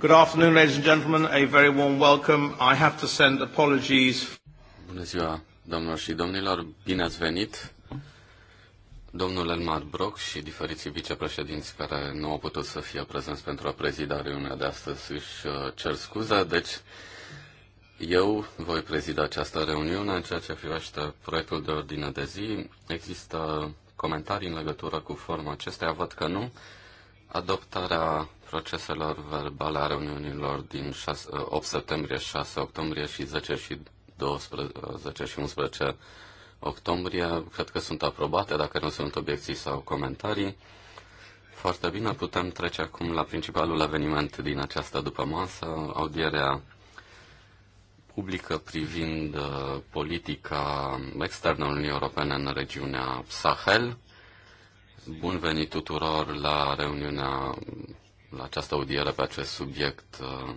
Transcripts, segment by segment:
Good afternoon, ladies and gentlemen. A very warm welcome. I have to send apologies. Bună ziua, domnilor și domnilor. Bine ați venit. Domnul Elmar Brock și diferiții vicepreședinți care nu au putut să fie prezenți pentru a prezida reuniunea de astăzi își uh, cer scuze, deci eu voi prezida această reuniune în ceea ce privește proiectul de ordine de zi. Există comentarii în legătură cu forma acesteia? Văd că nu. Adoptarea proceselor verbale a reuniunilor din 6, 8 ă, septembrie, 6 octombrie și 10 și 12 10 și 11 octombrie. Cred că sunt aprobate, dacă nu sunt obiecții sau comentarii. Foarte bine, putem trece acum la principalul eveniment din această după masă, audierea publică privind ă, politica externă a Uniunii Europene în regiunea Sahel. Bun venit tuturor la reuniunea la această audiere pe acest subiect uh,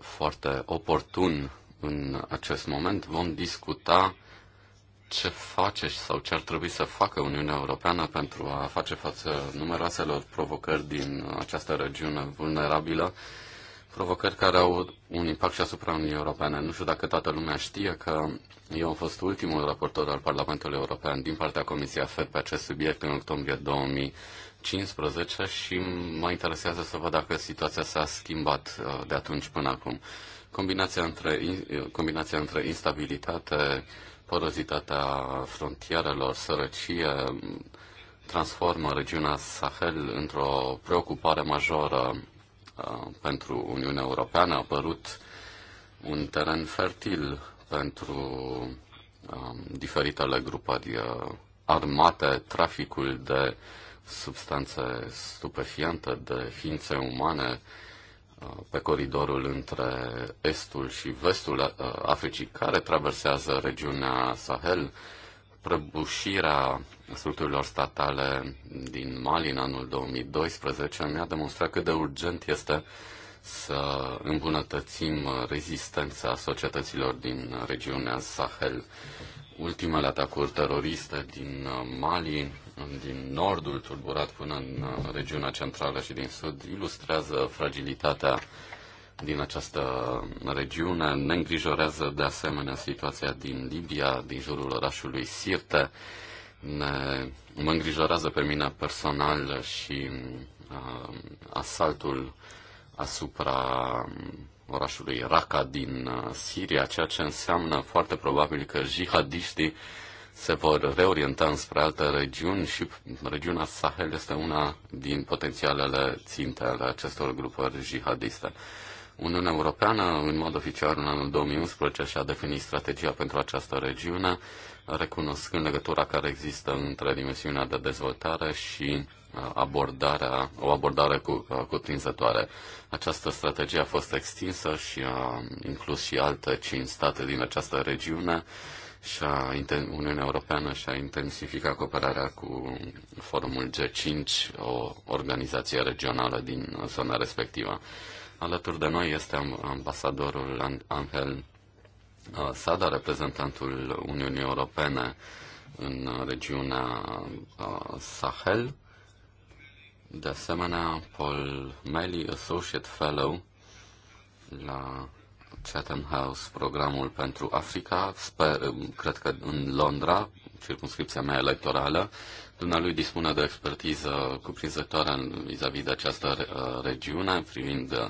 foarte oportun în acest moment. Vom discuta ce face sau ce ar trebui să facă Uniunea Europeană pentru a face față numeroaselor provocări din această regiune vulnerabilă, provocări care au un impact și asupra Uniunii Europene. Nu știu dacă toată lumea știe că eu am fost ultimul raportor al Parlamentului European din partea Comisiei AFET pe acest subiect în octombrie 2000. 15 și mă interesează să văd dacă situația s-a schimbat uh, de atunci până acum. Combinația între, uh, combinația între instabilitate, porozitatea frontierelor, sărăcie, transformă regiunea Sahel într-o preocupare majoră uh, pentru Uniunea Europeană. A apărut un teren fertil pentru um, diferitele grupări armate, traficul de uh, substanțe stupefiante de ființe umane uh, pe coridorul între estul și vestul uh, Africii care traversează regiunea Sahel, prăbușirea structurilor statale din Mali în anul 2012 ne a demonstrat cât de urgent este să îmbunătățim rezistența societăților din regiunea Sahel. Ultimele atacuri teroriste din uh, Mali din nordul tulburat până în uh, regiunea centrală și din sud ilustrează fragilitatea din această regiune. Ne îngrijorează de asemenea situația din Libia, din jurul orașului Sirte. Ne, mă îngrijorează pe mine personal și uh, asaltul asupra orașului Raqqa din uh, Siria, ceea ce înseamnă foarte probabil că jihadiștii se vor reorienta înspre alte regiuni și regiunea Sahel este una din potențialele ținte ale acestor grupări jihadiste. Uniunea Europeană, în mod oficial, în anul 2011 și-a definit strategia pentru această regiune, recunoscând legătura care există între dimensiunea de dezvoltare și uh, abordarea, o abordare cu, uh, cuprinzătoare. Această strategie a fost extinsă și a inclus și alte cinci state din această regiune, și-a, Uniunea Europeană și-a intensificat cooperarea cu Forumul G5, o organizație regională din zona respectivă. Alături de noi este ambasadorul Angel uh, Sada, reprezentantul Uniunii Europene în regiunea uh, Sahel. De asemenea, Paul Melly, Associate Fellow la Chatham House, programul pentru Africa, sper, cred că în Londra, circunscripția mea electorală, Dumnealui dispune de expertiză cuprinzătoare vis-a-vis de această uh, regiune, privind uh,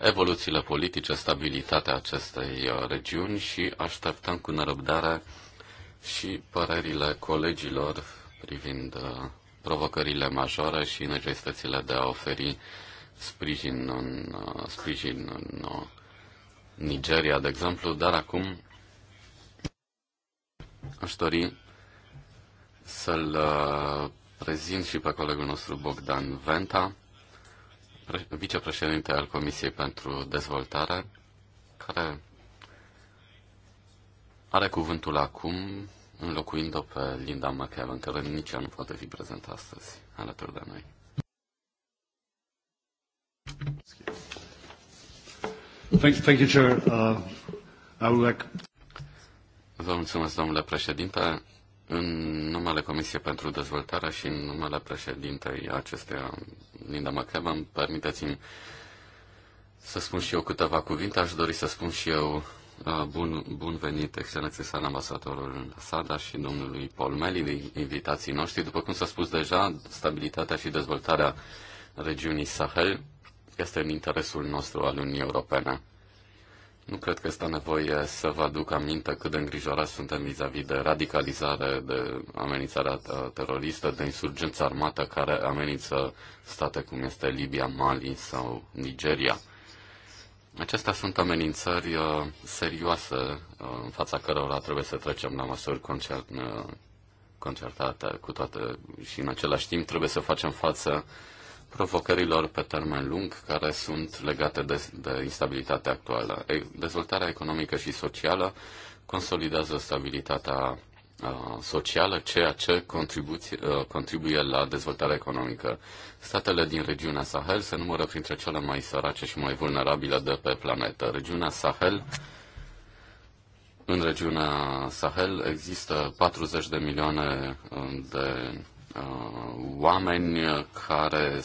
evoluțiile politice, stabilitatea acestei uh, regiuni și așteptăm cu nerăbdare și părerile colegilor privind provocările majore și necesitățile de a oferi sprijin în, sprijin în Nigeria, de exemplu, dar acum aș dori să-l uh, prezint și pe colegul nostru Bogdan Venta, vicepreședinte al Comisiei pentru Dezvoltare, care are cuvântul acum, înlocuind-o pe Linda McEwan, care nici ea nu poate fi prezentă astăzi alături de noi. Thank, thank you, Chair. Uh, I would like... Vă mulțumesc, domnule președinte. În numele Comisiei pentru Dezvoltare și în numele președintei acesteia, Linda McEwan, permiteți-mi să spun și eu câteva cuvinte. Aș dori să spun și eu uh, bun, bun venit, excelenței sale, ambasadorul Sada și domnului Paul Meli, de invitații noștri. După cum s-a spus deja, stabilitatea și dezvoltarea regiunii Sahel este în interesul nostru al Uniunii Europene. Nu cred că este nevoie să vă aduc aminte cât de îngrijorați suntem vis-a-vis -vis de radicalizare, de amenințarea uh, teroristă, de insurgență armată care amenință state cum este Libia, Mali sau Nigeria. Acestea sunt amenințări uh, serioase uh, în fața cărora trebuie să trecem la măsuri concertate cu toate și în același timp trebuie să facem față provocărilor pe termen lung care sunt legate de, de instabilitatea actuală. Dezvoltarea economică și socială consolidează stabilitatea socială, ceea ce contribuie la dezvoltarea economică. Statele din regiunea Sahel se numără printre cele mai sărace și mai vulnerabile de pe planetă. Regiunea Sahel în regiunea Sahel există 40 de milioane de Uh, oameni uh, care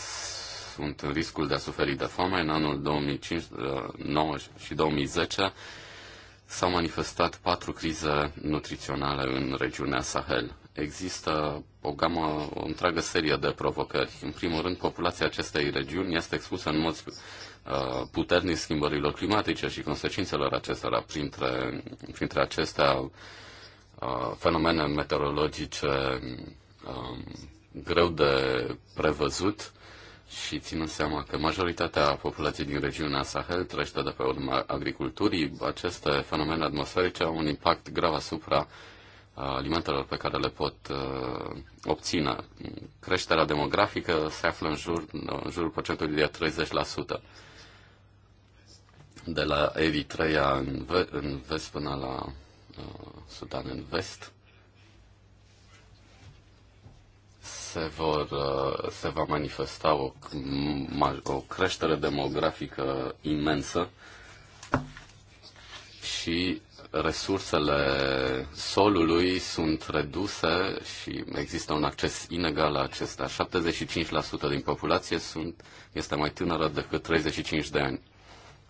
sunt în riscul de a suferi de foame. În anul 2009 uh, și 2010 s-au manifestat patru crize nutriționale în regiunea Sahel. Există o gamă, o întreagă serie de provocări. În primul rând, populația acestei regiuni este expusă în mod puternic schimbărilor climatice și consecințelor acestora. Printre, printre acestea, fenomene meteorologice um, greu de prevăzut și ținând seama că majoritatea populației din regiunea Sahel trăiește de pe urma agriculturii, aceste fenomene atmosferice au un impact grav asupra uh, alimentelor pe care le pot uh, obține. Creșterea demografică se află în, jur, în jurul procentului de 30%. De la Eritrea în, ve- în vest până la uh, Sudan în vest, se, vor, uh, se va manifesta o, o creștere demografică imensă și resursele solului sunt reduse și există un acces inegal la acestea. 75% din populație sunt, este mai tânără decât 35 de ani.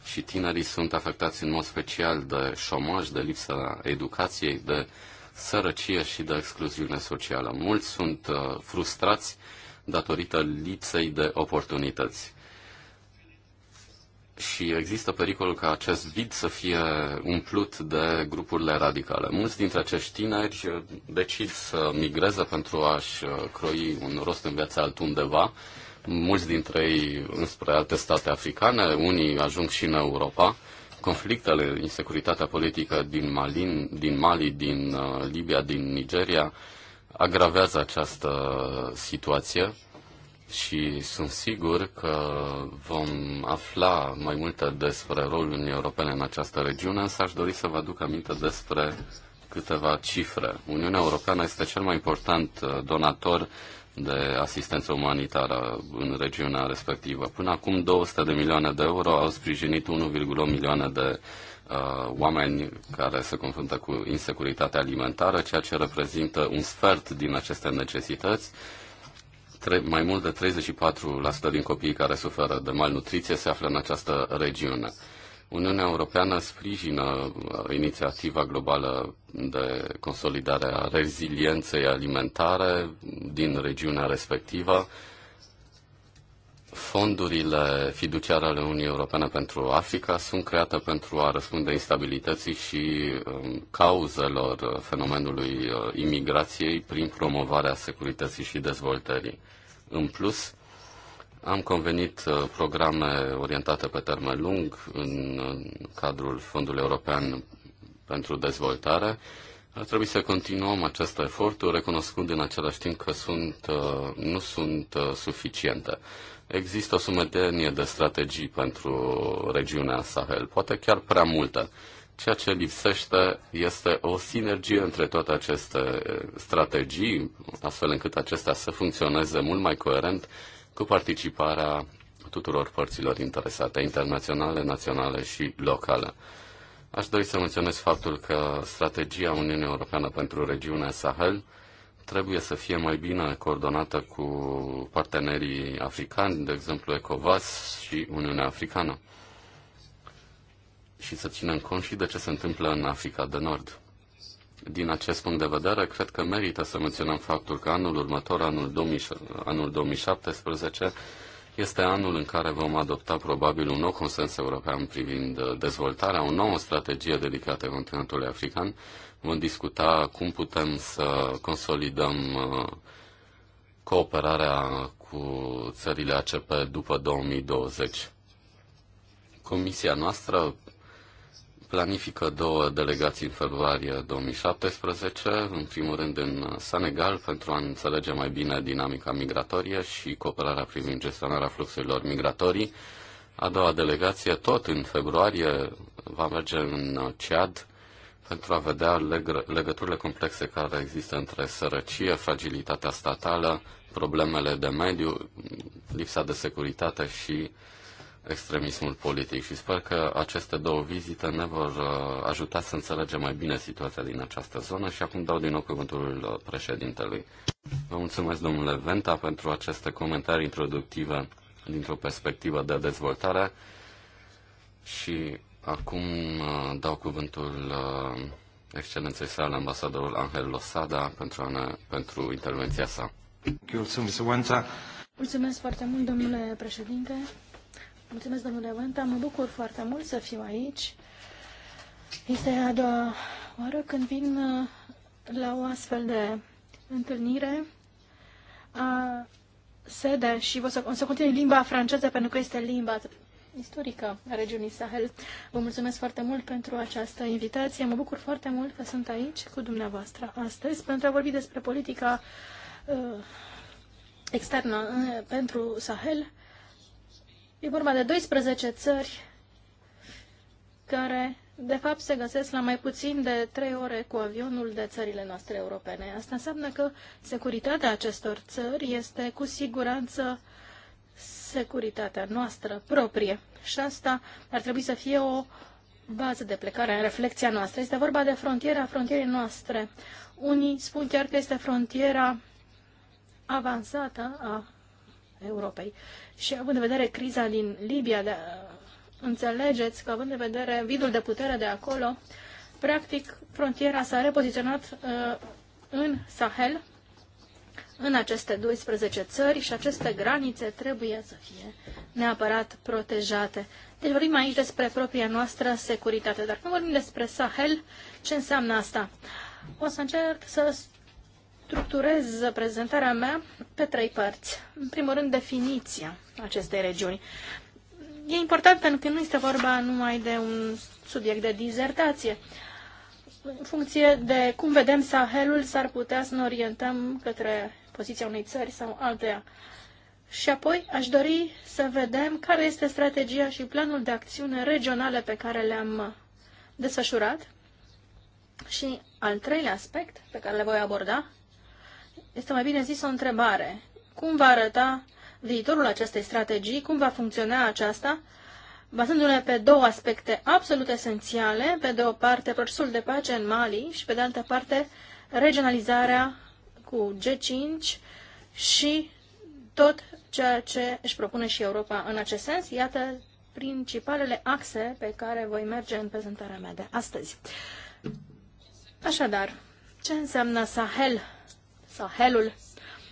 Și tinerii sunt afectați în mod special de șomaj, de lipsa educației, de uh, sărăcie și de excluziune socială. Mulți sunt uh, frustrați datorită lipsei de oportunități. Și există pericolul ca acest vid să fie umplut de grupurile radicale. Mulți dintre acești tineri uh, decid să migreze pentru a-și uh, croi un rost în viața altundeva, mulți dintre ei înspre alte state africane, unii ajung și în Europa conflictele, insecuritatea politică din, Malin, din Mali, din uh, Libia, din Nigeria agravează această situație și sunt sigur că vom afla mai multe despre rolul Uniunii Europene în această regiune, însă aș dori să vă aduc aminte despre câteva cifre. Uniunea Europeană este cel mai important uh, donator de asistență umanitară în regiunea respectivă. Până acum 200 de milioane de euro au sprijinit 1,1 milioane de uh, oameni care se confruntă cu insecuritatea alimentară, ceea ce reprezintă un sfert din aceste necesități. Tre- mai mult de 34% din copiii care suferă de malnutriție se află în această regiune. Uniunea Europeană sprijină uh, inițiativa globală de consolidare a rezilienței alimentare din regiunea respectivă. Fondurile fiduciare ale Uniunii Europene pentru Africa sunt create pentru a răspunde instabilității și um, cauzelor uh, fenomenului uh, imigrației prin promovarea securității și dezvoltării. În plus, am convenit uh, programe orientate pe termen lung în cadrul Fondului European pentru Dezvoltare. Ar trebui să continuăm acest efort, recunoscând în același timp că sunt, uh, nu sunt uh, suficiente. Există o sumedenie de strategii pentru regiunea Sahel, poate chiar prea multe. Ceea ce lipsește este o sinergie între toate aceste strategii, astfel încât acestea să funcționeze mult mai coerent cu participarea tuturor părților interesate, internaționale, naționale și locale. Aș dori să menționez faptul că strategia Uniunii Europeană pentru regiunea Sahel trebuie să fie mai bine coordonată cu partenerii africani, de exemplu ECOVAS și Uniunea Africană. Și să ținem cont și de ce se întâmplă în Africa de Nord. Din acest punct de vedere, cred că merită să menționăm faptul că anul următor, anul, 2000, anul 2017, este anul în care vom adopta probabil un nou consens european privind uh, dezvoltarea, o nouă strategie dedicată continentului african. Vom discuta cum putem să consolidăm uh, cooperarea cu țările ACP după 2020. Comisia noastră planifică două delegații în februarie 2017, în primul rând în Senegal, pentru a înțelege mai bine dinamica migratorie și cooperarea privind gestionarea fluxurilor migratorii. A doua delegație, tot în februarie, va merge în Ciad pentru a vedea leg- legăturile complexe care există între sărăcie, fragilitatea statală, problemele de mediu, lipsa de securitate și uh, extremismul politic și sper că aceste două vizite ne vor uh, ajuta să înțelegem mai bine situația din această zonă și acum dau din nou cuvântul uh, președintelui. Vă mulțumesc, domnule Venta, pentru aceste comentarii introductive dintr-o perspectivă de dezvoltare și acum uh, dau cuvântul excelenței sale, ambasadorul Angel Losada, pentru, a ne, pentru intervenția sa. Mulțumesc foarte mult, domnule președinte. Mulțumesc, domnule Venta. Mă bucur foarte mult să fiu aici. Este a doua oară când vin uh, la o astfel de întâlnire a sede și o să, o să continui limba franceză pentru că este limba istorică a regiunii Sahel. Vă mulțumesc foarte mult pentru această invitație. Mă bucur foarte mult că sunt aici cu dumneavoastră astăzi pentru a vorbi despre politica uh, externă uh, pentru Sahel E vorba de 12 țări care, de fapt, se găsesc la mai puțin de 3 ore cu avionul de țările noastre europene. Asta înseamnă că securitatea acestor țări este cu siguranță securitatea noastră proprie. Și asta ar trebui să fie o bază de plecare în reflexia noastră. Este vorba de frontiera frontierei noastre. Unii spun chiar că este frontiera avansată a Europei. Și având în vedere criza din Libia, de, înțelegeți că având în vedere vidul de putere de acolo, practic frontiera s-a repoziționat uh, în Sahel, în aceste 12 țări și aceste granițe trebuie să fie neapărat protejate. Deci vorbim aici despre propria noastră securitate. Dar când vorbim despre Sahel, ce înseamnă asta? O să încerc să structurez prezentarea mea pe trei părți. În primul rând, definiția acestei regiuni. E important pentru că nu este vorba numai de un subiect de dizertație. În funcție de cum vedem Sahelul, s-ar putea să ne orientăm către poziția unei țări sau alteia. Și apoi aș dori să vedem care este strategia și planul de acțiune regionale pe care le-am desfășurat. Și al treilea aspect pe care le voi aborda este mai bine zis o întrebare. Cum va arăta viitorul acestei strategii? Cum va funcționa aceasta? Bazându-ne pe două aspecte absolut esențiale, pe de o parte procesul de pace în Mali și pe de altă parte regionalizarea cu G5 și tot ceea ce își propune și Europa în acest sens. Iată principalele axe pe care voi merge în prezentarea mea de astăzi. Așadar, ce înseamnă Sahel Sahelul.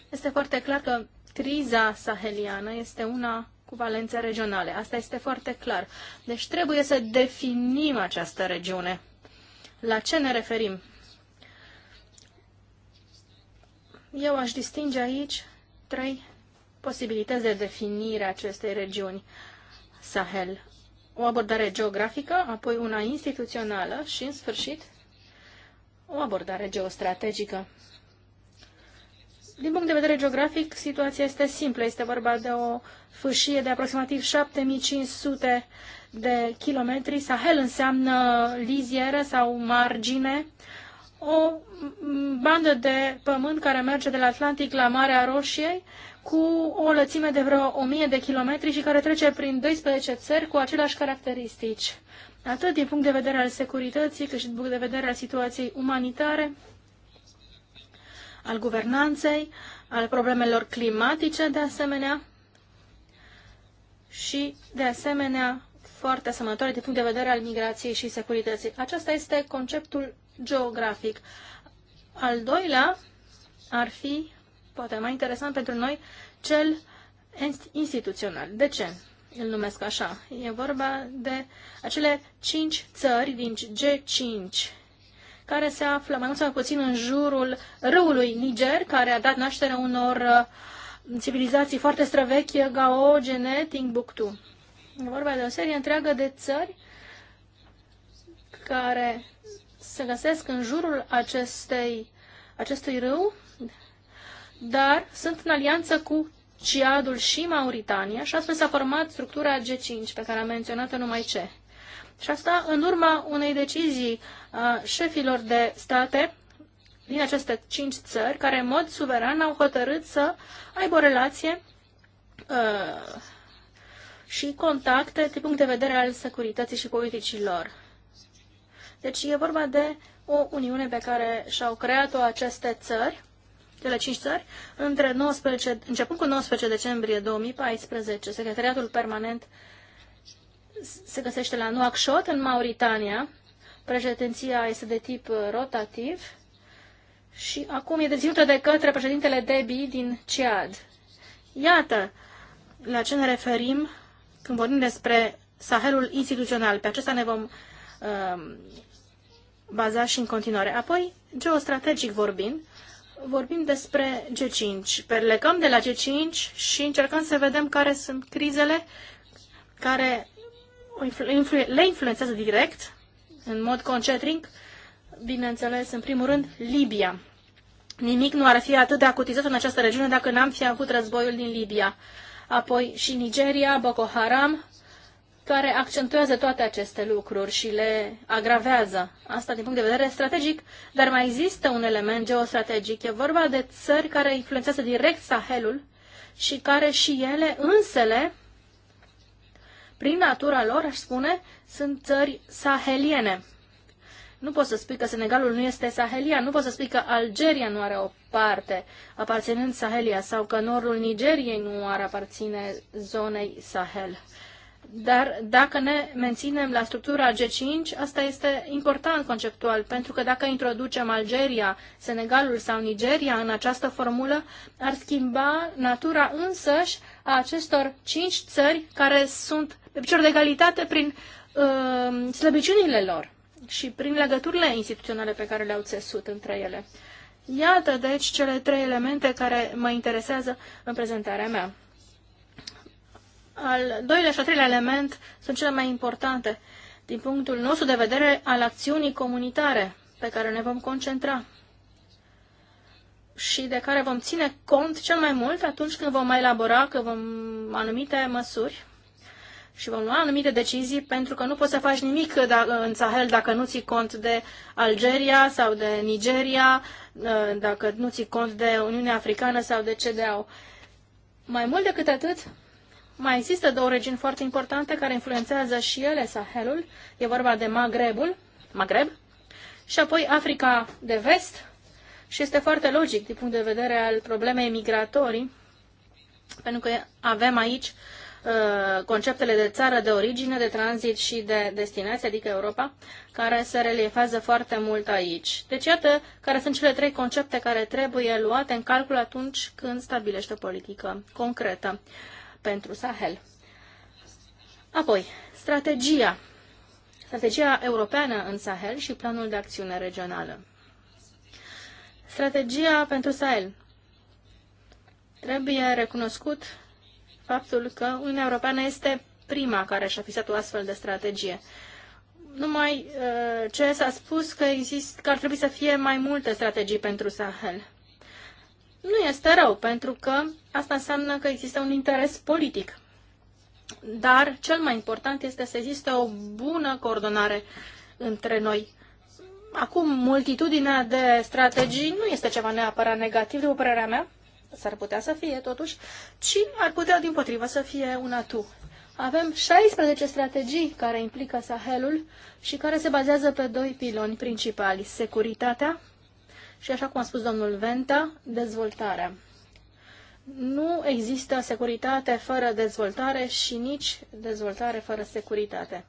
Este foarte clar că criza saheliană este una cu valențe regionale. Asta este foarte clar. Deci trebuie să definim această regiune. La ce ne referim? Eu aș distinge aici trei posibilități de definire a acestei regiuni Sahel. O abordare geografică, apoi una instituțională și, în sfârșit, o abordare geostrategică. Din punct de vedere geografic, situația este simplă. Este vorba de o fâșie de aproximativ 7500 de kilometri. Sahel înseamnă liziere sau margine, o bandă de pământ care merge de la Atlantic la Marea Roșie cu o lățime de vreo 1000 de kilometri și care trece prin 12 țări cu aceleași caracteristici, atât din punct de vedere al securității, cât și din punct de vedere al situației umanitare al guvernanței, al problemelor climatice, de asemenea, și, de asemenea, foarte asemănătoare din punct de vedere al migrației și securității. Acesta este conceptul geografic. Al doilea ar fi, poate mai interesant pentru noi, cel instituțional. De ce îl numesc așa? E vorba de acele cinci țări din G5 care se află mai mult sau mai puțin în jurul râului Niger, care a dat naștere unor uh, civilizații foarte străvechi, Gao, Gene, Timbuktu. E vorba de o serie întreagă de țări care se găsesc în jurul acestei, acestui râu, dar sunt în alianță cu Ciadul și Mauritania și astfel s-a format structura G5, pe care am menționat-o numai ce. Și asta în urma unei decizii a uh, șefilor de state din aceste cinci țări, care în mod suveran au hotărât să aibă o relație uh, și contacte din punct de vedere al securității și politicilor. Deci e vorba de o uniune pe care și-au creat-o aceste țări, cele cinci țări, între 19, începând cu 19 decembrie 2014, Secretariatul Permanent uh, se găsește la Nouakchott, în Mauritania. Președinția este de tip uh, rotativ și acum e deținută de către președintele Debi din Ciad. Iată la ce ne referim când vorbim despre Sahelul instituțional. Pe acesta ne vom um, baza și în continuare. Apoi, geostrategic vorbind, vorbim despre G5. Perlecăm de la G5 și încercăm să vedem care sunt crizele care le influențează direct, în mod concentric, bineînțeles, în primul rând, Libia. Nimic nu ar fi atât de acutizat în această regiune dacă n-am fi avut războiul din Libia. Apoi și Nigeria, Boko Haram, care accentuează toate aceste lucruri și le agravează. Asta din punct de vedere strategic, dar mai există un element geostrategic. E vorba de țări care influențează direct Sahelul și care și ele însele prin natura lor, aș spune, sunt țări saheliene. Nu poți să spui că Senegalul nu este sahelian, nu poți să spui că Algeria nu are o parte aparținând Sahelia sau că nordul Nigeriei nu ar aparține zonei Sahel. Dar dacă ne menținem la structura G5, asta este important conceptual, pentru că dacă introducem Algeria, Senegalul sau Nigeria în această formulă, ar schimba natura însăși a acestor cinci țări care sunt pe picior de egalitate prin uh, slăbiciunile lor și prin legăturile instituționale pe care le-au țesut între ele. Iată, deci, cele trei elemente care mă interesează în prezentarea mea al doilea și al treilea element sunt cele mai importante din punctul nostru de vedere al acțiunii comunitare pe care ne vom concentra și de care vom ține cont cel mai mult atunci când vom mai elabora că vom anumite măsuri și vom lua anumite decizii, pentru că nu poți să faci nimic da, în Sahel dacă nu ții cont de Algeria sau de Nigeria, ă, dacă nu ții cont de Uniunea Africană sau de CDAO. Mai mult decât atât, mai există două regiuni foarte importante care influențează și ele Sahelul. E vorba de Magrebul, Maghreb, și apoi Africa de vest. Și este foarte logic din punct de vedere al problemei migratorii, pentru că avem aici uh, conceptele de țară de origine, de tranzit și de destinație, adică Europa, care se reliefează foarte mult aici. Deci iată care sunt cele trei concepte care trebuie luate în calcul atunci când stabilește o politică concretă pentru Sahel. Apoi, strategia. Strategia europeană în Sahel și planul de acțiune regională. Strategia pentru Sahel. Trebuie recunoscut faptul că Uniunea Europeană este prima care și-a fixat o astfel de strategie. Numai uh, ce s-a spus că, exist, că ar trebui să fie mai multe strategii pentru Sahel. Nu este rău, pentru că asta înseamnă că există un interes politic. Dar cel mai important este să existe o bună coordonare între noi. Acum, multitudinea de strategii nu este ceva neapărat negativ, după părerea mea, s-ar putea să fie totuși, ci ar putea din potrivă să fie un atu. Avem 16 strategii care implică Sahelul și care se bazează pe doi piloni principali, securitatea și, așa cum a spus domnul Venta, dezvoltarea. Nu există securitate fără dezvoltare și nici dezvoltare fără securitate.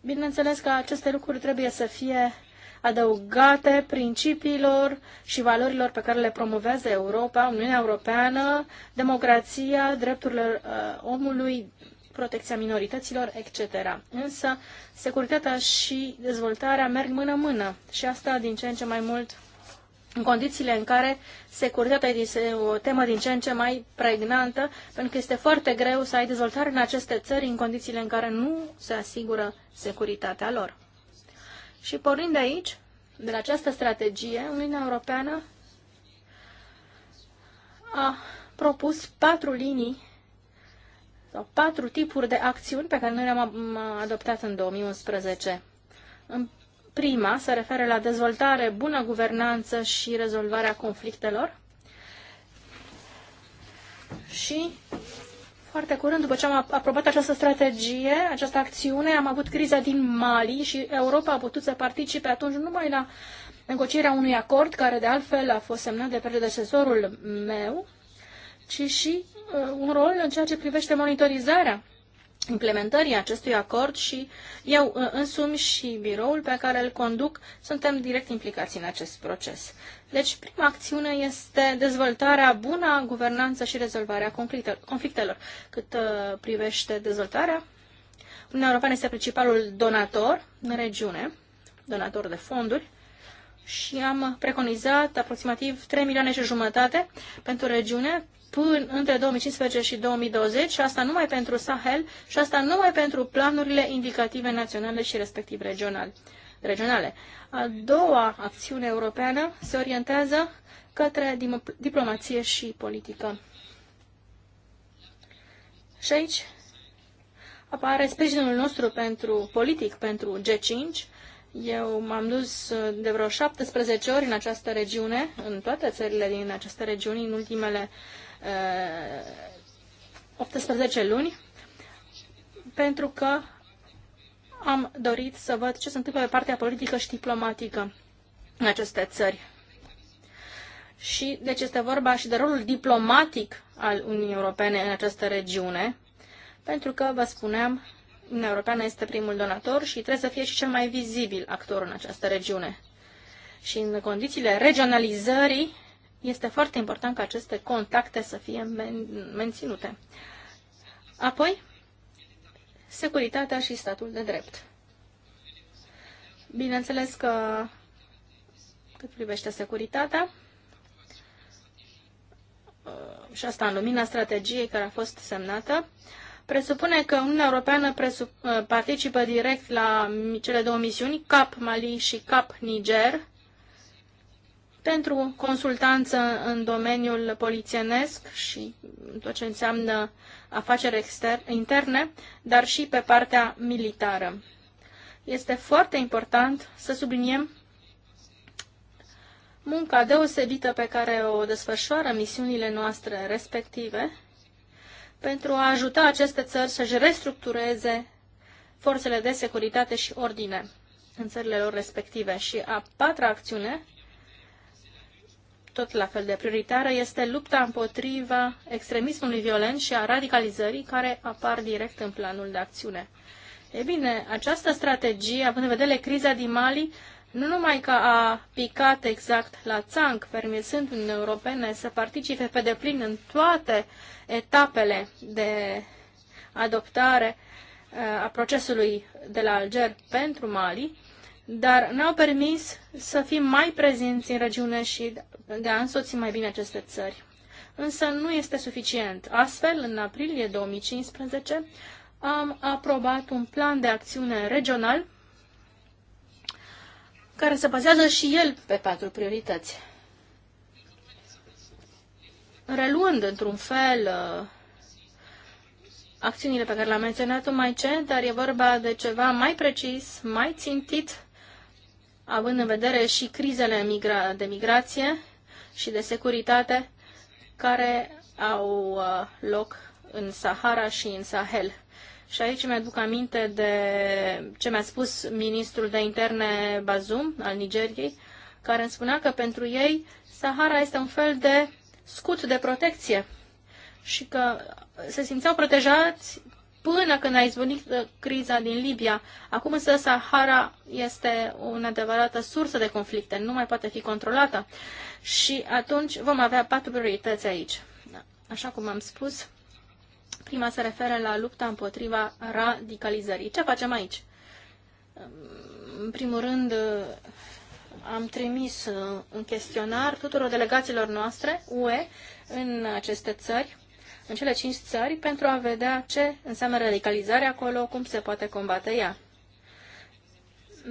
Bineînțeles că aceste lucruri trebuie să fie adăugate principiilor și valorilor pe care le promovează Europa, Uniunea Europeană, democrația, drepturile uh, omului, protecția minorităților, etc. Însă, securitatea și dezvoltarea merg mână-mână și asta din ce în ce mai mult în condițiile în care securitatea este o temă din ce în ce mai pregnantă, pentru că este foarte greu să ai dezvoltare în aceste țări în condițiile în care nu se asigură securitatea lor. Și pornind de aici, de la această strategie, Uniunea Europeană a propus patru linii sau patru tipuri de acțiuni pe care noi le-am adoptat în 2011. În prima se referă la dezvoltare, bună guvernanță și rezolvarea conflictelor. Și foarte curând, după ce am aprobat această strategie, această acțiune, am avut criza din Mali și Europa a putut să participe atunci numai la negocierea unui acord, care de altfel a fost semnat de predecesorul meu, ci și Uh, un rol în ceea ce privește monitorizarea implementării acestui acord și eu uh, însumi și biroul pe care îl conduc suntem direct implicați în acest proces. Deci, prima acțiune este dezvoltarea bună, guvernanță și rezolvarea conflictelor. Cât uh, privește dezvoltarea, Uniunea Europeană este principalul donator în regiune, donator de fonduri, și am preconizat aproximativ 3 milioane și jumătate pentru regiune până între 2015 și 2020 și asta numai pentru Sahel și asta numai pentru planurile indicative naționale și respectiv regional, regionale. A doua acțiune europeană se orientează către diplomație și politică. Și aici apare sprijinul nostru pentru politic, pentru G5. Eu m-am dus de vreo 17 ori în această regiune, în toate țările din această regiune, în ultimele 18 uh, luni, pentru că am dorit să văd ce se întâmplă pe partea politică și diplomatică în aceste țări. Și deci este vorba și de rolul diplomatic al Uniunii Europene în această regiune, pentru că, vă spuneam, Uniunea Europeană este primul donator și trebuie să fie și cel mai vizibil actor în această regiune. Și în condițiile regionalizării este foarte important ca aceste contacte să fie men- menținute. Apoi, securitatea și statul de drept. Bineînțeles că cât privește securitatea, uh, și asta în lumina strategiei care a fost semnată, presupune că Uniunea Europeană uh, participă direct la cele două misiuni, CAP Mali și CAP Niger, pentru consultanță în domeniul polițienesc și tot ce înseamnă afaceri interne, dar și pe partea militară. Este foarte important să subliniem munca deosebită pe care o desfășoară misiunile noastre respective pentru a ajuta aceste țări să-și restructureze forțele de securitate și ordine în țările lor respective. Și a patra acțiune tot la fel de prioritară, este lupta împotriva extremismului violent și a radicalizării care apar direct în planul de acțiune. E bine, această strategie, având în vedere criza din Mali, nu numai că a picat exact la țanc, permisând Uniunii Europene să participe pe deplin în toate etapele de adoptare uh, a procesului de la Alger pentru Mali, dar ne-au permis să fim mai prezenți în regiune și de a însoți mai bine aceste țări. Însă nu este suficient. Astfel, în aprilie 2015, am aprobat un plan de acțiune regional care se bazează și el pe patru priorități. Reluând, într-un fel, uh, acțiunile pe care le-am menționat mai ce, dar e vorba de ceva mai precis, mai țintit, având în vedere și crizele de migrație și de securitate care au uh, loc în Sahara și în Sahel. Și aici mi-aduc aminte de ce mi-a spus ministrul de interne Bazum al Nigeriei, care îmi spunea că pentru ei Sahara este un fel de scut de protecție și că se simțeau protejați până când a izbunit uh, criza din Libia. Acum însă Sahara este o adevărată sursă de conflicte, nu mai poate fi controlată. Și atunci vom avea patru priorități aici. Așa cum am spus, prima se referă la lupta împotriva radicalizării. Ce facem aici? În primul rând, uh, am trimis uh, un chestionar tuturor delegațiilor noastre, UE, în aceste țări, în cele cinci țări pentru a vedea ce înseamnă radicalizarea acolo, cum se poate combate ea.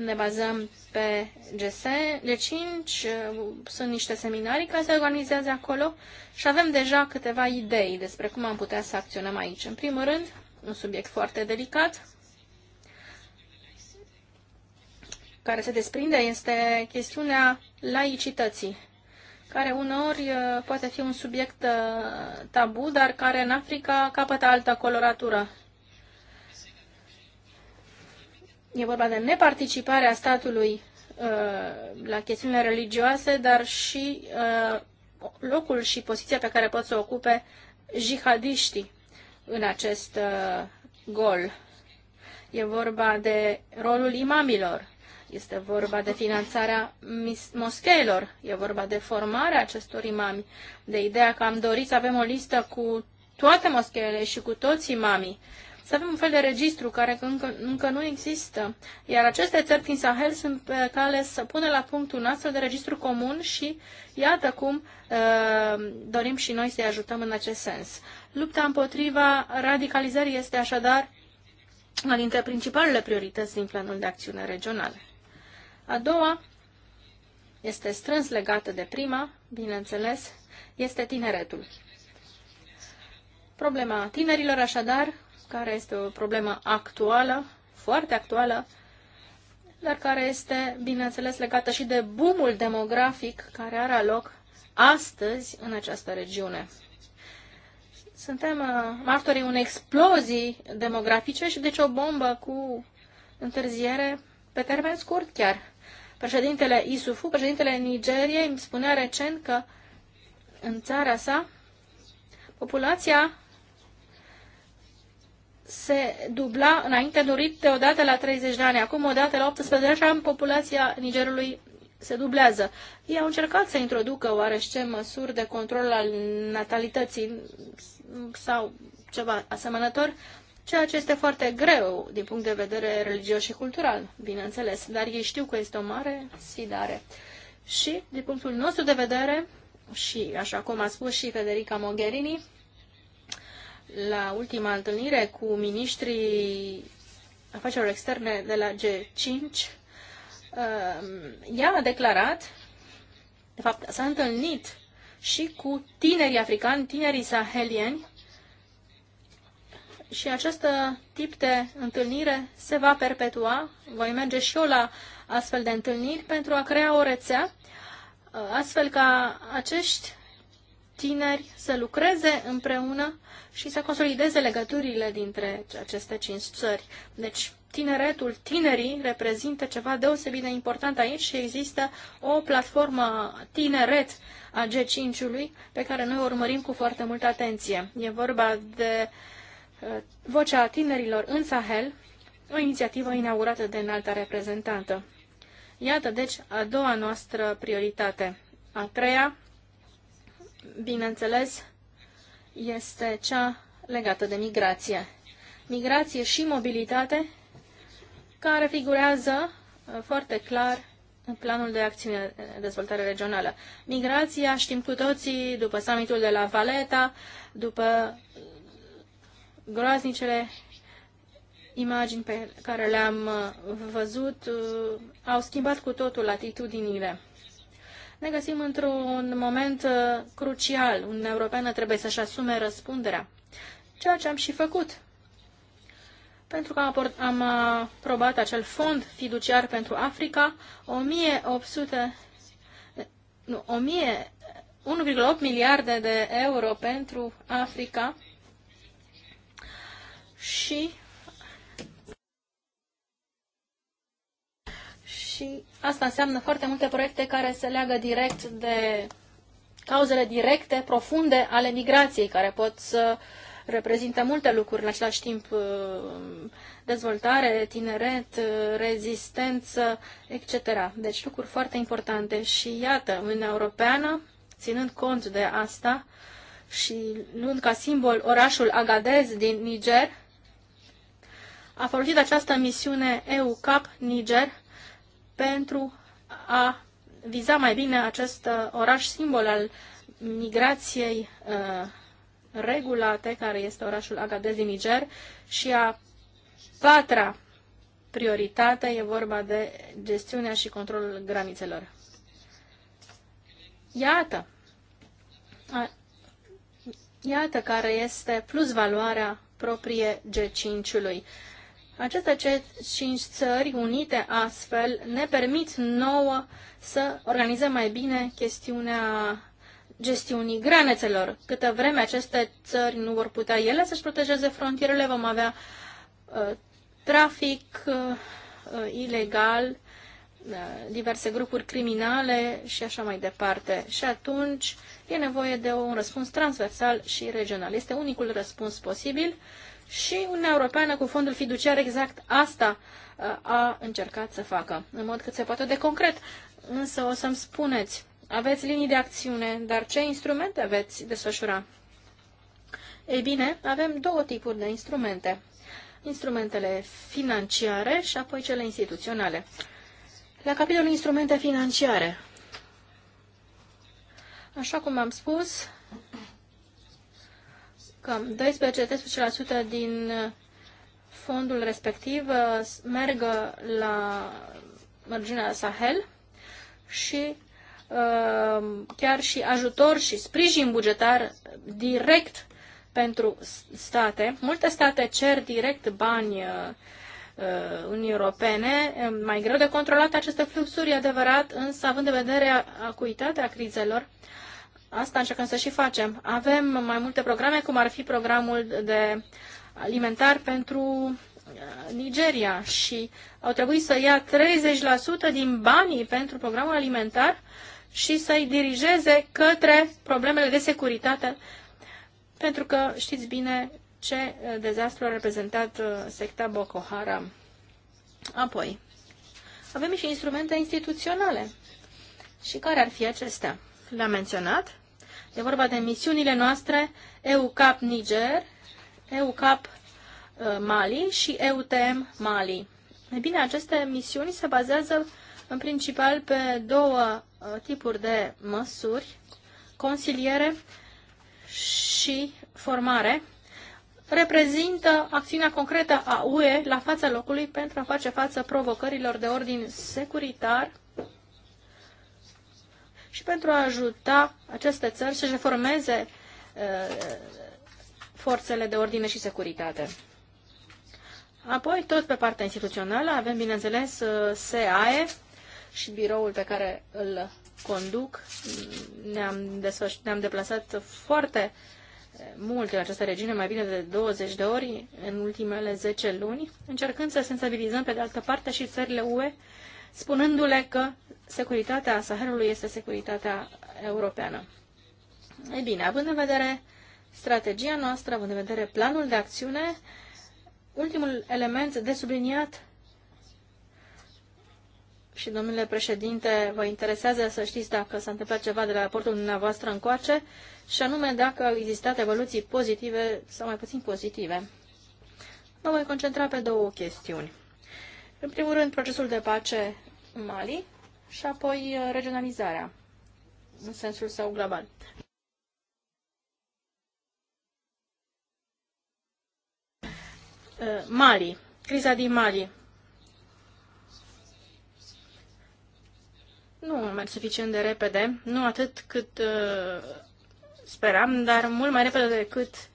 Ne bazăm pe GS, de 5 uh, sunt niște seminarii care se organizează acolo și avem deja câteva idei despre cum am putea să acționăm aici. În primul rând, un subiect foarte delicat, care se desprinde este chestiunea laicității care uneori uh, poate fi un subiect uh, tabu, dar care în Africa capătă altă coloratură. E vorba de neparticiparea statului uh, la chestiunile religioase, dar și locul și poziția pe care pot să o ocupe jihadiștii în acest gol. E vorba de rolul imamilor, este vorba de finanțarea moscheelor, e vorba de formarea acestor imami, de ideea că am dorit să avem o listă cu toate moscheele și cu toți imamii, să avem un fel de registru care încă, încă nu există. Iar aceste țări din Sahel sunt pe cale să pună la punct un astfel de registru comun și iată cum uh, dorim și noi să-i ajutăm în acest sens. Lupta împotriva radicalizării este așadar una dintre principalele priorități din planul de acțiune regională. A doua este strâns legată de prima, bineînțeles, este tineretul. Problema tinerilor, așadar, care este o problemă actuală, foarte actuală, dar care este, bineînțeles, legată și de boomul demografic care are loc astăzi în această regiune. Suntem uh, martorii unei explozii demografice și deci o bombă cu întârziere pe termen scurt chiar. Președintele Isufu, președintele Nigeriei, îmi spunea recent că în țara sa populația se dubla înainte dorit deodată la 30 de ani. Acum, odată la 18 de ani, populația Nigerului se dublează. Ei au încercat să introducă oarește măsuri de control al natalității sau ceva asemănător, ceea ce este foarte greu din punct de vedere religios și cultural, bineînțeles, dar ei știu că este o mare sfidare. Și, din punctul nostru de vedere, și așa cum a spus și Federica Mogherini, la ultima întâlnire cu ministrii afacerilor externe de la G5, um, ea a declarat, de fapt s-a întâlnit și cu tinerii africani, tinerii sahelieni, și acest tip de întâlnire se va perpetua. Voi merge și eu la astfel de întâlniri pentru a crea o rețea, uh, astfel ca acești tineri să lucreze împreună și să consolideze legăturile dintre aceste cinci țări. Deci, tineretul, tinerii reprezintă ceva deosebit de important aici și există o platformă tineret a G5-ului pe care noi o urmărim cu foarte multă atenție. E vorba de uh, Uh, Vocea tinerilor în Sahel, o inițiativă inaugurată de înalta reprezentantă. Iată, deci, a doua noastră prioritate. A treia, bineînțeles, este cea legată de migrație. Migrație și mobilitate, care figurează uh, foarte clar în planul de acțiune de dezvoltare regională. Migrația, știm cu toții, după summitul de la Valeta, după groaznicele imagini pe care le-am uh, văzut uh, au schimbat cu totul atitudinile. Ne găsim într-un moment uh, crucial. un Europeană trebuie să-și asume răspunderea, ceea ce am și făcut. Pentru că am aprobat acel fond fiduciar pentru Africa, 1800, nu, 1000, 1,8 miliarde de euro pentru Africa, și și asta înseamnă foarte multe proiecte care se leagă direct de cauzele directe, profunde ale migrației, care pot să reprezintă multe lucruri în același timp uh, dezvoltare, tineret, uh, rezistență, etc. Deci lucruri foarte importante și iată, Uniunea Europeană, ținând cont de asta și luând ca simbol orașul Agadez din Niger, a folosit această misiune EUCAP Niger pentru a viza mai bine acest uh, oraș simbol al migrației uh, regulate, care este orașul Agadez din Niger, și a patra prioritate e vorba de gestiunea și controlul granițelor. Iată, a, iată care este plus valoarea proprie G5-ului. Aceste cinci țări unite astfel ne permit nouă să organizăm mai bine chestiunea gestiunii granețelor. Câte vreme aceste țări nu vor putea ele să-și protejeze frontierele, vom avea uh, trafic uh, ilegal, uh, diverse grupuri criminale și așa mai departe. Și atunci e nevoie de un răspuns transversal și regional. Este unicul răspuns posibil și Uniunea Europeană cu fondul fiduciar exact asta uh, a încercat să facă, în mod cât se poate de concret. Însă o să-mi spuneți, aveți linii de acțiune, dar ce instrumente veți desfășura? Ei bine, avem două tipuri de instrumente. Instrumentele financiare și apoi cele instituționale. La capitolul instrumente financiare, așa cum am spus, cam 12-13% din uh, fondul respectiv uh, merg la marginea Sahel și uh, chiar și ajutor și sprijin bugetar direct pentru state. Multe state cer direct bani Uniunii Europene. Mai greu de controlat aceste fluxuri, e adevărat, însă având în vedere acuitatea crizelor, Asta încercăm să și facem. Avem mai multe programe, cum ar fi programul de alimentar pentru uh, Nigeria și au trebuit să ia 30% din banii pentru programul alimentar și să-i dirigeze către problemele de securitate, pentru că știți bine ce uh, dezastru a reprezentat uh, secta Boko Haram. Apoi, avem și instrumente instituționale. Și care ar fi acestea? Le-am menționat E vorba de misiunile noastre EUCAP Niger, EUCAP uh, Mali și EUTM Mali. E bine, aceste misiuni se bazează în principal pe două uh, tipuri de măsuri, consiliere și formare, reprezintă acțiunea concretă a UE la fața locului pentru a face față provocărilor de ordin securitar și pentru a ajuta aceste țări să-și reformeze uh, forțele de ordine și securitate. Apoi, tot pe partea instituțională, avem, bineînțeles, uh, SAE și biroul pe care îl conduc. Ne-am, ne deplasat foarte uh, mult în această regiune, mai bine de 20 de ori în ultimele 10 luni, încercând să sensibilizăm pe de altă parte și țările UE, spunându-le că securitatea Sahelului este securitatea europeană. Ei bine, având în vedere strategia noastră, având în vedere planul de acțiune, ultimul element de subliniat și, domnule președinte, vă interesează să știți dacă s-a întâmplat ceva de la raportul dumneavoastră încoace și anume dacă au existat evoluții pozitive sau mai puțin pozitive. Mă voi concentra pe două chestiuni. În primul rând, procesul de pace în Mali și apoi uh, regionalizarea în sensul său global. Uh, Mali, criza din Mali. Nu a mers suficient de repede, nu atât cât uh, speram, dar mult mai repede decât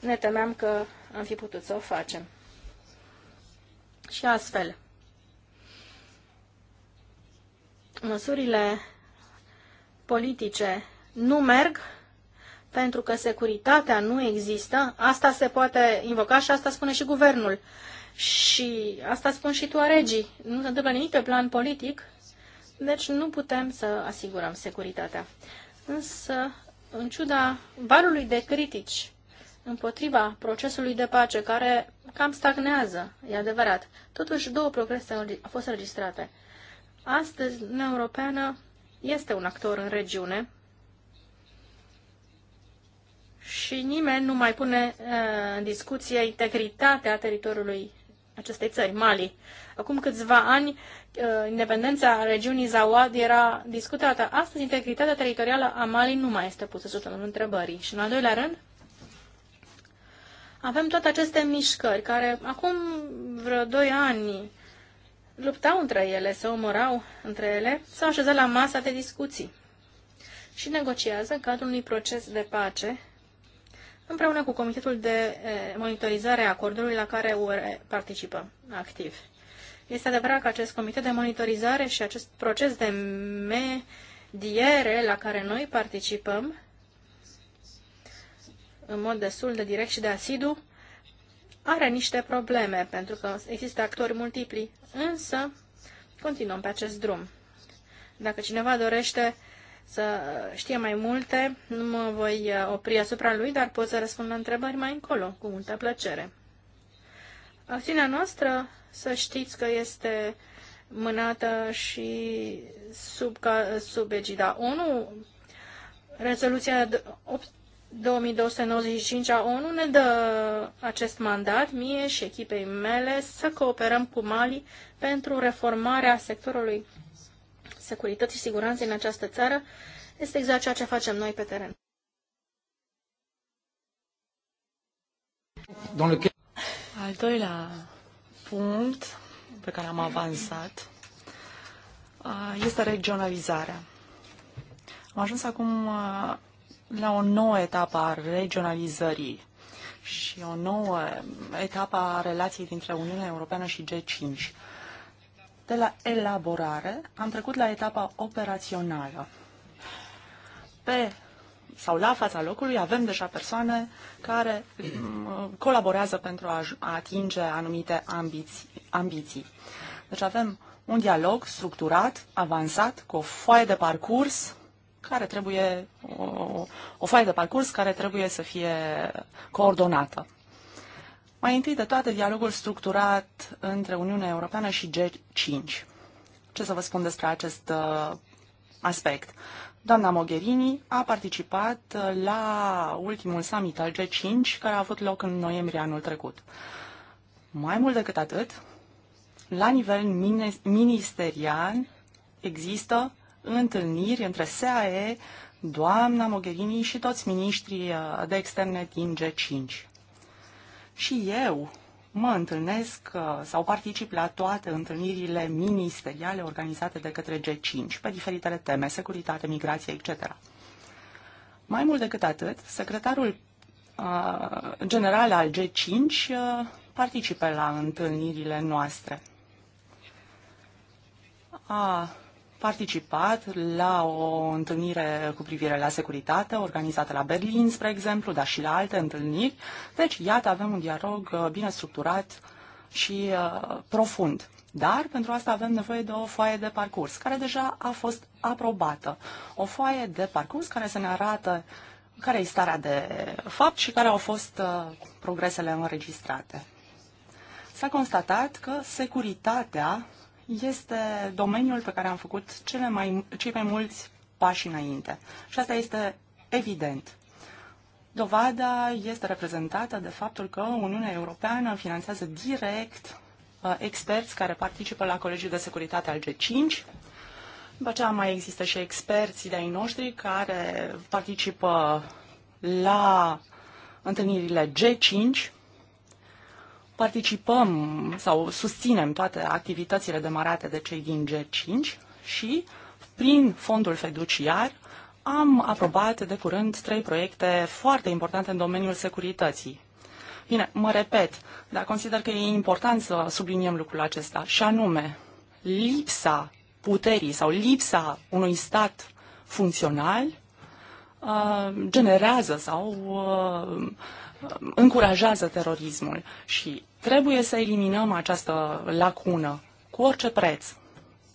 ne temeam că am fi putut să o facem. Și astfel, măsurile politice nu merg pentru că securitatea nu există, asta se poate invoca și asta spune și guvernul. Și asta spun și tu, regii. Nu se întâmplă nimic pe plan politic, deci nu putem să asigurăm securitatea. Însă, în ciuda valului de critici împotriva procesului de pace, care cam stagnează, e adevărat, totuși două progrese au fost înregistrate. Astăzi, Uniunea Europeană este un actor în regiune și nimeni nu mai pune uh, în discuție integritatea teritoriului acestei țări, Mali. Acum câțiva ani, uh, independența regiunii Zawad era discutată. Astăzi, integritatea teritorială a Mali nu mai este pusă sub în întrebării. Și, în al doilea rând, avem toate aceste mișcări care acum vreo doi ani luptau între ele, se omorau între ele, s-au așezat la masa de discuții și negociază în cadrul unui proces de pace împreună cu Comitetul de eh, Monitorizare a Acordului la care UE participă activ. Este adevărat că acest comitet de monitorizare și acest proces de mediere la care noi participăm în mod destul de direct și de asidu are niște probleme, pentru că există actori multipli, însă continuăm pe acest drum. Dacă cineva dorește să știe mai multe, nu mă voi uh, opri asupra lui, dar pot să răspund la întrebări mai încolo, cu multă plăcere. Acțiunea noastră, să știți că este mânată și sub, sub egida ONU. Rezoluția 2295 a ONU ne dă acest mandat, mie și echipei mele, să cooperăm cu Mali pentru reformarea sectorului securității și siguranței în această țară. Este exact ceea ce facem noi pe teren. Al doilea punct pe care am avansat este regionalizarea. Am ajuns acum la o nouă etapă a regionalizării și o nouă etapă a relației dintre Uniunea Europeană și G5. De la elaborare am trecut la etapa operațională. Pe sau la fața locului avem deja persoane care mm, colaborează pentru a atinge anumite ambiții. ambiții. Deci avem un dialog structurat, avansat, cu o foaie de parcurs care trebuie, o, o foaie de parcurs care trebuie să fie coordonată. Mai întâi de toate, dialogul structurat între Uniunea Europeană și G5. Ce să vă spun despre acest uh, aspect? Doamna Mogherini a participat uh, la ultimul summit al G5, care a avut loc în noiembrie anul trecut. Mai mult decât atât, la nivel ministerial există întâlniri între SAE, doamna Mogherini și toți miniștrii uh, de externe din G5. Și eu mă întâlnesc uh, sau particip la toate întâlnirile ministeriale organizate de către G5 pe diferitele teme, securitate, migrație, etc. Mai mult decât atât, secretarul uh, general al G5 participe participă la întâlnirile noastre. A participat la o întâlnire cu privire la securitate organizată la Berlin, spre exemplu, dar și la alte întâlniri. Deci, iată, avem un dialog uh, bine structurat și uh, profund. Dar pentru asta avem nevoie de o foaie de parcurs, care deja a fost aprobată. O foaie de parcurs care să ne arată care e starea de fapt și care au fost uh, progresele înregistrate. S-a constatat că securitatea este domeniul pe care am făcut cele mai, cei mai mulți pași înainte. Și asta este evident. Dovada este reprezentată de faptul că Uniunea Europeană finanțează direct uh, experți care participă la Colegiul de Securitate al G5. După aceea mai există și experții de-ai noștri care participă la întâlnirile G5, participăm sau susținem toate activitățile demarate de cei din G5 și prin fondul feduciar am aprobat de curând trei proiecte foarte importante în domeniul securității. Bine, mă repet, dar consider că e important să subliniem lucrul acesta, și anume lipsa puterii sau lipsa unui stat funcțional uh, generează sau uh, încurajează terorismul și trebuie să eliminăm această lacună cu orice preț.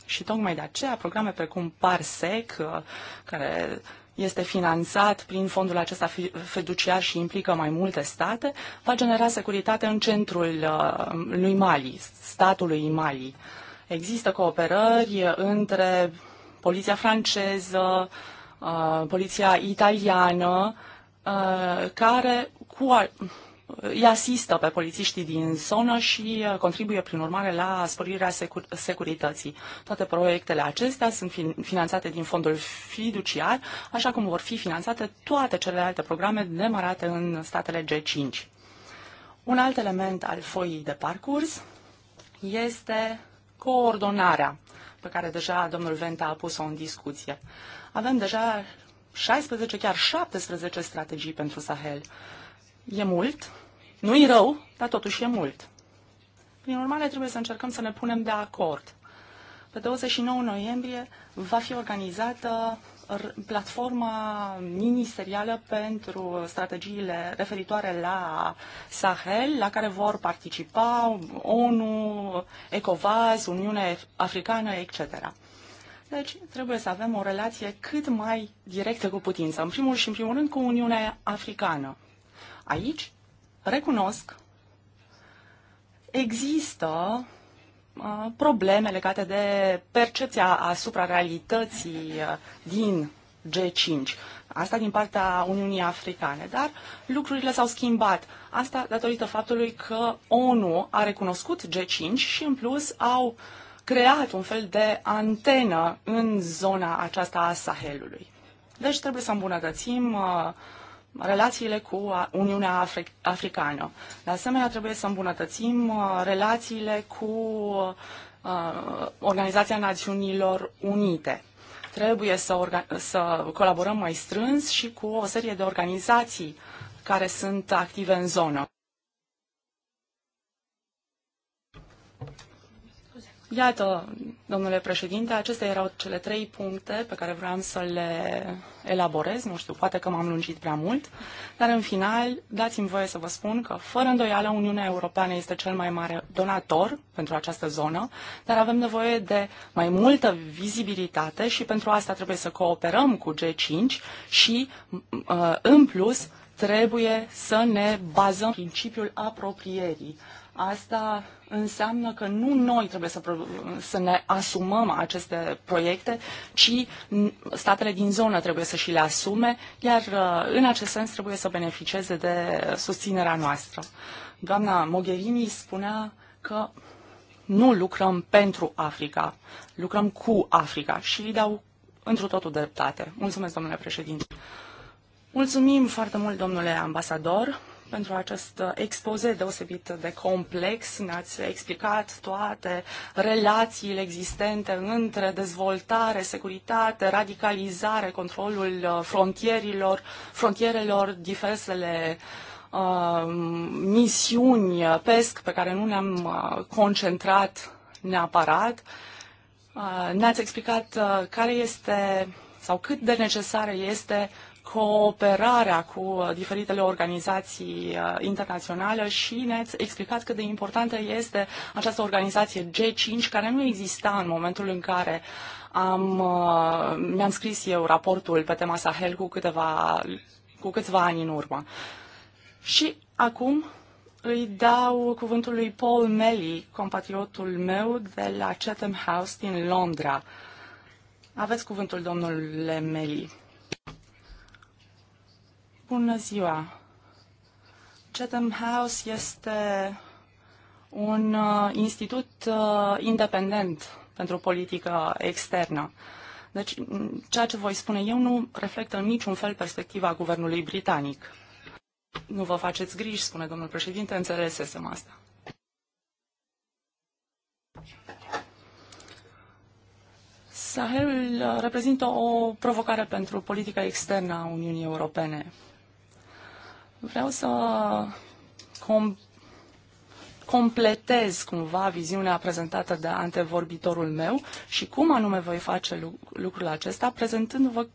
Și tocmai de aceea programe precum PARSEC, uh, care este finanțat prin fondul acesta feduciar și implică mai multe state, va genera securitate în centrul uh, lui Mali, statului Mali. Există cooperări între poliția franceză, uh, poliția italiană, care cu, îi asistă pe polițiștii din zonă și uh, contribuie, prin urmare, la sporirea secur- securității. Toate proiectele acestea sunt fi- finanțate din fondul fiduciar, așa cum vor fi finanțate toate celelalte programe demarate în statele G5. Un alt element al foii de parcurs este coordonarea pe care deja domnul Venta a pus-o în discuție. Avem deja 16, chiar 17 strategii pentru Sahel. E mult, nu-i rău, dar totuși e mult. Prin urmare, trebuie să încercăm să ne punem de acord. Pe 29 noiembrie va fi organizată platforma ministerială pentru strategiile referitoare la Sahel, la care vor participa ONU, ECOVAS, Uniunea Africană, etc. Deci trebuie să avem o relație cât mai directă cu putință, în primul și în primul rând cu Uniunea Africană. Aici, recunosc, există uh, probleme legate de percepția asupra realității uh, din G5. Asta din partea Uniunii Africane, dar lucrurile s-au schimbat. Asta datorită faptului că ONU a recunoscut G5 și în plus au creat un fel de antenă în zona aceasta a Sahelului. Deci trebuie să îmbunătățim uh, relațiile cu Uniunea Africană. De asemenea, trebuie să îmbunătățim uh, relațiile cu uh, Organizația Națiunilor Unite. Trebuie să, să colaborăm mai strâns și cu o serie de organizații care sunt active în zonă. Iată, domnule președinte, acestea erau cele trei puncte pe care vreau să le elaborez. Nu știu, poate că m-am lungit prea mult, dar în final dați-mi voie să vă spun că, fără îndoială, Uniunea Europeană este cel mai mare donator pentru această zonă, dar avem nevoie de mai multă vizibilitate și pentru asta trebuie să cooperăm cu G5 și, uh, în plus, trebuie să ne bazăm principiul apropierii. Asta înseamnă că nu noi trebuie să, să ne asumăm aceste proiecte, ci statele din zonă trebuie să și le asume, iar uh, în acest sens trebuie să beneficieze de susținerea noastră. Doamna Mogherini spunea că nu lucrăm pentru Africa, lucrăm cu Africa și îi dau întru totul dreptate. Mulțumesc, domnule președinte. Mulțumim foarte mult, domnule ambasador pentru acest uh, expoze deosebit de complex. Ne-ați explicat toate relațiile existente între dezvoltare, securitate, radicalizare, controlul uh, frontierilor, frontierelor, diversele uh, misiuni uh, PESC pe care nu ne-am concentrat neapărat. Uh, ne-ați explicat uh, care este sau cât de necesară este uh, cooperarea cu uh, diferitele organizații uh, internaționale și ne-ați explicat cât de importantă este această organizație G5, care nu exista în momentul în care am, uh, mi-am scris eu raportul pe tema Sahel cu, câteva, cu câțiva ani în urmă. Și acum îi dau cuvântul lui Paul Melly, compatriotul meu de la Chatham House din Londra. Aveți cuvântul, domnule Melly. Bună ziua! Chatham House este un uh, institut uh, independent pentru politică externă. Deci, ceea ce voi spune eu nu reflectă în niciun fel perspectiva guvernului britanic. Nu vă faceți griji, spune domnul președinte, înțelesesem asta. Sahelul uh, reprezintă o provocare pentru politica externă a Uniunii Europene. Vreau să com- completez cumva viziunea prezentată de antevorbitorul meu și cum anume voi face lucrul acesta, prezentându-vă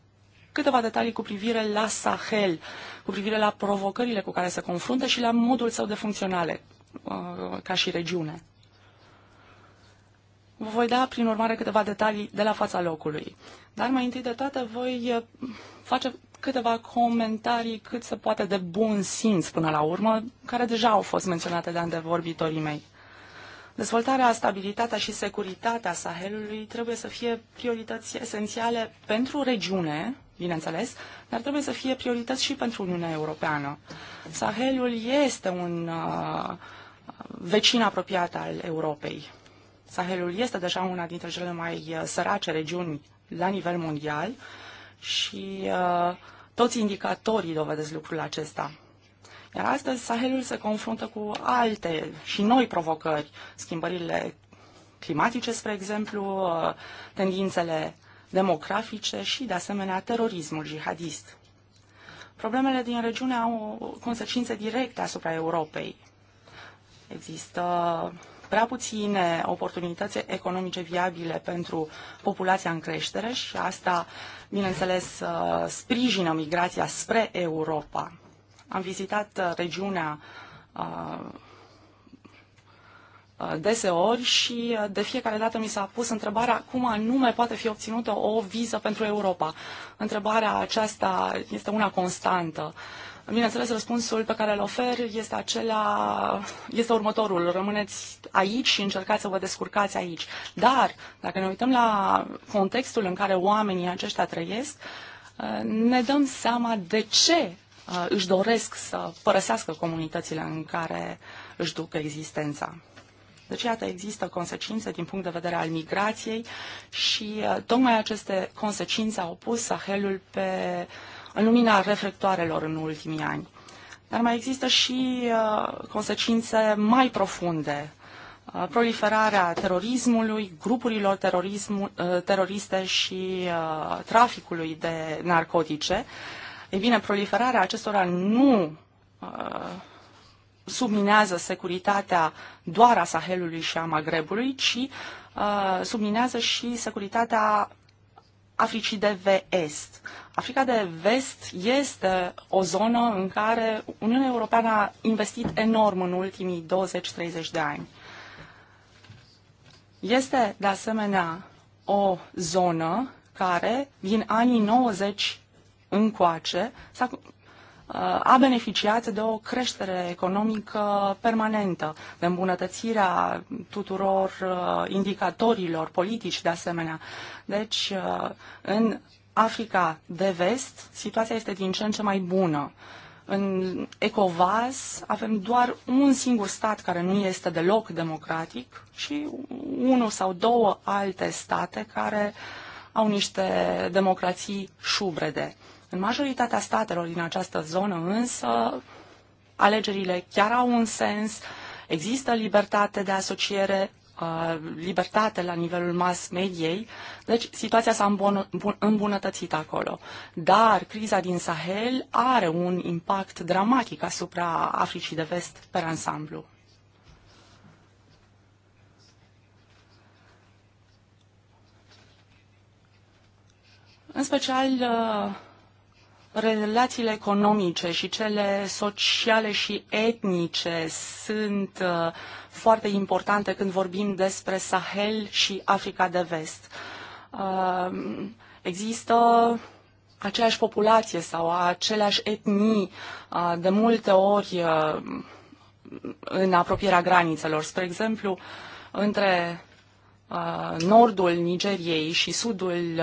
câteva detalii cu privire la Sahel, cu privire la provocările cu care se confruntă și la modul său de funcționare uh, ca și regiune. Vă voi da, prin urmare, câteva detalii de la fața locului. Dar mai întâi de toate voi uh, face câteva comentarii cât se poate de bun simț până la urmă, care deja au fost menționate de antevorbitorii mei. Dezvoltarea, stabilitatea și securitatea Sahelului trebuie să fie priorități esențiale pentru regiune, bineînțeles, dar trebuie să fie priorități și pentru Uniunea Europeană. Sahelul este un uh, vecin apropiat al Europei. Sahelul este deja una dintre cele mai uh, sărace regiuni la nivel mondial și uh, toți indicatorii dovedesc lucrul acesta. Iar astăzi Sahelul se confruntă cu alte și noi provocări, schimbările climatice, spre exemplu, tendințele demografice și, de asemenea, terorismul jihadist. Problemele din regiune au consecințe directe asupra Europei. Există prea puține oportunități economice viabile pentru populația în creștere și asta bineînțeles, uh, sprijină migrația spre Europa. Am vizitat uh, regiunea uh, deseori și de fiecare dată mi s-a pus întrebarea cum anume poate fi obținută o viză pentru Europa. Întrebarea aceasta este una constantă. Uh, Bineînțeles, răspunsul pe care îl ofer este acela, este următorul. Rămâneți aici și încercați să vă descurcați aici. Dar, dacă ne uităm la contextul în care oamenii aceștia trăiesc, ne dăm seama de ce uh, își doresc să părăsească comunitățile în care își duc existența. Deci, iată, există consecințe din punct de vedere al migrației și uh, tocmai aceste consecințe au pus Sahelul pe uh, în lumina reflectoarelor în ultimii ani. Dar mai există și uh, consecințe mai profunde. Uh, proliferarea terorismului, grupurilor terorism, uh, teroriste și traficului de narcotice. Ei bine, proliferarea acestora nu subminează securitatea doar a Sahelului și a Magrebului, ci uh, subminează și securitatea Africii de vest. Africa de vest este o zonă în care Uniunea Europeană a investit enorm în ultimii 20-30 de ani. Este, de asemenea, o zonă care, din anii 90 încoace, Uh, a beneficiat de o creștere economică permanentă, de îmbunătățirea tuturor uh, indicatorilor politici de asemenea. Deci, uh, în Africa de vest, situația este din ce în ce mai bună. În ECOVAS avem doar un singur stat care nu este deloc democratic și unul sau două alte state care au niște democrații șubrede. În majoritatea statelor din această zonă însă, alegerile chiar au un sens, există libertate de asociere, uh, libertate la nivelul mass mediei, deci situația s-a îmbunătățit acolo. Dar criza din Sahel are un impact dramatic asupra Africii de vest pe ansamblu. În special uh, relațiile economice și cele sociale și etnice sunt uh, foarte importante când vorbim despre Sahel și Africa de Vest. Uh, există aceeași populație sau aceleași etnii uh, de multe ori în apropierea granițelor. Spre exemplu, între nordul Nigeriei și sudul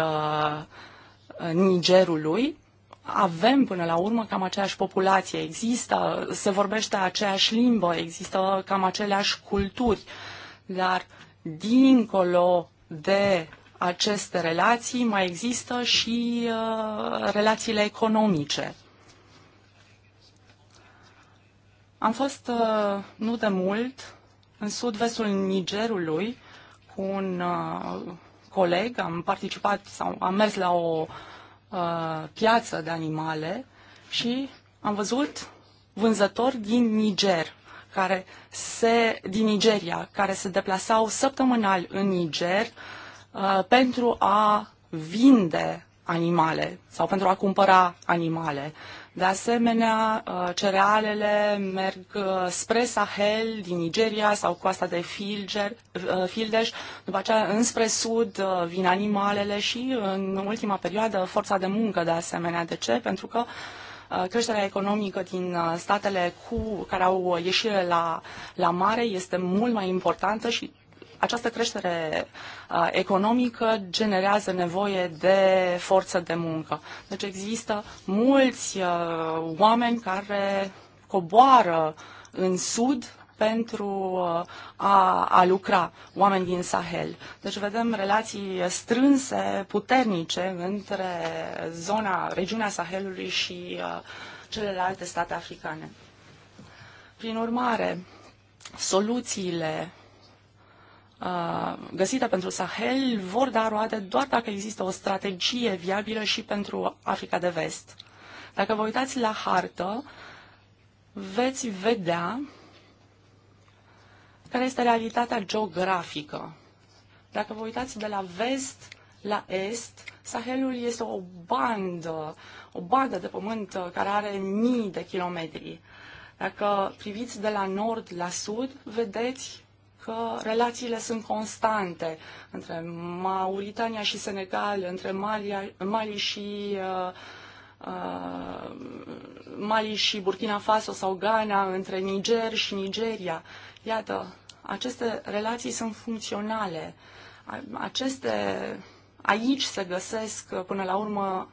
Nigerului avem până la urmă cam aceeași populație, există, se vorbește aceeași limbă, există cam aceleași culturi, dar dincolo de aceste relații mai există și uh, relațiile economice. Am fost uh, nu de mult în sud-vestul Nigerului cu un uh, coleg, am participat sau am mers la o uh, uh, piață de animale și am văzut vânzători din Niger, care se, din Nigeria, care se deplasau săptămânal în Niger uh, pentru a vinde animale sau pentru a cumpăra animale. Uh, de asemenea, uh, cerealele merg uh, spre Sahel, din Nigeria sau coasta de Filger, uh, Fildeș, după aceea înspre sud vin animalele și în ultima perioadă forța de muncă de asemenea. De ce? Pentru că creșterea economică din statele cu, care au ieșire la, la mare este mult mai importantă și această creștere economică generează nevoie de forță de muncă. Deci există mulți oameni care coboară în sud pentru a, a lucra oameni din Sahel. Deci vedem relații strânse, puternice între zona, regiunea Sahelului și uh, celelalte state africane. Prin urmare, soluțiile Uh, găsite pentru Sahel vor da roade doar dacă există o strategie viabilă și pentru Africa de Vest. Dacă vă uitați la hartă, veți vedea care este realitatea geografică. Dacă vă uitați de la vest la est, Sahelul este o bandă, o bandă de pământ uh, care are mii de kilometri. Dacă priviți de la nord la sud, vedeți că relațiile sunt constante între Mauritania și Senegal, între Mali, Mali și uh, uh, Mali și Burkina Faso sau Ghana, între Niger și Nigeria. Iată, aceste relații sunt funcționale. Aceste, aici se găsesc uh, până la urmă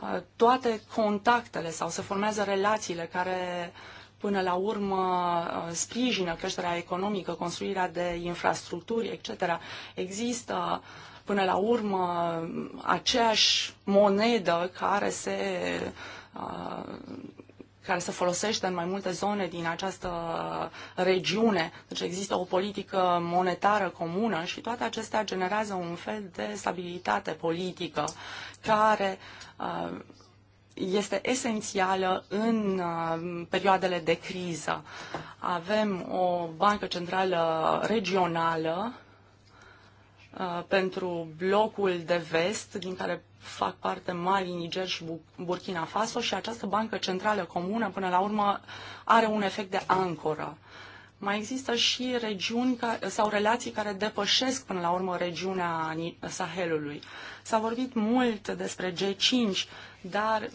uh, toate contactele sau se formează relațiile care uh, până la urmă uh, sprijină creșterea economică, construirea de infrastructuri, etc. Există până la urmă aceeași monedă care se uh, care se folosește în mai multe zone din această regiune. Deci există o politică monetară comună și toate acestea generează un fel de stabilitate politică care uh, este esențială în uh, perioadele de criză. Avem o bancă centrală regională uh, pentru blocul de vest, din care fac parte Mali, Niger și Burkina Faso și această bancă centrală comună, până la urmă, are un efect de ancoră. Mai există și regiuni sau relații care depășesc până la urmă regiunea Sahelului. S-a vorbit mult despre G5, dar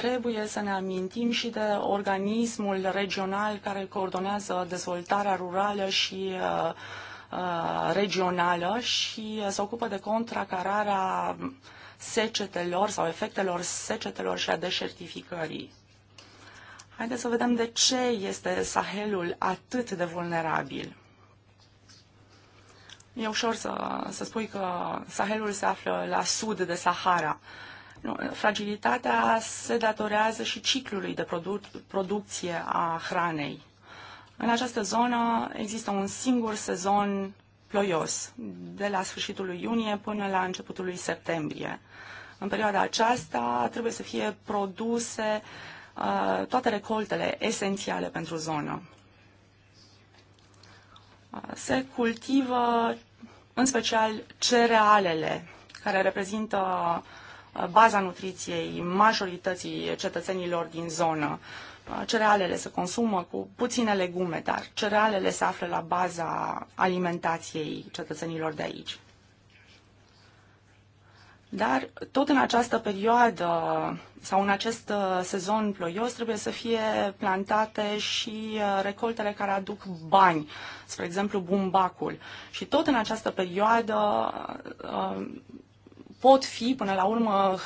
trebuie să ne amintim și de organismul regional care coordonează dezvoltarea rurală și uh, uh, regională și se ocupă de contracararea secetelor sau efectelor secetelor și a deșertificării. Haideți să vedem de ce este Sahelul atât de vulnerabil. E ușor să, să spui că Sahelul se află la sud de Sahara. Uh, fragilitatea se datorează și ciclului de produ- producție a hranei. În această zonă există un singur sezon ploios, de la sfârșitul lui iunie până la începutul lui septembrie. În perioada aceasta trebuie să fie produse uh, toate recoltele esențiale pentru zonă. Uh, se cultivă în special cerealele, care reprezintă uh, baza nutriției majorității cetățenilor din zonă. Uh, cerealele se consumă cu puține legume, dar cerealele se află la baza alimentației cetățenilor de aici. Dar tot în această perioadă sau în acest uh, sezon ploios trebuie să fie plantate și uh, recoltele care aduc bani, spre exemplu bumbacul. Și tot în această perioadă pot fi, până la urmă,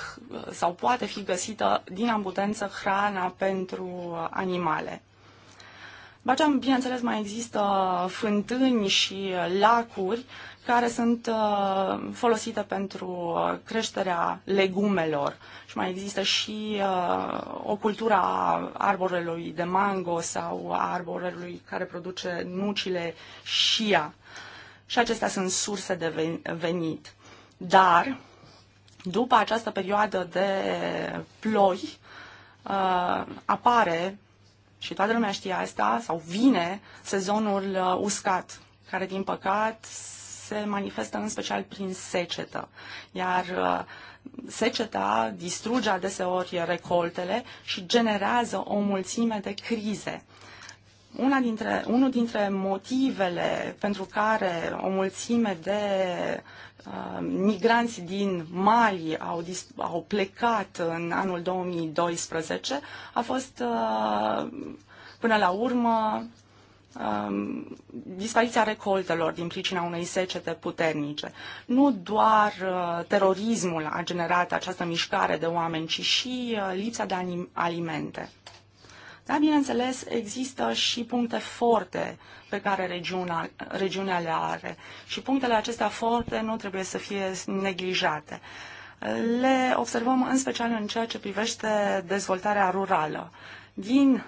sau poate fi găsită din ambutență hrana pentru animale. Baceam, bineînțeles, mai există fântâni și lacuri care sunt uh, folosite pentru uh, creșterea legumelor și mai există și uh, o cultură a arborelui de mango sau a arborelui care produce nucile șia. Și acestea sunt surse de venit. Dar după această perioadă de ploi uh, apare, și toată lumea știe asta, sau vine sezonul uh, uscat, care din păcat se manifestă în special prin secetă. Iar uh, seceta distruge adeseori recoltele și generează o mulțime de crize. Una dintre, unul dintre motivele pentru care o mulțime de Uh, migranți din Mali au, au plecat în anul 2012 a fost uh, până la urmă um, dispariția recoltelor din pricina unei secete puternice. Nu doar uh, terorismul a generat această mișcare de oameni, ci și lipsa de alimente. Dar, bineînțeles, există și puncte forte pe care regiunea, regiunea le are și punctele acestea forte nu trebuie să fie neglijate. Le observăm în special în ceea ce privește dezvoltarea rurală. Din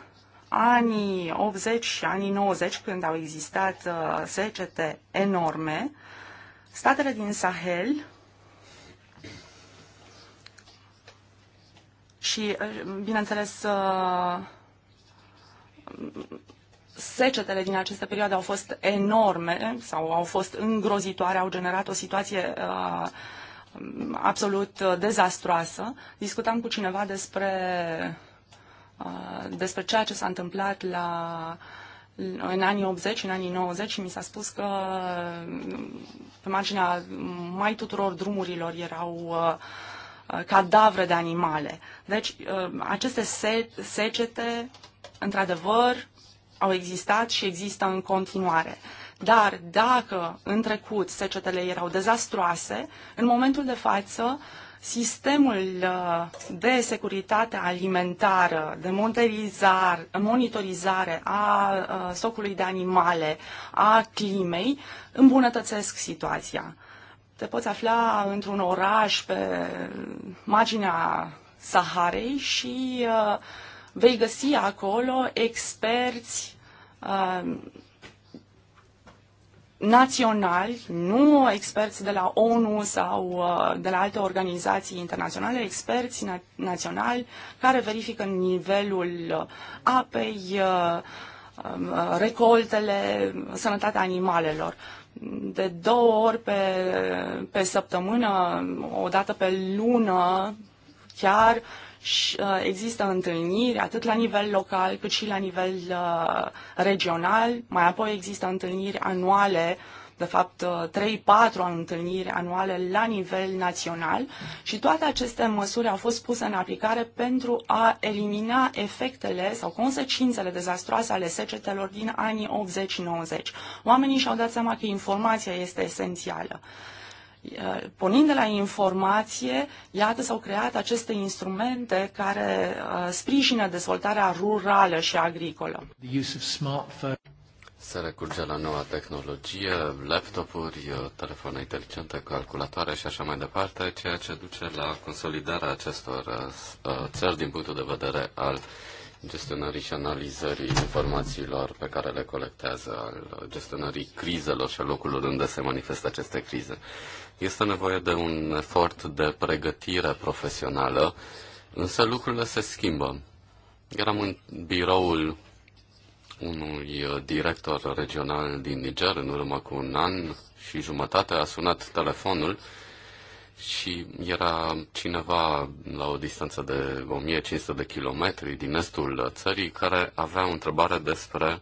anii 80 și anii 90, când au existat uh, secete enorme, statele din Sahel și, uh, bineînțeles, uh, secetele din aceste perioade au fost enorme sau au fost îngrozitoare, au generat o situație uh, absolut uh, dezastroasă. Discutam cu cineva despre, uh, despre ceea ce s-a întâmplat la, în anii 80, în anii 90 și mi s-a spus că pe marginea mai tuturor drumurilor erau uh, cadavre de animale. Deci, uh, aceste secete într-adevăr, au existat și există în continuare. Dar dacă în trecut secetele erau dezastroase, în momentul de față sistemul uh, de securitate alimentară, de monitorizare a uh, socului de animale, a climei, îmbunătățesc situația. Te poți afla într-un oraș pe marginea Saharei și uh, vei găsi acolo experți uh, naționali, nu experți de la ONU sau uh, de la alte organizații internaționale, experți na- naționali care verifică nivelul apei, uh, um, uh recoltele, sănătatea animalelor de două ori pe, pe săptămână, o dată pe lună, chiar Uh, există întâlniri atât la nivel local cât și la nivel uh, regional, mai apoi există întâlniri anuale de fapt 3-4 uh, întâlniri anuale la nivel național și toate aceste măsuri au fost puse în aplicare pentru a elimina efectele sau consecințele dezastroase ale secetelor din anii 80-90. Oamenii și-au dat seama că informația este esențială. Eh, pornind de la informație, iată, s-au creat aceste instrumente care eh, sprijină dezvoltarea rurală și agricolă. Se recurge la noua tehnologie, laptopuri, eh, telefoane inteligente, calculatoare și așa mai departe, ceea ce duce la consolidarea acestor țări din punctul de vedere al gestionării și analizării informațiilor pe care le colectează, al gestionării crizelor și a locurilor unde se manifestă aceste crize. Este nevoie de un efort de pregătire profesională, însă lucrurile se schimbă. Eram în biroul unui director regional din Niger în urmă cu un an și jumătate a sunat telefonul și era cineva la o distanță de 1500 de kilometri din estul țării care avea o întrebare despre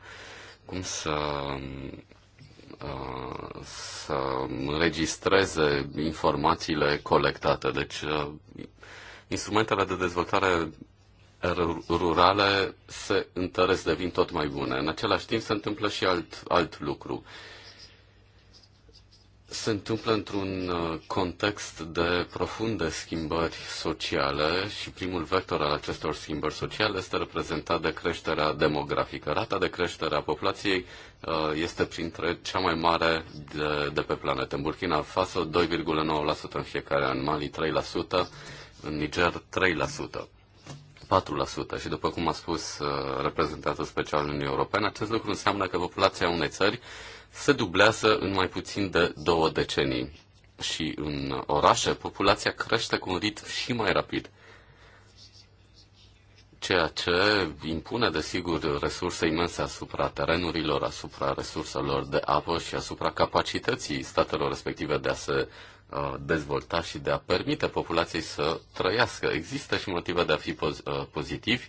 cum să Uh, să înregistreze informațiile colectate. Deci, uh, instrumentele de dezvoltare rurale se întăresc, devin tot mai bune. În același timp se întâmplă și alt, alt lucru se întâmplă într-un uh, context de profunde schimbări sociale și primul vector al acestor schimbări sociale este reprezentat de creșterea demografică. Rata de creștere a populației uh, este printre cea mai mare de, de pe planetă. În Burkina Faso 2,9% în fiecare an, Mali 3%, în Niger 3%. 4%. Și după cum a spus uh, reprezentantul special în Uniunea Europeană, acest lucru înseamnă că populația unei țări se dublează în mai puțin de două decenii și în orașe populația crește cu un ritm și mai rapid, ceea ce impune, desigur, resurse imense asupra terenurilor, asupra resurselor de apă și asupra capacității statelor respective de a se uh, dezvolta și de a permite populației să trăiască. Există și motive de a fi uh, pozitivi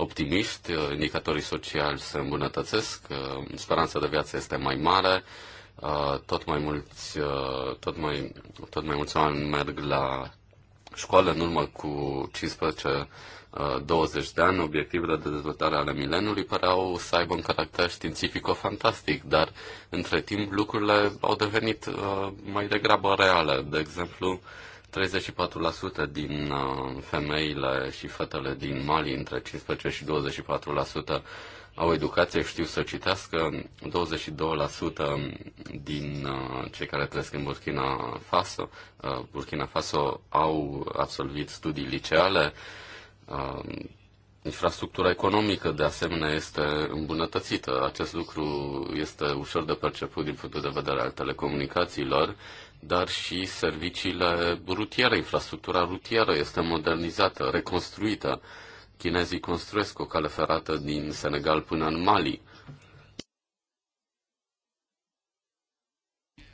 optimist, uh, indicatorii sociali se îmbunătățesc, uh, speranța de viață este mai mare, uh, tot mai mulți, tot mai, tot mai mulți oameni merg la școală în urmă cu 15 20 de ani, obiectivele de dezvoltare ale milenului păreau să aibă un caracter științifico-fantastic, dar între timp lucrurile au devenit uh, mai degrabă reale. De exemplu, 34% din uh, femeile și fetele din Mali între 15 și 24% au educație, știu să citească, 22% din uh, cei care trăiesc în Burkina Faso, uh, Burkina Faso au absolvit studii liceale, infrastructura economică de asemenea este îmbunătățită. Acest lucru este ușor de perceput din punctul de vedere al telecomunicațiilor dar și serviciile rutiere, infrastructura rutieră este modernizată, reconstruită. Chinezii construiesc o cale ferată din Senegal până în Mali.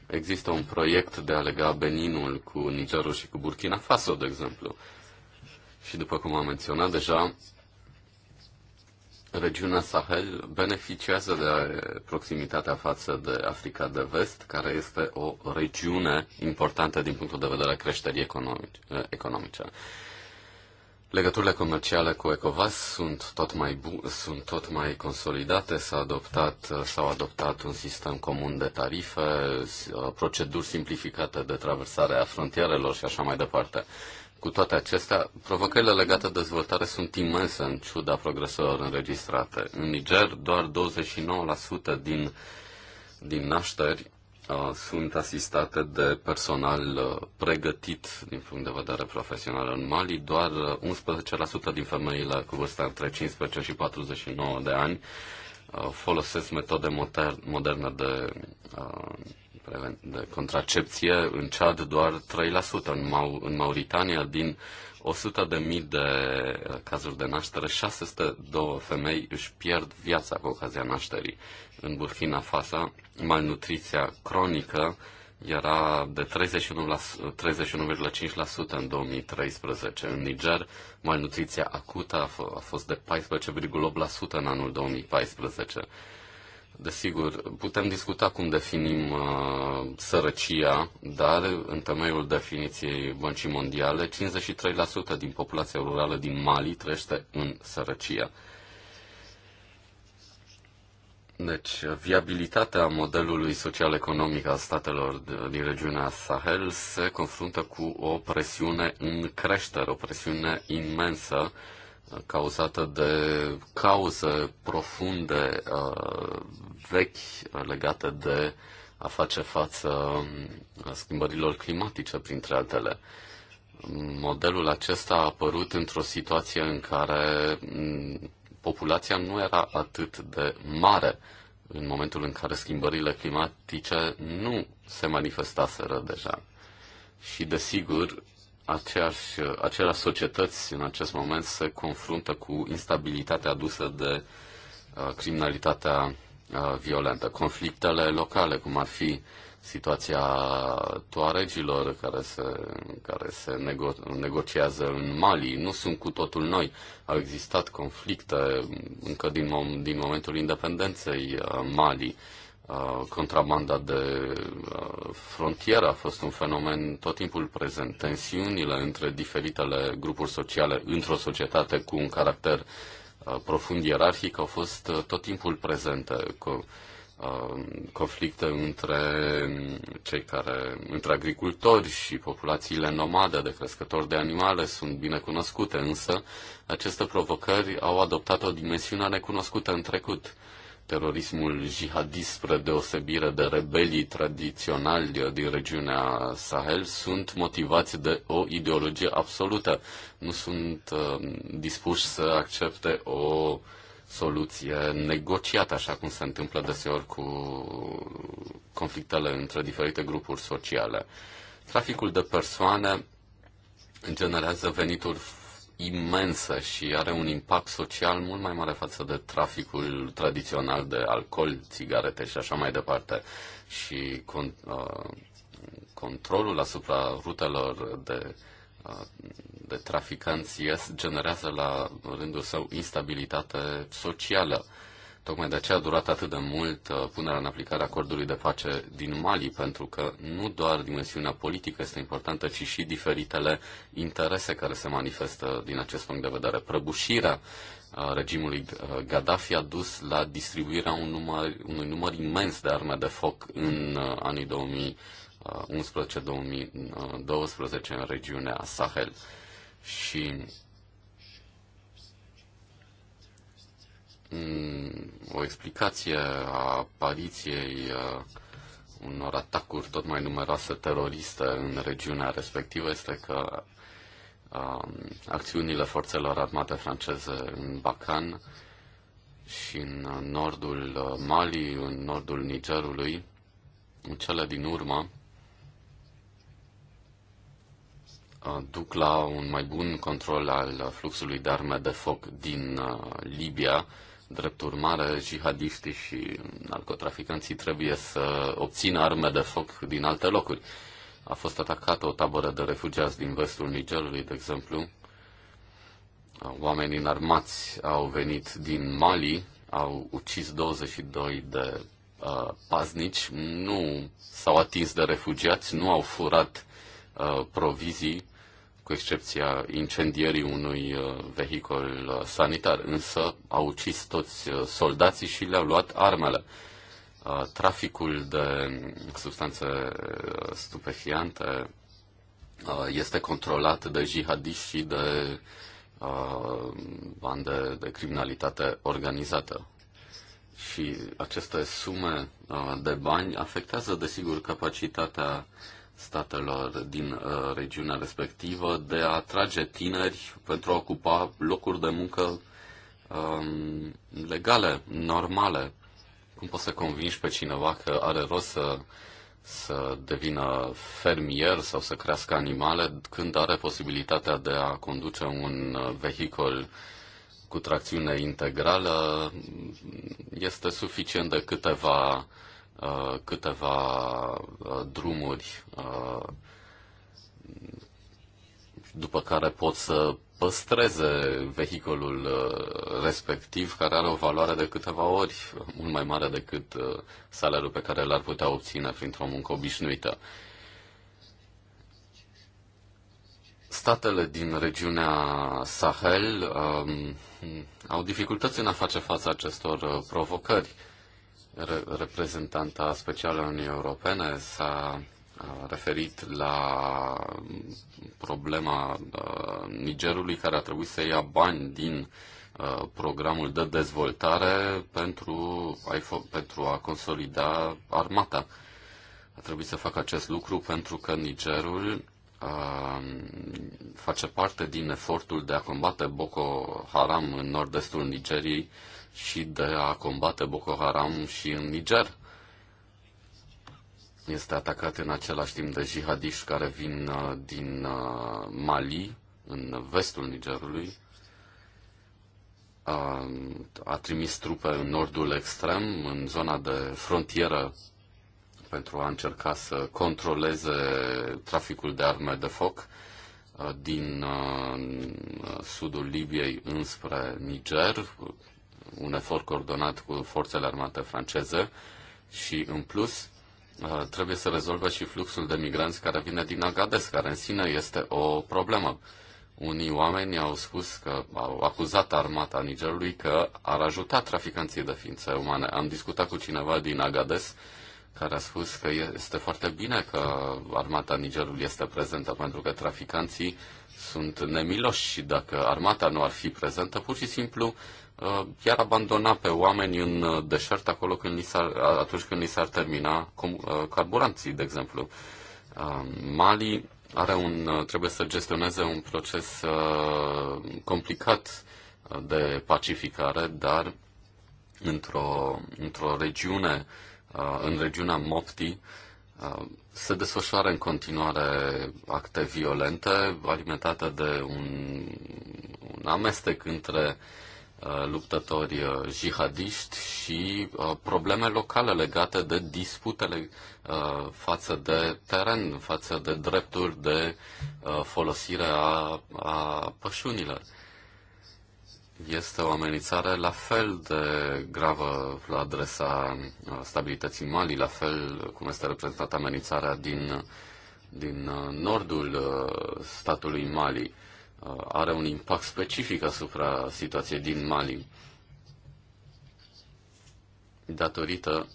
Există un proiect de a lega Beninul cu Nigerul și cu Burkina Faso, de exemplu. Și după cum am menționat deja, regiunea Sahel beneficiază de proximitatea față de Africa de Vest, care este o regiune importantă din punctul de vedere al creșterii economice. Legăturile comerciale cu ECOVAS sunt tot mai, bu- sunt tot mai consolidate, s-a adoptat, s-au adoptat un sistem comun de tarife, proceduri simplificate de traversare a frontierelor și așa mai departe. Cu toate acestea, provocările legate de dezvoltare sunt imense în ciuda progreselor înregistrate. În Niger, doar 29% din, din nașteri uh, sunt asistate de personal uh, pregătit din punct de vedere profesional. În Mali, doar 11% uh, din femeile cu vârsta între 15 și 49 de ani uh, folosesc metode moderne de uh, de contracepție, în Chad doar 3%, în, Mau- în Mauritania din 100.000 de, mii de uh, cazuri de naștere, 602 femei își pierd viața cu ocazia nașterii. În Burkina Faso, malnutriția cronică era de 31,5% 31, în 2013. În Niger, malnutriția acută a, a fost de 14,8% în anul 2014. Desigur, putem discuta cum definim uh, sărăcia, dar în temeiul definiției Băncii Mondiale, 53% din populația rurală din Mali trăiește în sărăcia. Deci, viabilitatea modelului social-economic al statelor din regiunea Sahel se confruntă cu o presiune în creștere, o presiune imensă uh, cauzată de cauze profunde uh, vechi legate de a face față uh, schimbărilor climatice, printre altele. Modelul acesta a apărut într-o situație în care mm, populația nu era atât de mare în momentul în care schimbările climatice nu se manifestaseră deja. Și, desigur, aceeași, aceleași societăți în acest moment se confruntă cu instabilitatea adusă de uh, criminalitatea uh, violentă. Conflictele locale, cum ar fi situația toaregilor care se, care se nego- negociază în Mali, nu sunt cu totul noi. Au existat conflicte încă din, mom- din momentul independenței uh, Mali. Uh, contrabanda de frontieră a fost un fenomen tot timpul prezent. Tensiunile între diferitele grupuri sociale într-o societate cu un caracter profund ierarhic au fost tot timpul prezente. Cu, conflicte între cei care, între agricultori și populațiile nomade de crescători de animale sunt bine cunoscute, însă aceste provocări au adoptat o dimensiune necunoscută în trecut terorismul jihadist spre deosebire de rebelii tradiționali din regiunea Sahel sunt motivați de o ideologie absolută. Nu sunt uh, dispuși să accepte o soluție negociată, așa cum se întâmplă deseori cu conflictele între diferite grupuri sociale. Traficul de persoane generează venituri imensă și are un impact social mult mai mare față de traficul tradițional de alcool, țigarete și așa mai departe. Și con, uh, controlul asupra rutelor de, uh, de traficanți yes, generează la rândul său instabilitate socială. Uh, Tocmai de aceea a durat atât de mult uh, punerea în aplicare a acordului de pace din Mali, pentru că nu doar dimensiunea politică este importantă, ci și diferitele interese care se manifestă din acest punct de vedere. Prăbușirea uh, regimului uh, Gaddafi a dus la distribuirea un număr, unui număr imens de arme de foc în anii 2011-2012 în regiunea Sahel. Și Mm, o explicație a apariției uh, unor atacuri tot mai numeroase teroriste în regiunea respectivă este că um, acțiunile forțelor armate franceze în Bacan și în uh, nordul uh, Mali, în nordul Nigerului, în cele din urmă, duc la un mai bun control al fluxului de arme de foc din Libia, Drept urmare, jihadiștii și narcotraficanții trebuie să obțină arme de foc din alte locuri. A fost atacată o tabără de refugiați din vestul Nigerului, de exemplu. Oamenii înarmați au venit din Mali, au ucis 22 de uh, paznici, nu s-au atins de refugiați, nu au furat uh, provizii, cu excepția incendierii unui uh, vehicol uh, sanitar, însă au ucis toți uh, soldații și le-au luat armele. Traficul de mm, substanțe stupefiante este controlat de jihadiști și de bande de criminalitate organizată. Și aceste sume de bani afectează, desigur, capacitatea statelor din uh, regiunea respectivă de a atrage tineri pentru a ocupa locuri de muncă um, legale, normale. Cum poți să convingi pe cineva că are rost să, să devină fermier sau să crească animale când are posibilitatea de a conduce un uh, vehicul cu tracțiune integrală? Este suficient de câteva Uh, câteva uh, drumuri uh, după care pot să păstreze vehiculul respectiv, care are o valoare de câteva ori mult mai mare decât salariul pe care l-ar putea obține printr-o muncă obișnuită. Statele din regiunea Sahel um, au dificultăți în a face față acestor provocări. Uh, reprezentanta specială a Uniunii Europene s-a referit la problema Nigerului care a trebuit să ia bani din programul de dezvoltare pentru a, pentru a consolida armata. A trebuit să facă acest lucru pentru că Nigerul face parte din efortul de a combate Boko Haram în nord-estul Nigeriei, și de a combate Boko Haram și în Niger. Este atacat în același timp de jihadiști care vin uh, din uh, Mali, în vestul Nigerului. A, uh, a trimis trupe în nordul extrem, în zona de frontieră, pentru a încerca să controleze traficul de arme de foc din sudul Libiei înspre Niger, un efort coordonat cu forțele armate franceze și, în plus, uh, trebuie să rezolvă și fluxul de migranți care vine din Agades, care în sine este o problemă. Unii oameni au spus că au acuzat armata Nigerului că ar ajuta traficanții de ființe umane. Am discutat cu cineva din Agades care a spus că este foarte bine că armata Nigerului este prezentă pentru că traficanții sunt nemiloși și dacă armata nu ar fi prezentă, pur și simplu chiar uh, abandona pe oameni în uh, deșert acolo când li s-ar, atunci când li s-ar termina uh, carburanții, de exemplu. Mali are un, trebuie să gestioneze un proces complicat de pacificare, dar într-o, într-o regiune, în regiunea Mopti, Um, se desfășoară în continuare acte violente alimentate de un, un amestec între uh, luptători uh, jihadiști și uh, probleme locale legate de disputele față de teren, față de drepturi de folosire a, a pășunilor este o amenințare la fel de gravă la adresa stabilității Mali, la fel cum este reprezentată amenințarea din, din nordul uh, statului Mali. Uh, are un impact specific asupra situației din Mali datorită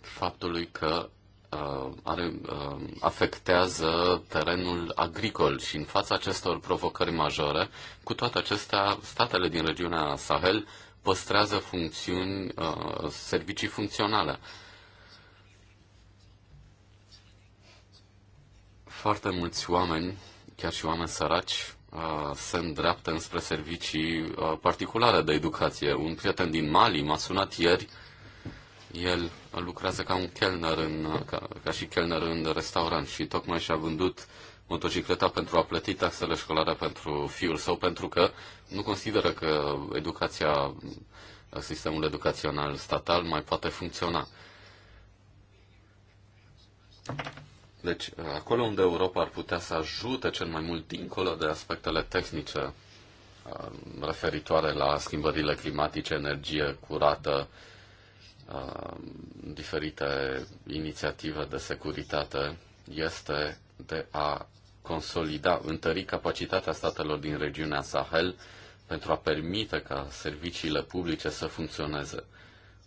faptului că Uh, are, uh, afectează terenul agricol și în fața acestor provocări majore, cu toate acestea, statele din regiunea Sahel păstrează funcțiuni, uh, servicii funcționale. Foarte mulți oameni, chiar și oameni săraci, se îndreaptă înspre servicii particulare de educație. Un prieten din Mali m-a sunat ieri, el lucrează ca un chelner în, ca, ca și chelner în restaurant și tocmai și-a vândut motocicleta pentru a plăti taxele școlare pentru fiul său, pentru că nu consideră că educația, sistemul educațional statal mai poate funcționa. Deci, acolo unde Europa ar putea să ajute cel mai mult dincolo de aspectele tehnice uh, referitoare la schimbările climatice, energie curată, Um, diferite inițiative de securitate este de a consolida, întări capacitatea statelor din regiunea Sahel pentru a permite ca serviciile publice să funcționeze,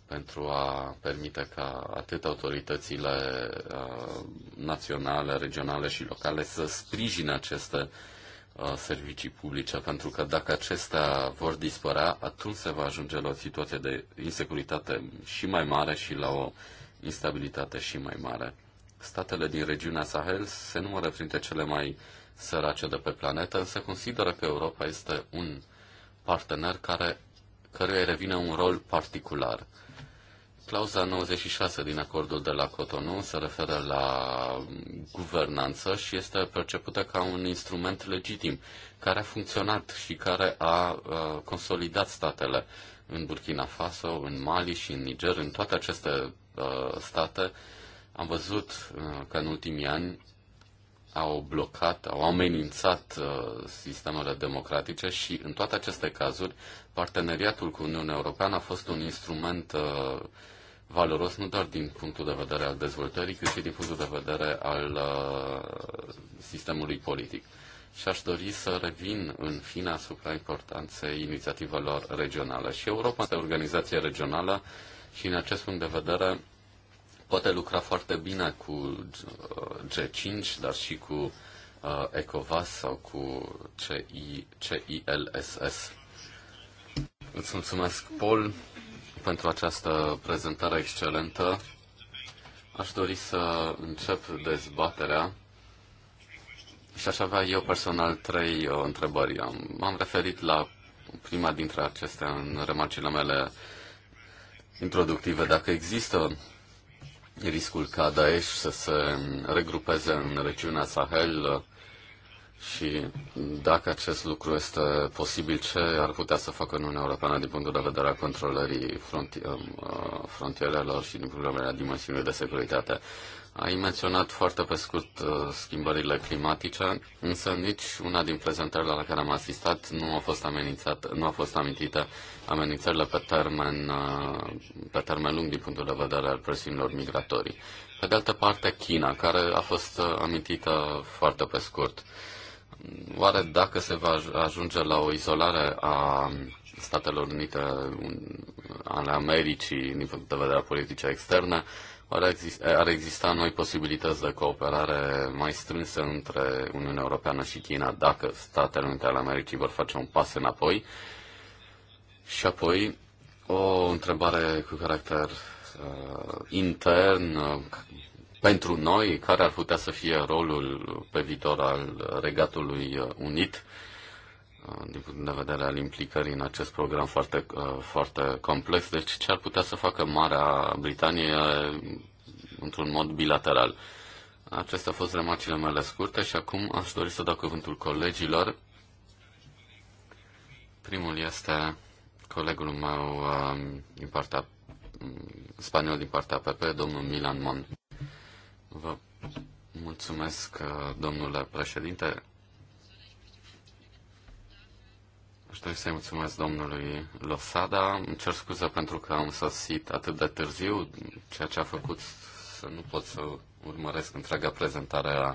pentru a permite ca atât autoritățile uh, naționale, regionale și locale să sprijine aceste Uh, servicii publice, pentru că dacă acestea vor dispărea, atunci se va ajunge la o situație de insecuritate și mai mare și la o instabilitate și mai mare. Statele din regiunea Sahel se numără printre cele mai sărace de pe planetă, însă consideră că Europa este un partener care, căruia revine un rol particular. Clauza 96 din acordul de la Cotonou se referă la guvernanță și este percepută ca un instrument legitim care a funcționat și care a consolidat statele în Burkina Faso, în Mali și în Niger, în toate aceste state. Am văzut că în ultimii ani au blocat, au amenințat sistemele democratice și în toate aceste cazuri parteneriatul cu Uniunea Europeană a fost un instrument uh, valoros nu doar din punctul de vedere al dezvoltării, cât și din punctul de vedere al uh, sistemului politic. Și aș dori să revin în fine asupra importanței inițiativelor regionale. Și Europa este organizație regională și în acest punct de vedere poate lucra foarte bine cu uh, G5, dar și cu uh, ECOVAS sau cu CILSS. Îți mulțumesc, Paul pentru această prezentare excelentă. Aș dori să încep dezbaterea și aș avea eu personal trei uh, întrebări. Am, am referit la prima dintre acestea în remarcile mele introductive. Dacă există riscul ca Daesh să se regrupeze în regiunea Sahel, și dacă acest lucru este posibil, ce ar putea să facă în Uniunea Europeană din punctul de vedere a controlării fronti- um, uh, frontierelor și din punctul de vedere a dimensiunii de securitate? Ai menționat foarte pe scurt uh, schimbările climatice, însă nici una din prezentările la care am asistat nu a fost, amenințat, nu a fost amintită amenințările pe termen, uh, pe termen lung din punctul de vedere al presiunilor migratorii. Pe de altă parte, China, care a fost amintită foarte pe scurt. Oare dacă se va ajunge la o izolare a Statelor Unite ale Americii din punct de vedere a politicii externe, ar exista, ar exista noi posibilități de cooperare mai strânsă între Uniunea Europeană și China dacă Statele Unite ale Americii vor face un pas înapoi? Și apoi, o întrebare cu caracter uh, intern, uh, pentru noi, care ar putea să fie rolul pe viitor al Regatului Unit, uh, din punct de vedere al implicării în acest program foarte, uh, foarte complex. Deci ce ar putea să facă Marea Britanie uh, într-un mod bilateral? Acestea au fost remarcile mele scurte și acum aș dori să dau cuvântul colegilor. Primul este colegul meu din partea mm, spaniol din partea PP, domnul Milan Mon. Vă mulțumesc, uh, domnule președinte. Aș dori să-i mulțumesc domnului Losada. Îmi cer scuze pentru că am sosit atât de târziu, ceea ce a făcut să nu pot să urmăresc întreaga prezentare a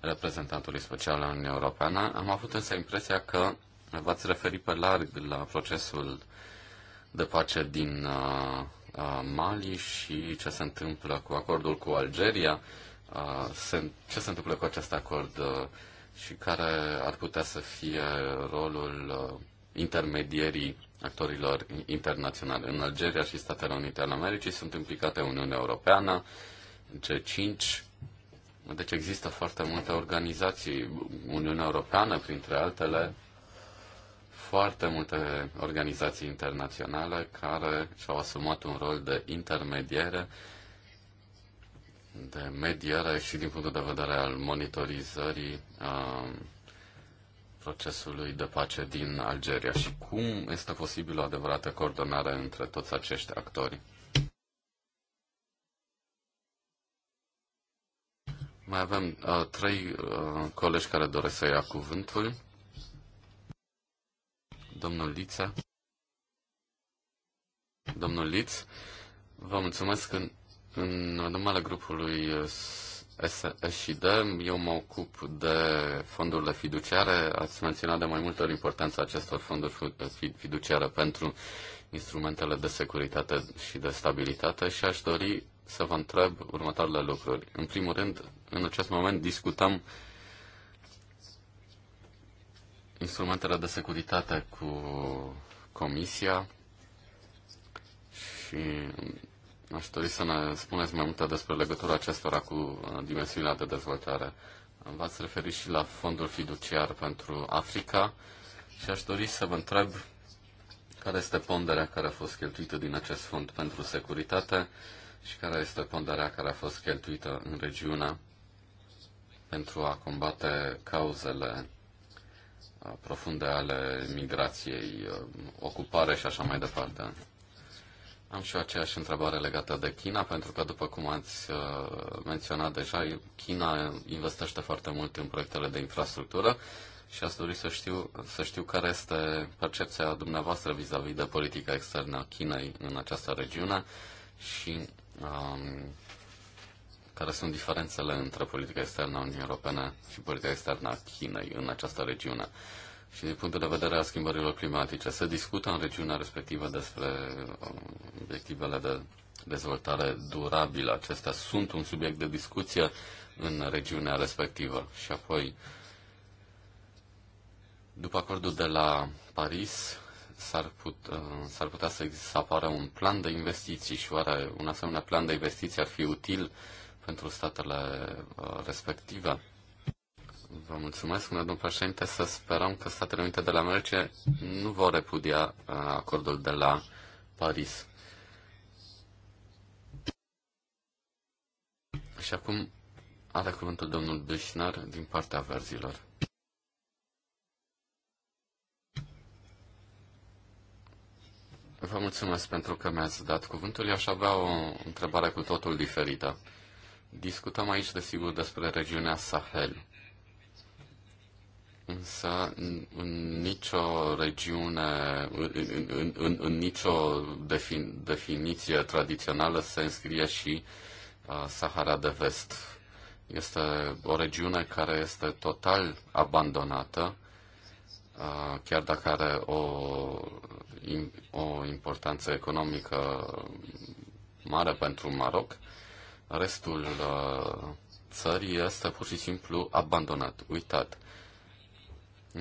reprezentantului special al Uniunii Europeană. Am avut însă impresia că v-ați referit pe larg la procesul de pace din uh, Mali și ce se întâmplă cu acordul cu Algeria, ce se întâmplă cu acest acord și care ar putea să fie rolul intermedierii actorilor internaționale. În Algeria și Statele Unite ale Americii sunt implicate Uniunea Europeană, G5, deci există foarte multe organizații, Uniunea Europeană, printre altele, foarte multe organizații internaționale care și-au asumat un rol de intermediere, de mediere și din punctul de vedere al monitorizării um, procesului de pace din Algeria și cum este posibil o adevărată coordonare între toți acești actori. Mai avem uh, trei uh, colegi care doresc să ia cuvântul domnul Lița. Domnul Liț, vă mulțumesc în, în numele grupului SSD. Eu mă ocup de fondurile fiduciare. Ați menționat de mai multe ori importanța acestor fonduri fiduciare pentru instrumentele de securitate și de stabilitate și aș dori să vă întreb următoarele lucruri. În primul rând, în acest moment discutăm instrumentele de securitate cu Comisia și aș dori să ne spuneți mai multe despre legătura acestora cu uh, dimensiunea de dezvoltare. V-ați referit și la fondul fiduciar pentru Africa și aș dori să vă întreb care este ponderea care a fost cheltuită din acest fond pentru securitate și care este ponderea care a fost cheltuită în regiune pentru a combate cauzele profunde ale migrației, uh, ocupare și așa mai departe. Am și eu aceeași întrebare legată de China, pentru că, după cum ați uh, menționat deja, China investește foarte mult în proiectele de infrastructură și aș dori să știu, să știu care este percepția dumneavoastră vis-a-vis -vis de politica externă a Chinei în această regiune și um, care sunt diferențele între politica externă a Uniunii Europene și politica externă a Chinei în această regiune. Și din punctul de vedere a schimbărilor climatice, se discută în regiunea respectivă despre uh, obiectivele de dezvoltare durabilă. Acestea sunt un subiect de discuție în regiunea respectivă. Și apoi, după acordul de la Paris, s-ar, put, uh, s-ar putea să apară un plan de investiții și oare un asemenea plan de investiții ar fi util uh, pentru statele uh, respective. Vă mulțumesc, domnul președinte, să sperăm că Statele Unite de la merce nu vor repudia uh, acordul de la Paris. Și acum are cuvântul domnul Büchner din partea verzilor. Vă mulțumesc pentru că mi-ați dat cuvântul. Eu aș avea o întrebare cu totul diferită. Discutăm aici, desigur, despre regiunea Sahel. Însă în nicio regiune, în, în, în, în nicio defin, definiție tradițională se înscrie și uh, Sahara de Vest. Este o regiune care este total abandonată, uh, chiar dacă are o, o importanță economică mare pentru Maroc restul uh, țării este pur și simplu abandonat, uitat.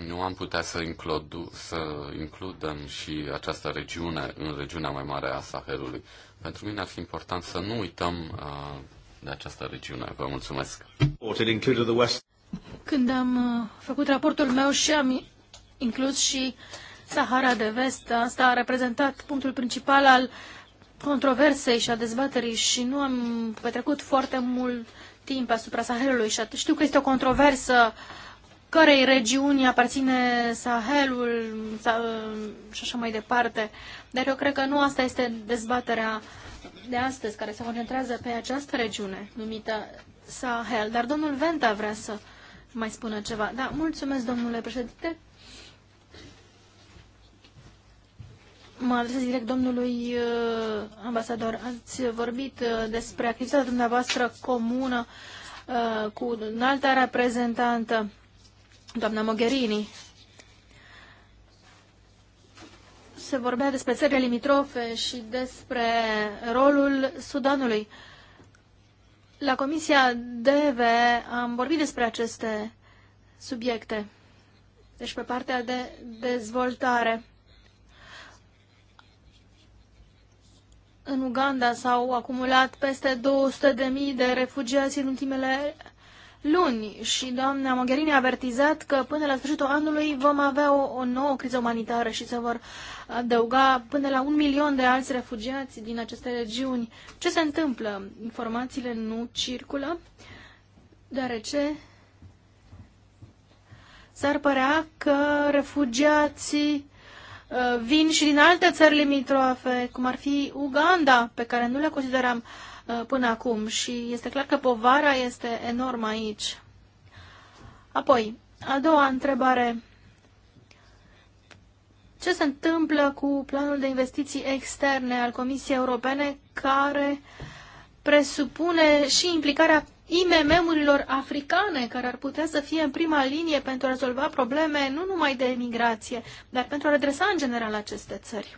Nu am putea să, includu, să includem și această regiune în regiunea mai mare a Sahelului. Pentru mine ar fi important să nu uităm uh, de această regiune. Vă mulțumesc. Când am uh, făcut raportul meu și am inclus și Sahara de Vest, asta a reprezentat punctul principal al uh, controversei și a dezbaterii și nu am petrecut foarte mult timp asupra Sahelului și știu că este o controversă cărei regiuni aparține Sahelul și așa mai departe. Dar eu cred că nu asta este dezbaterea de astăzi, care se concentrează pe această regiune numită Sahel. Dar domnul Venta vrea să mai spună ceva. Da, mulțumesc, domnule președinte. Mă adresez direct domnului uh, ambasador. Ați vorbit uh, despre activitatea dumneavoastră comună uh, cu înalta reprezentantă, doamna Mogherini. Se vorbea despre țările limitrofe și despre rolul Sudanului. La Comisia DEVE am vorbit despre aceste subiecte, deci pe partea de dezvoltare. În Uganda s-au acumulat peste 200.000 de refugiați în ultimele luni și doamna Mogherini a avertizat că până la sfârșitul anului vom avea o, o nouă criză umanitară și se vor adăuga până la un milion de alți refugiați din aceste regiuni. Ce se întâmplă? Informațiile nu circulă, deoarece s-ar părea că refugiații Uh, vin și din alte țări limitrofe, cum ar fi Uganda, pe care nu le consideram uh, până acum și este clar că povara este enormă aici. Apoi, a doua întrebare. Ce se întâmplă cu planul de investiții externe al Comisiei Europene care presupune și implicarea IMM-urilor africane care ar putea să fie în prima linie pentru a rezolva probleme nu numai de emigrație, dar pentru a redresa în general aceste țări.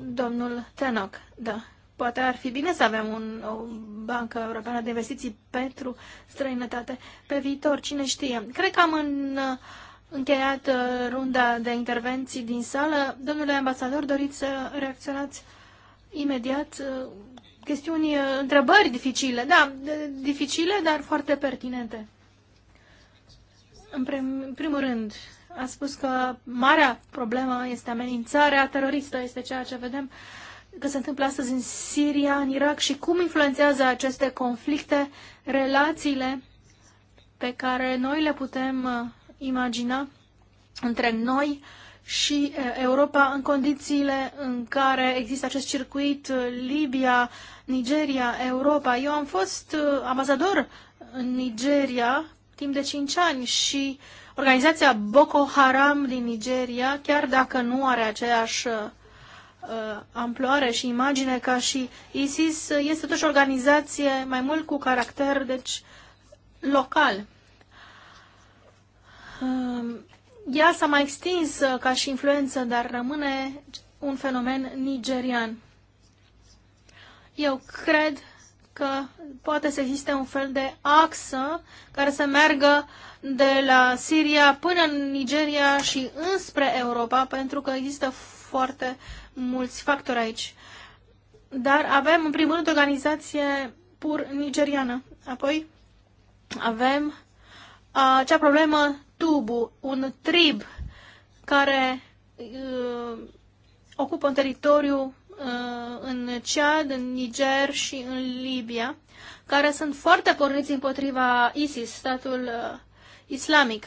Domnul Tenoc, da. Poate ar fi bine să avem un, o bancă europeană de investiții pentru străinătate pe viitor, cine știe. Cred că am în, încheiat uh, runda de intervenții din sală. Domnule ambasador, doriți să reacționați imediat uh, chestiuni, uh, întrebări dificile, da, dificile, dar foarte pertinente. În primul rând, a spus că marea problemă este amenințarea teroristă, este ceea ce vedem că se întâmplă astăzi în Siria, în Irak și cum influențează aceste conflicte relațiile pe care noi le putem uh, imagina între noi și uh, Europa în condițiile în care există acest circuit Libia, Nigeria, Europa. Eu am fost uh, ambasador în Nigeria timp de 5 ani și organizația Boko Haram din Nigeria, chiar dacă nu are aceeași uh, uh, amploare și imagine ca și ISIS, este totuși o organizație mai mult cu caracter, deci, local. Um, ea s-a mai extins ca și influență, dar rămâne un fenomen nigerian. Eu cred că poate să existe un fel de axă care să meargă de la Siria până în Nigeria și înspre Europa, pentru că există foarte mulți factori aici. Dar avem, în primul rând, organizație pur nigeriană. Apoi avem acea problemă tubu, un trib care uh, ocupă un teritoriu Uh, în Chad, în Niger și în Libia, care sunt foarte porniți împotriva ISIS, statul uh, islamic.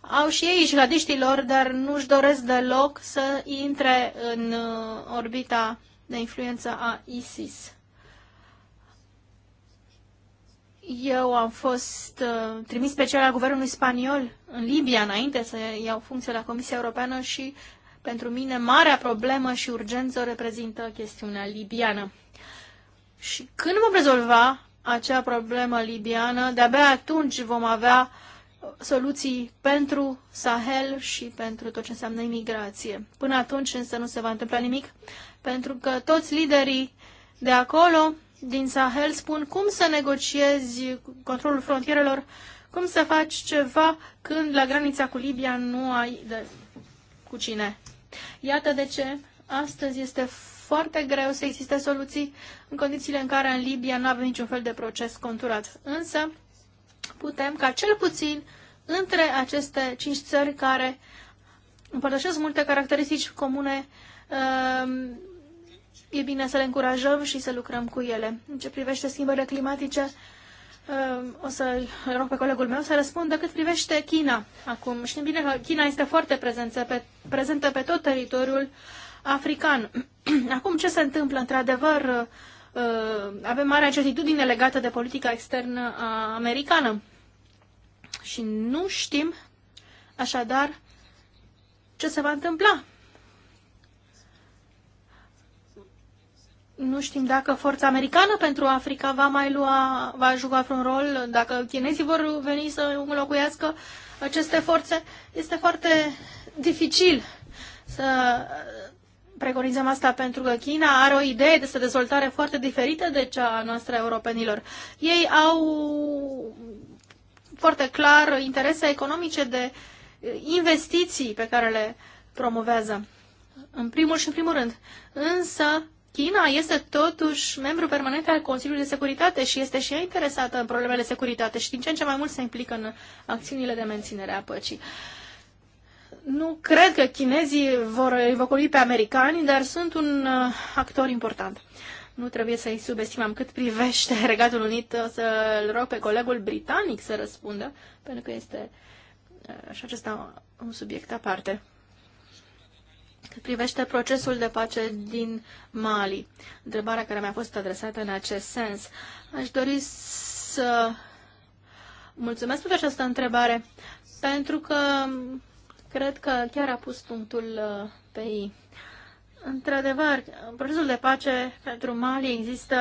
Au și ei jihadiștilor, dar nu-și doresc deloc să intre în uh, orbita de influență a ISIS. Eu am fost uh, trimis special la guvernul spaniol în Libia înainte să iau funcție la Comisia Europeană și pentru mine, marea problemă și urgență reprezintă chestiunea libiană. Și când vom rezolva acea problemă libiană, de-abia atunci vom avea uh, soluții pentru Sahel și pentru tot ce înseamnă imigrație. Până atunci însă nu se va întâmpla nimic, pentru că toți liderii de acolo, din Sahel, spun cum să negociezi controlul frontierelor, cum să faci ceva când la granița cu Libia nu ai de cu cine Iată de ce astăzi este foarte greu să existe soluții în condițiile în care în Libia nu avem niciun fel de proces conturat. Însă putem ca cel puțin între aceste cinci țări care împărtășesc multe caracteristici comune, um, e bine să le încurajăm și să lucrăm cu ele. În ce privește schimbările climatice, Ehm, o să rog pe colegul meu să răspundă cât privește China. Acum știm bine că China este foarte prezentă pe, prezentă pe tot teritoriul african. Acum ce se întâmplă? Într-adevăr, ehm, avem mare certitudine legată de politica externă americană și nu știm așadar ce se va întâmpla Nu știm dacă forța americană pentru Africa va mai lua, va juca un rol, dacă chinezii vor veni să înlocuiască aceste forțe. Este foarte dificil să preconizăm asta pentru că China are o idee de dezvoltare foarte diferită de cea a noastră europenilor. Ei au foarte clar interese economice de investiții pe care le promovează, în primul și în primul rând. Însă, China este totuși membru permanent al Consiliului de Securitate și este și ea interesată în problemele de securitate și din ce în ce mai mult se implică în acțiunile de menținere a păcii. Nu cred că chinezii vor evocoli pe americani, dar sunt un uh, actor important. Nu trebuie să-i subestimăm cât privește Regatul Unit. O să-l rog pe colegul britanic să răspundă, pentru că este uh, și acesta un subiect aparte privește procesul de pace din Mali. Întrebarea care mi-a fost adresată în acest sens. Aș dori să mulțumesc pentru această întrebare, pentru că cred că chiar a pus punctul uh, pe ei. Într-adevăr, în procesul de pace pentru Mali există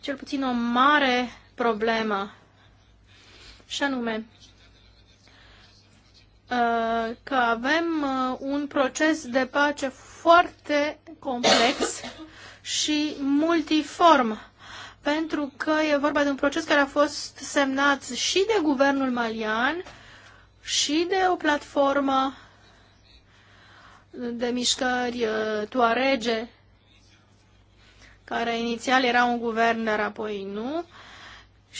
cel puțin o mare problemă, și anume Uh, că avem uh, un proces de pace foarte complex și multiform, pentru că e vorba de un proces care a fost semnat și de guvernul malian și de o platformă de mișcări uh, tuarege, care inițial era un guvern, dar apoi nu,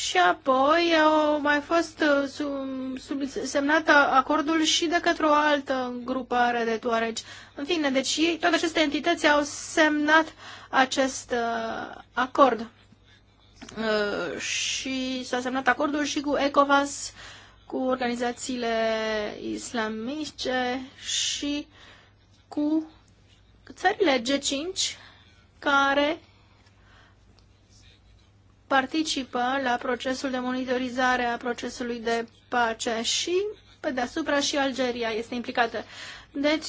și apoi au mai fost uh, semnat acordul și de către o altă grupare de toareci. În fine, deci toate aceste entități au semnat acest uh, acord. Uh, și s-a semnat acordul și cu ECOVAS, cu organizațiile islamice și cu țările G5 care participă la procesul de monitorizare a procesului de pace și, pe deasupra, și Algeria este implicată. Deci,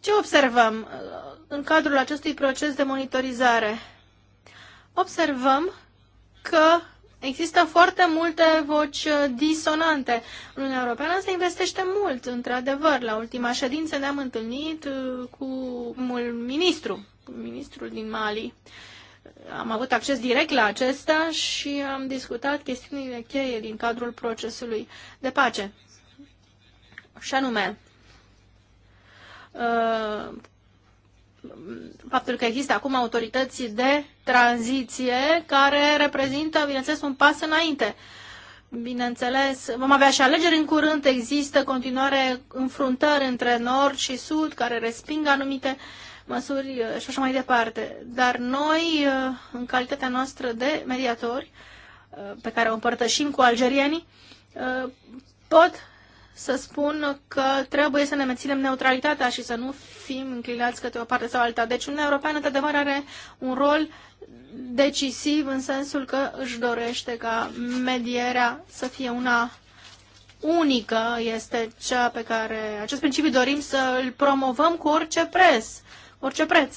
ce observăm uh, în cadrul acestui proces de monitorizare? Observăm că există foarte multe voci uh, disonante. În Uniunea Europeană se investește mult, într-adevăr. La ultima ședință ne-am întâlnit uh, cu ministru, ministrul din Mali. Uh, am avut acces direct la acesta și am discutat chestiunile cheie din cadrul procesului de pace. Și anume, uh, faptul că există acum autorități de tranziție care reprezintă, bineînțeles, un pas înainte. Bineînțeles, vom avea și alegeri în curând, există continuare înfruntări între nord și sud care resping anumite uh, măsuri uh, și așa mai departe. Dar noi, uh, în calitatea noastră de mediatori, uh, pe care o împărtășim cu algerienii, pot să spun că trebuie să ne menținem neutralitatea și să nu fim înclinați către o parte sau alta. Deci Uniunea Europeană, într-adevăr, are un rol decisiv în sensul că își dorește ca medierea să fie una unică, este cea pe care acest principiu dorim să îl promovăm cu orice preț orice preț.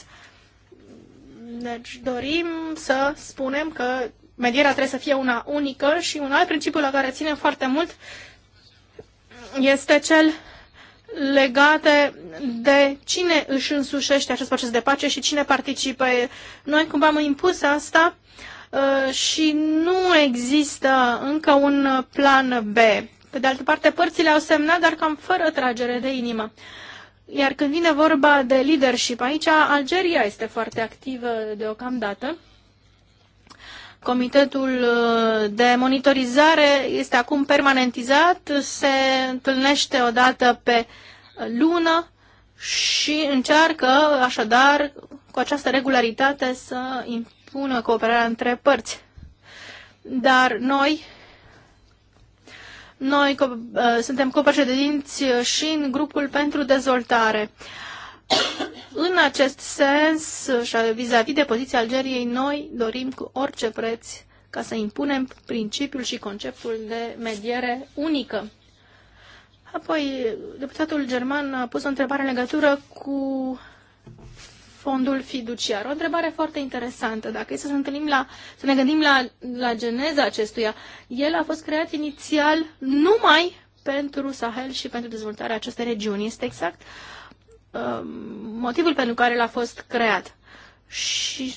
Deci dorim să spunem că medierea trebuie să fie una unică și un alt principiu la care ținem foarte mult este cel legate de cine își însușește acest proces de pace și cine participă. Noi cumva am impus asta uh, și nu există încă un plan B. Pe de altă parte, părțile au semnat, dar cam fără tragere de inimă. Iar când vine vorba de leadership, aici Algeria este foarte activă deocamdată. Comitetul uh, de monitorizare este acum permanentizat, se întâlnește o dată pe lună și încearcă așadar cu această regularitate să impună cooperarea între părți. Dar noi noi uh, suntem copreședinți uh, și în grupul pentru dezvoltare. În acest sens, uh, și vis-a-vis de poziția Algeriei, noi dorim cu orice preț ca să impunem principiul și conceptul de mediere unică. Apoi, deputatul german a pus o întrebare în legătură cu fondul fiduciar. O întrebare foarte interesantă. Dacă e să, întâlnim la, să ne gândim la, la geneza acestuia, el a fost creat inițial numai pentru Sahel și pentru dezvoltarea acestei regiuni. Este exact uh, motivul pentru care l-a fost creat și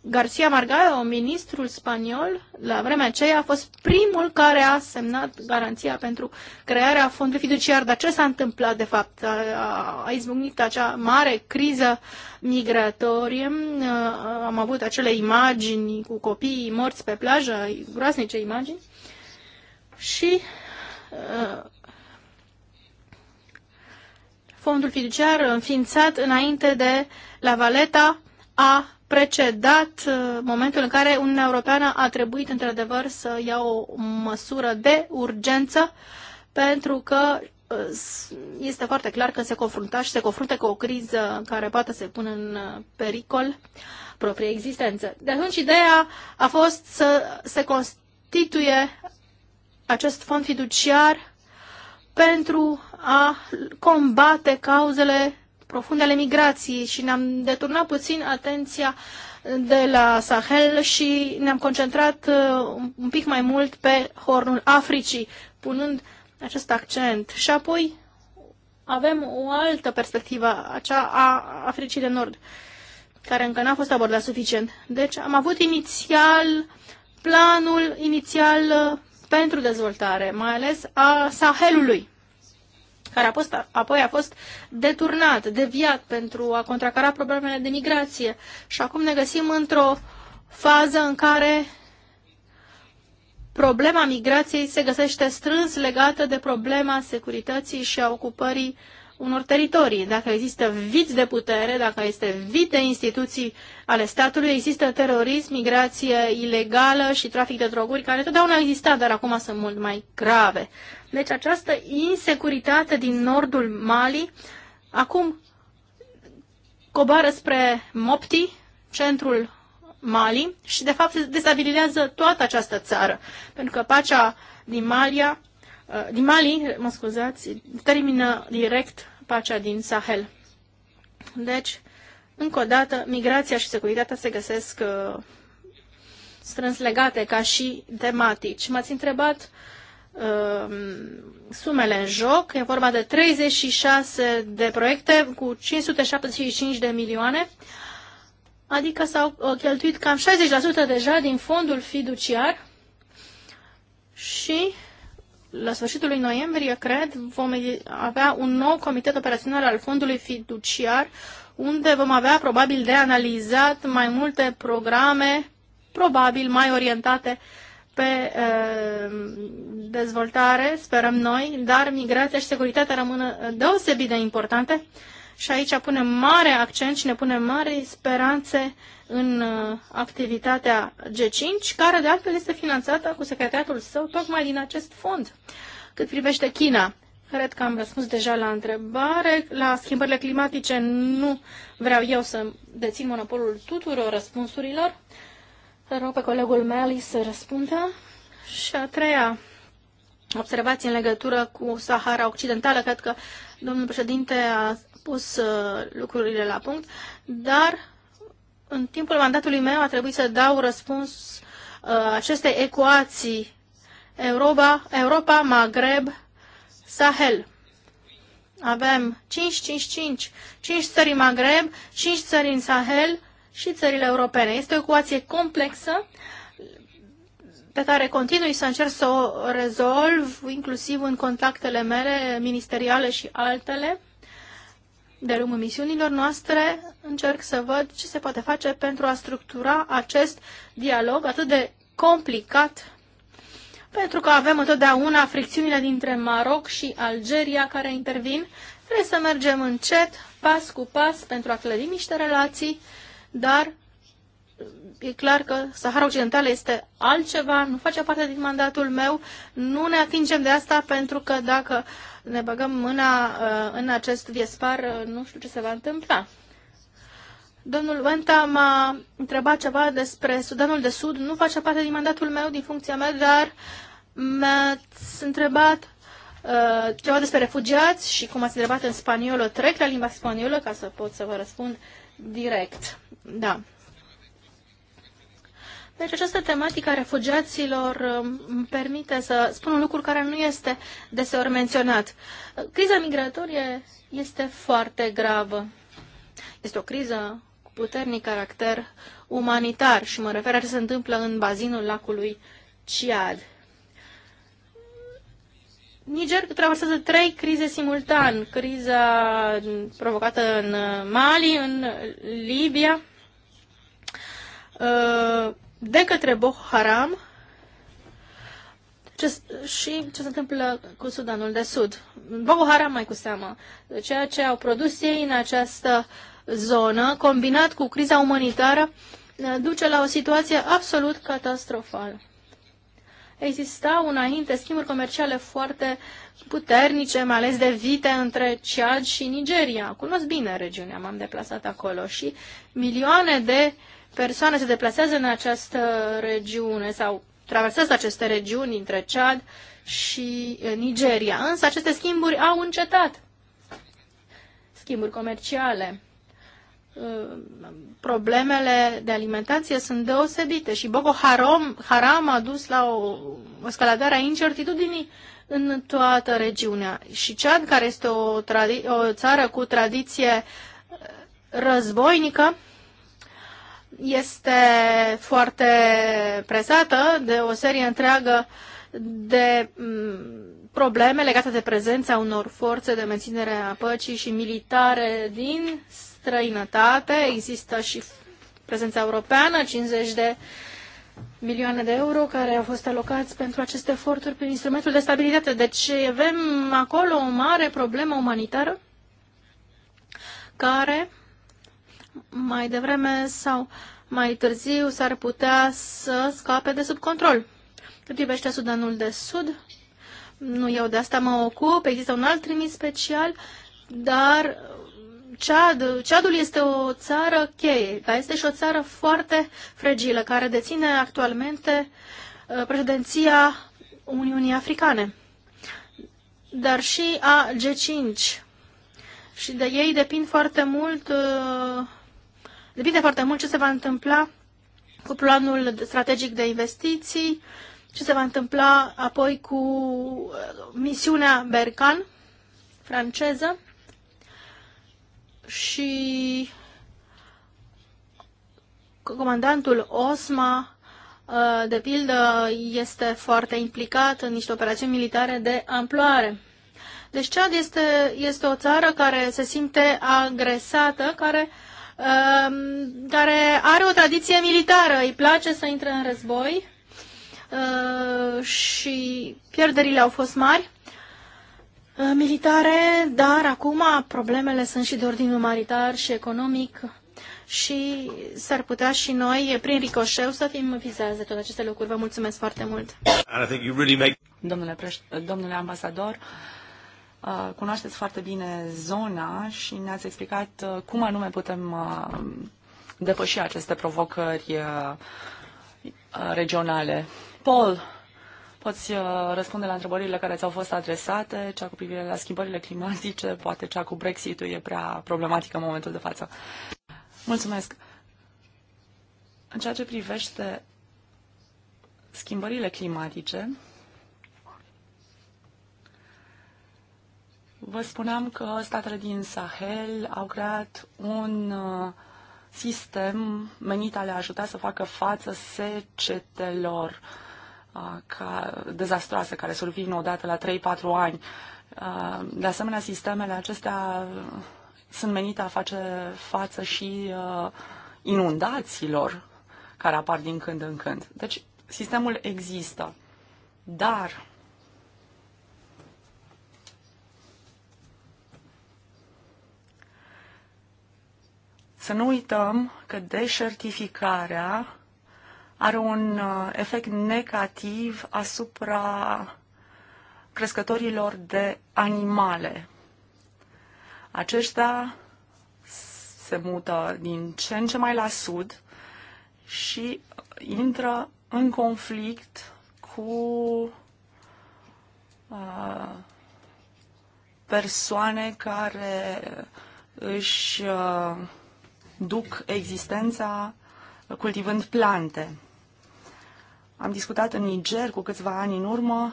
Garcia Margallo, ministrul spaniol, la vremea aceea a fost primul care a semnat garanția pentru crearea fondului fiduciar. Dar ce s-a întâmplat, de fapt? A, a, a izbucnit acea mare criză migratorie. Am avut acele imagini cu copiii morți pe plajă, groaznice imagini. Și a, fondul fiduciar înființat înainte de La Valeta a precedat uh, momentul în care Uniunea Europeană a trebuit într-adevăr să ia o măsură de urgență pentru că uh, este foarte clar că se confrunta și se confruntă cu o criză care poate să pună în uh, pericol propria existență. De atunci, ideea a fost să se constituie acest fond fiduciar pentru a combate cauzele profundele migrații și ne-am deturnat puțin atenția de la Sahel și ne-am concentrat uh, un pic mai mult pe Hornul Africii, punând acest accent. Și apoi avem o altă perspectivă, acea a Africii de Nord, care încă n-a fost abordat suficient. Deci am avut inițial planul inițial uh, pentru dezvoltare, mai ales a Sahelului care a fost, apoi a fost deturnat, deviat pentru a contracara problemele de migrație. Și acum ne găsim într-o fază în care problema migrației se găsește strâns legată de problema securității și a ocupării uh, unor teritorii. Dacă există vid de putere, dacă este vid de instituții ale statului, există terorism, migrație ilegală și trafic de droguri, care totdeauna au existat, dar acum sunt mult mai grave. Deci această insecuritate din nordul Mali acum coboară spre Mopti, centrul Mali, și de fapt destabilizează toată această țară, pentru că pacea din Malia Uh, din Mali, mă scuzați, termină direct pacea din Sahel. Deci, încă o dată, migrația și securitatea se găsesc uh, strâns legate ca și tematici. M-ați întrebat uh, sumele în joc. E vorba de 36 de proiecte cu 575 de milioane, adică s-au uh, cheltuit cam 60% deja din fondul fiduciar și la sfârșitul lui noiembrie, cred, vom avea un nou comitet operațional al fondului fiduciar, unde vom avea probabil de analizat mai multe programe, probabil mai orientate pe uh, dezvoltare, sperăm noi, dar migrația și securitatea rămână deosebit de importante și aici punem mare accent și ne punem mari speranțe în uh, activitatea G5, care de altfel este finanțată cu secretariatul său tocmai din acest fond. Cât privește China, cred că am răspuns deja la întrebare. La schimbările climatice nu vreau eu să dețin monopolul tuturor răspunsurilor. Rog pe colegul meu să răspundă. Și a treia observație în legătură cu Sahara Occidentală, cred că domnul președinte a pus uh, lucrurile la punct, dar în timpul mandatului meu a trebuit să dau răspuns uh, aceste ecuații Europa, Europa, Maghreb, Sahel. Avem 5, 5, 5, 5 țări în Maghreb, 5 țări în Sahel și țările europene. Este o ecuație complexă pe care continui să încerc să o rezolv, inclusiv în contactele mele ministeriale și altele de lungul misiunilor noastre încerc să văd ce se poate face pentru a structura acest dialog atât de complicat, pentru că avem întotdeauna fricțiunile dintre Maroc și Algeria care intervin. Trebuie să mergem încet, pas cu pas, pentru a clădi niște relații, dar e clar că Sahara Occidentală este altceva, nu face parte din mandatul meu, nu ne atingem de asta pentru că dacă ne băgăm mâna uh, în acest viespar, uh, nu știu ce se va întâmpla. Domnul Venta m-a întrebat ceva despre Sudanul de Sud. Nu face parte din mandatul meu, din funcția mea, dar m-ați întrebat uh, ceva despre refugiați și cum ați întrebat în spaniolă. Trec la limba spaniolă ca să pot să vă răspund direct. Da. Deci această tematică a refugiaților um, îmi permite să spun un lucru care nu este deseori menționat. Criza migratorie este foarte gravă. Este o criză cu puternic caracter umanitar și mă refer la ce se întâmplă în bazinul lacului Ciad. Niger traversează trei crize simultan. Criza provocată în Mali, în Libia, uh, de către Boko Haram ce, și ce se întâmplă cu Sudanul de Sud. Boko Haram mai cu seamă. Ceea ce au produs ei în această zonă, combinat cu criza umanitară, duce la o situație absolut catastrofală. Existau înainte schimburi comerciale foarte puternice, mai ales de vite între Ciad și Nigeria. Cunosc bine regiunea, m-am deplasat acolo și milioane de uh, persoane se deplasează în această regiune sau traversează aceste regiuni între Chad și uh, Nigeria. Însă aceste schimburi au încetat. Schimburi comerciale. Uh, problemele de alimentație sunt deosebite și Boko Haram, Haram a dus la o, o scaladare a incertitudinii în toată regiunea. Și Chad, care este o, o țară cu tradiție uh, războinică, este foarte prezată de o serie întreagă de mm, probleme legate de prezența unor forțe de menținere a păcii și militare din străinătate. Există și prezența europeană, 50 de milioane de euro care au fost alocați pentru aceste eforturi prin instrumentul de stabilitate. Deci avem acolo o mare problemă umanitară care mai devreme sau mai târziu s-ar putea să scape de sub control. Cât privește Sudanul de Sud, nu eu de asta mă ocup, există un alt trimis special, dar Chad, Chadul este o țară cheie, dar este și o țară foarte fragilă, care deține actualmente uh, președinția Uniunii Africane, dar și a G5. Și de ei depind foarte mult uh, Depinde foarte mult ce se va întâmpla cu planul strategic de investiții, ce se va întâmpla apoi cu uh, misiunea Berkan, franceză și comandantul Osma uh, de pildă, este foarte implicat în niște operațiuni militare de amploare. Deci Chad este, este o țară care se simte agresată, care uh, Um, care are o tradiție militară, îi place să intre în război uh, și pierderile au fost mari uh, militare, dar acum problemele sunt și de ordin umanitar și economic și s-ar putea și noi, prin ricoșeu, să fim vizează toate aceste lucruri. Vă mulțumesc foarte mult! Domnule, preș- domnule ambasador, uh, Uh, cunoașteți foarte bine zona și ne-ați explicat uh, cum anume putem uh, depăși aceste provocări regionale. Paul, poți răspunde la întrebările care ți-au fost adresate, cea cu privire la schimbările climatice, poate cea cu Brexit-ul e prea problematică în momentul de față. Mulțumesc. În ceea ce privește schimbările climatice, Vă spuneam că statele din Sahel au creat un uh, sistem menit a le ajuta să facă față secetelor uh, ca, dezastroase care survin odată la 3-4 ani. Uh, de asemenea, sistemele acestea sunt menite a face față și inundațiilor care apar din când în când. Deci, sistemul există, dar Să nu uităm că deșertificarea are un uh, efect negativ asupra crescătorilor de animale. Aceștia se mută din ce în ce mai la sud și intră în conflict cu uh, persoane care își uh, duc existența cultivând plante. Am discutat în Niger cu câțiva ani în urmă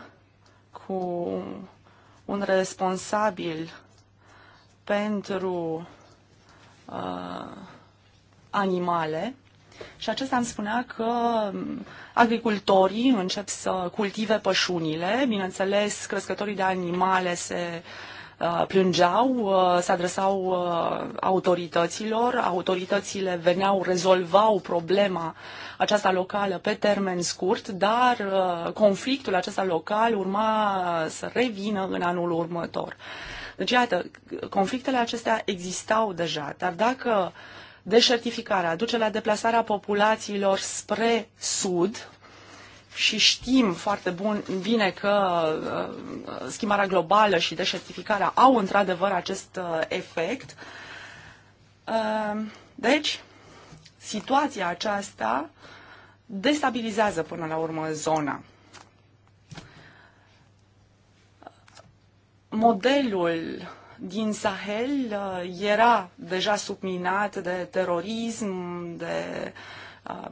cu un responsabil pentru uh, animale și acesta îmi spunea că agricultorii încep să cultive pășunile, bineînțeles, crescătorii de animale se Uh, plângeau, uh, se adresau uh, autorităților, autoritățile veneau, rezolvau problema aceasta locală pe termen scurt, dar conflictul acesta local urma să revină în anul următor. Deci, iată, conflictele acestea existau deja, dar dacă deșertificarea duce la deplasarea populațiilor spre sud, și știm foarte bun, bine că uh, schimbarea globală și deșertificarea au într-adevăr acest uh, efect. Uh, deci, situația aceasta destabilizează până la urmă zona. Modelul din Sahel era deja subminat de terorism, de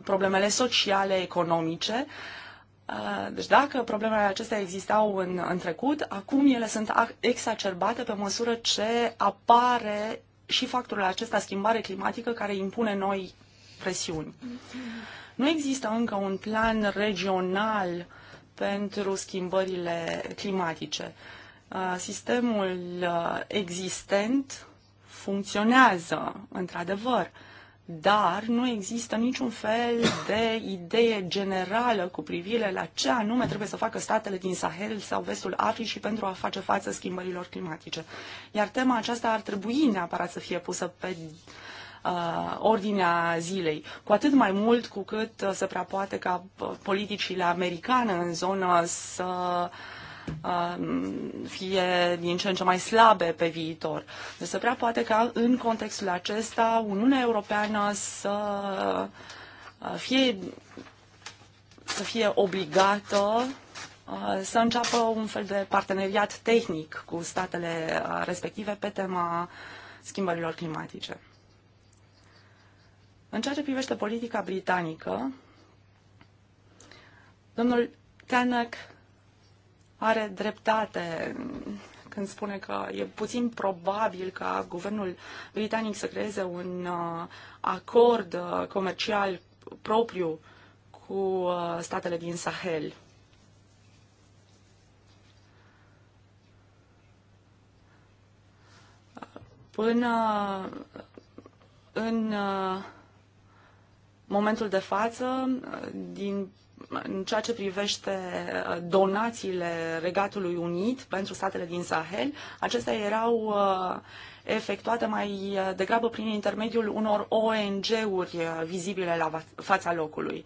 problemele sociale, economice, uh, Uh, deci dacă problemele acestea existau în, în trecut, acum ele sunt exacerbate pe măsură ce apare și factorul acesta schimbare climatică care impune noi presiuni. Nu există încă un plan regional pentru schimbările climatice. Uh, sistemul uh, existent funcționează, într-adevăr, dar nu există niciun fel de idee generală cu privire la ce anume trebuie să facă statele din Sahel sau vestul Africii pentru a face față schimbărilor climatice. Iar tema aceasta ar trebui neapărat să fie pusă pe uh, ordinea zilei, cu atât mai mult cu cât se prea poate ca uh, politicile americane în zonă să uh, Um, fie din ce în ce mai slabe pe viitor. Deci se prea poate ca în contextul acesta Uniunea Europeană să uh, fie, să fie obligată uh, să înceapă un fel de parteneriat tehnic cu statele uh, respective pe tema schimbărilor climatice. În ceea ce privește politica britanică, domnul Tannock are dreptate când spune că e puțin probabil ca guvernul britanic să creeze un uh, acord uh, comercial propriu cu uh, statele din Sahel. Până în momentul de față, din în ceea ce privește uh, donațiile Regatului Unit pentru statele din Sahel, acestea erau uh, efectuate mai uh, degrabă prin intermediul unor ONG-uri vizibile la fața locului.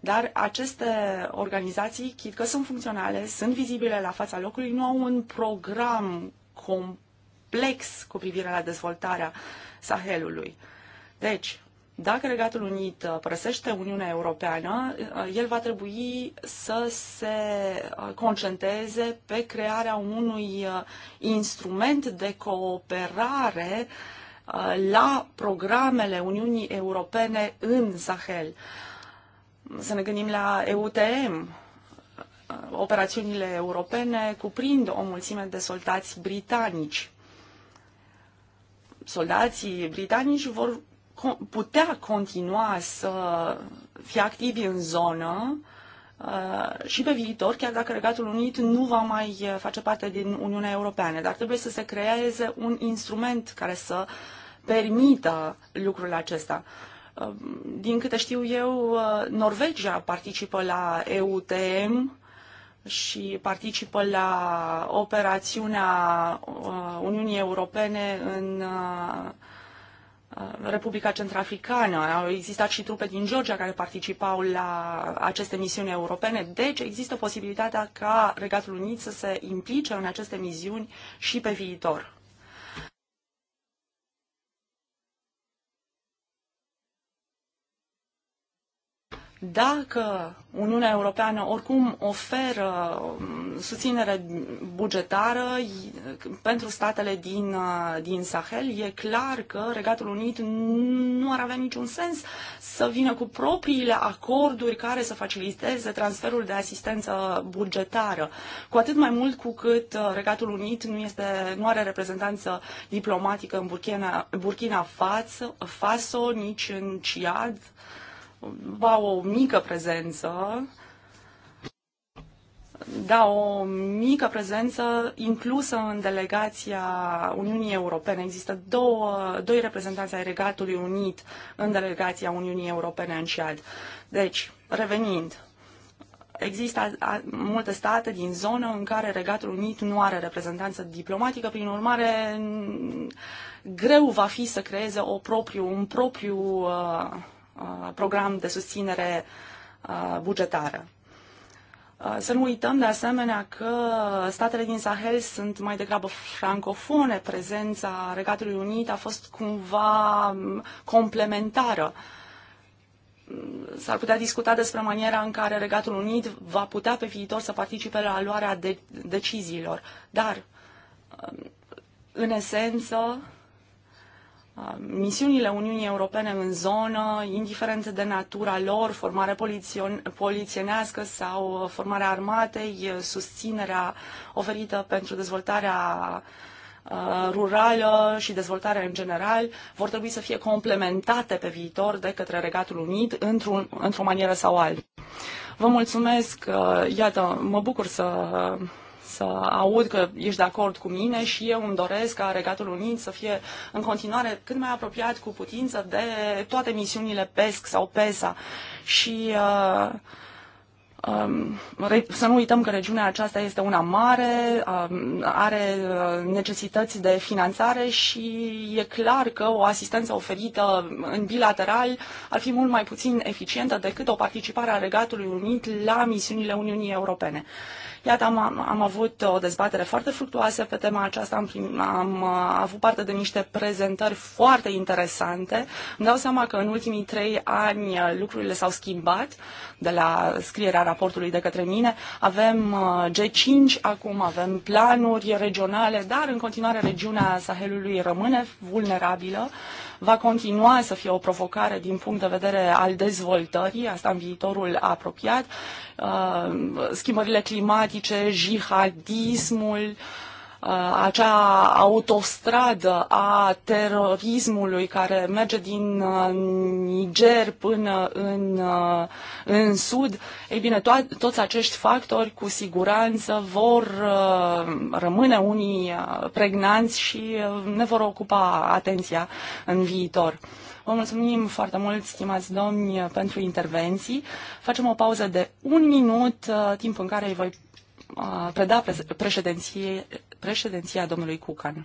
Dar aceste organizații, chit că sunt funcționale, sunt vizibile la fața locului, nu au un program complex cu privire la dezvoltarea Sahelului. Deci, dacă Regatul Unit uh, părăsește Uniunea Europeană, uh, el va trebui să se uh, concentreze pe crearea unui instrument de cooperare la programele Uniunii Europene în Sahel. Să ne gândim la EUTM. Operațiunile europene cuprind o mulțime de soldați britanici soldații britanici vor putea continua să fie activi în zonă uh, și pe viitor, chiar dacă Regatul Unit nu va mai uh, face parte din Uniunea Europeană, dar trebuie să se creeze un instrument care să permită lucrul acesta. Uh, din câte știu eu, Norvegia participă la EUTM și participă la operațiunea Uniunii Europene în Uh, Republica Centrafricană, au existat și trupe din Georgia care participau la aceste misiuni europene, deci există posibilitatea ca Regatul Unit să se implice în aceste misiuni și pe viitor. Dacă Uniunea Europeană oricum oferă mm, susținere bugetară pentru statele din, uh, din Sahel, e clar că Regatul Unit nu ar avea niciun sens să vină cu propriile acorduri care să faciliteze transferul de asistență bugetară. Cu atât mai mult cu cât uh, Regatul Unit nu, este, nu are reprezentanță diplomatică în Burkina, Burkina Faso, nici în Ciad, va o mică prezență, da, o mică prezență inclusă în delegația Uniunii Europene. Există două, doi reprezentanți ai Regatului Unit în delegația Uniunii Europene în Ciad. Deci, revenind, există multe state din zonă în care Regatul Unit nu are reprezentanță diplomatică, prin urmare greu va fi să creeze o propriu, un propriu uh, Uh, program de susținere uh, bugetară. Uh, să nu uităm de asemenea că statele din Sahel sunt mai degrabă francofone, prezența Regatului Unit a fost cumva um, complementară s-ar putea discuta despre maniera în care Regatul Unit va putea pe viitor să participe la luarea de- deciziilor. Dar, um, în esență, misiunile Uniunii Europene în zonă, indiferent de natura lor, formare polițienească sau uh, formarea armatei, uh, susținerea oferită pentru dezvoltarea uh, rurală și dezvoltarea în general vor trebui să fie complementate pe viitor de către Regatul Unit într-o într manieră sau alta. Vă mulțumesc, iată, mă bucur să să aud că ești de acord cu mine și eu îmi doresc ca Regatul Unit să fie în continuare cât mai apropiat cu putință de toate misiunile PESC sau PESA. Și uh, um, să nu uităm că regiunea aceasta este una mare, um, are uh, necesități de finanțare și e clar că o asistență oferită în bilateral ar fi mult mai puțin eficientă decât o participare a Regatului Unit la misiunile Uniunii Europene. Iată, am, am avut o dezbatere foarte fructuoasă pe tema aceasta, am, prim, am uh, avut parte de niște prezentări foarte interesante. Îmi dau seama că în ultimii trei ani uh, lucrurile s-au schimbat de la scrierea raportului de către mine. Avem uh, G5, acum avem planuri regionale, dar în continuare regiunea Sahelului rămâne vulnerabilă. Uh, va continua să fie o provocare din punct de vedere al dezvoltării, asta în viitorul apropiat, uh, schimbările climatice, jihadismul, uh, Uh, acea autostradă a terorismului care merge din uh, Niger până în, uh, în sud, ei bine, to- toți acești factori cu siguranță vor rămâne unii pregnanți și ne vor ocupa atenția în viitor. Vă mulțumim foarte mult, stimați domni, pentru intervenții. Facem o pauză de un minut, timp în care îi voi preda președinției preedinia domnului Cucan.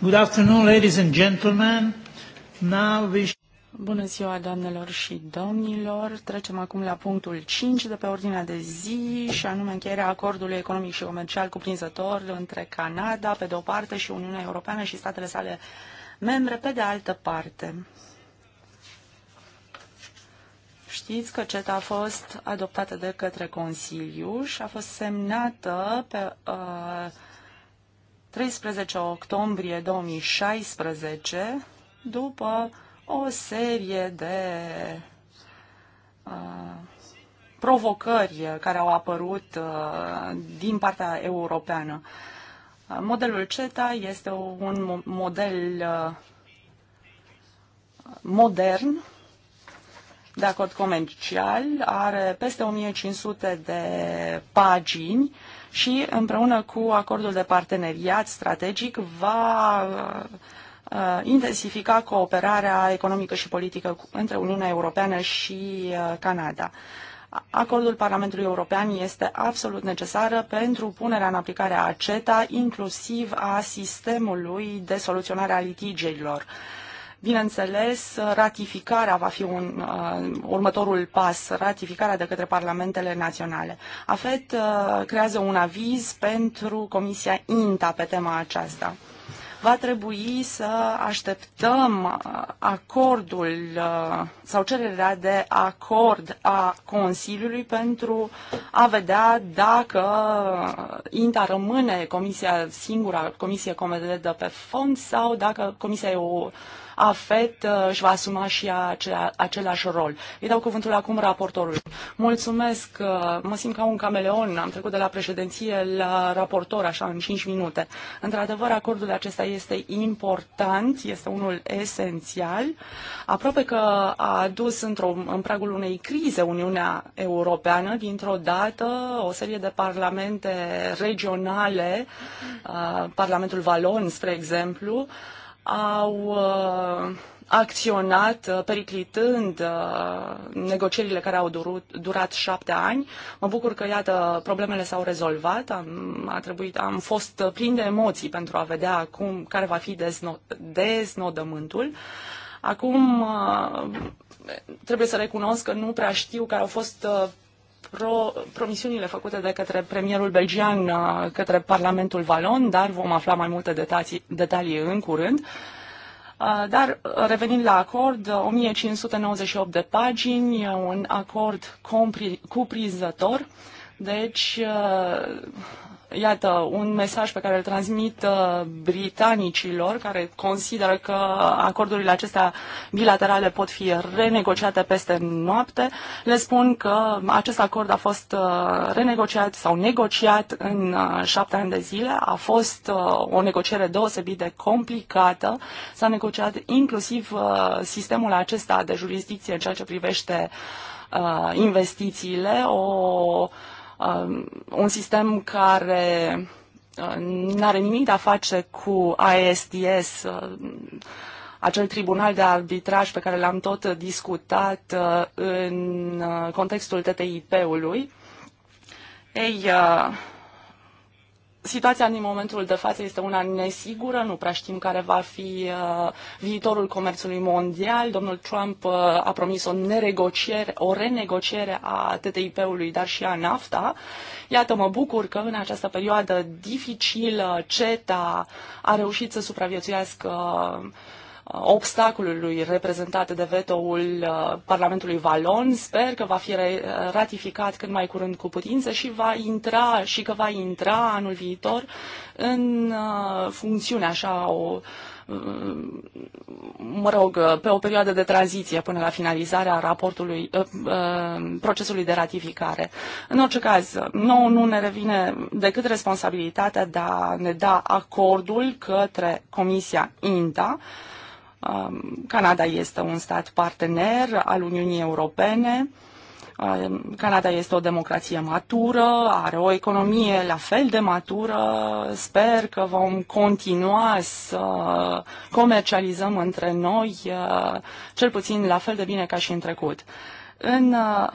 Good afternoon, ladies and gentlemen. Now we Bună ziua, doamnelor și domnilor! Trecem acum la punctul 5 de pe ordinea de zi și anume încheierea acordului economic și comercial cuprinzător între Canada, pe de o parte, și Uniunea Europeană și statele sale membre, pe de altă parte știți că CETA a fost adoptată de către Consiliu și a fost semnată pe uh, 13 octombrie 2016 după o serie de uh, provocări care au apărut uh, din partea europeană. modelul CETA este un model uh, modern de acord comercial, are peste 1500 de pagini și împreună cu acordul de parteneriat strategic va uh, intensifica cooperarea economică și politică între Uniunea Europeană și uh, Canada. Acordul Parlamentului European este absolut necesar pentru punerea în aplicare a CETA, inclusiv a sistemului de soluționare a litigiilor. Uh, Bineînțeles, ratificarea va fi un, uh, următorul pas, ratificarea de către parlamentele naționale. AFET uh, creează un aviz pentru Comisia INTA pe tema aceasta. Va trebui să așteptăm uh, acordul uh, sau cererea de acord a Consiliului pentru a vedea dacă INTA rămâne comisia singura, comisie comededă pe fond sau dacă Comisia e o AFET uh, își va asuma și același rol. Îi dau cuvântul acum raportorului. Mulțumesc, uh, mă simt ca un cameleon, am trecut de la președinție la raportor, așa, în 5 minute. Într-adevăr, acordul acesta este important, este unul esențial, aproape că a adus într-o, în pragul unei crize Uniunea Europeană, dintr-o dată, o serie de parlamente regionale, uh, Parlamentul Valon, spre exemplu, au uh, acționat uh, periclitând uh, negocierile care au durut, durat șapte ani. Mă bucur că, iată, problemele s-au rezolvat. Am, a trebuit, am fost plin de emoții pentru a vedea cum, care va fi dezno, deznodământul. Acum trebuie să recunosc că nu prea știu care au fost pro, promisiunile făcute de către premierul belgian uh, către Parlamentul Valon, dar vom afla mai multe detalii, detalii în curând. Uh, dar uh, revenind la acord, 1598 de pagini, un acord cuprinzător, deci Iată, un mesaj pe care îl transmit uh, britanicilor, care consideră că acordurile acestea bilaterale pot fi renegociate peste noapte. Le spun că acest acord a fost uh, renegociat sau negociat în uh, șapte ani de zile. A fost o negociere deosebit de complicată. S-a negociat inclusiv sistemul acesta de jurisdicție în ceea ce privește investițiile, o Um, un sistem care uh, nu are nimic de a face cu ASTS, uh, acel tribunal de arbitraj pe care l-am tot discutat uh, în contextul TTIP-ului. Ei, situația din momentul de față este una nesigură, nu prea știm care va fi uh, viitorul comerțului mondial. Domnul Trump uh, a promis o neregociere, o renegociere a TTIP-ului, dar și a NAFTA. Iată, mă bucur că în această perioadă dificilă CETA a reușit să supraviețuiască obstacolului reprezentat de vetoul uh, Parlamentului Valon. Sper că va fi ratificat cât mai curând cu putință și va intra și că va intra anul viitor în uh, funcțiune așa o uh, mă rog, pe o perioadă de tranziție până la finalizarea raportului, procesului de ratificare. În orice caz, nouă nu ne revine decât responsabilitatea de a ne da acordul către Comisia INTA, Um, Canada este un stat partener al Uniunii Europene. Um, Canada este o democrație matură, are o economie la fel de matură. Sper că vom continua să comercializăm între noi, uh, cel puțin la fel de bine ca și în trecut. În uh,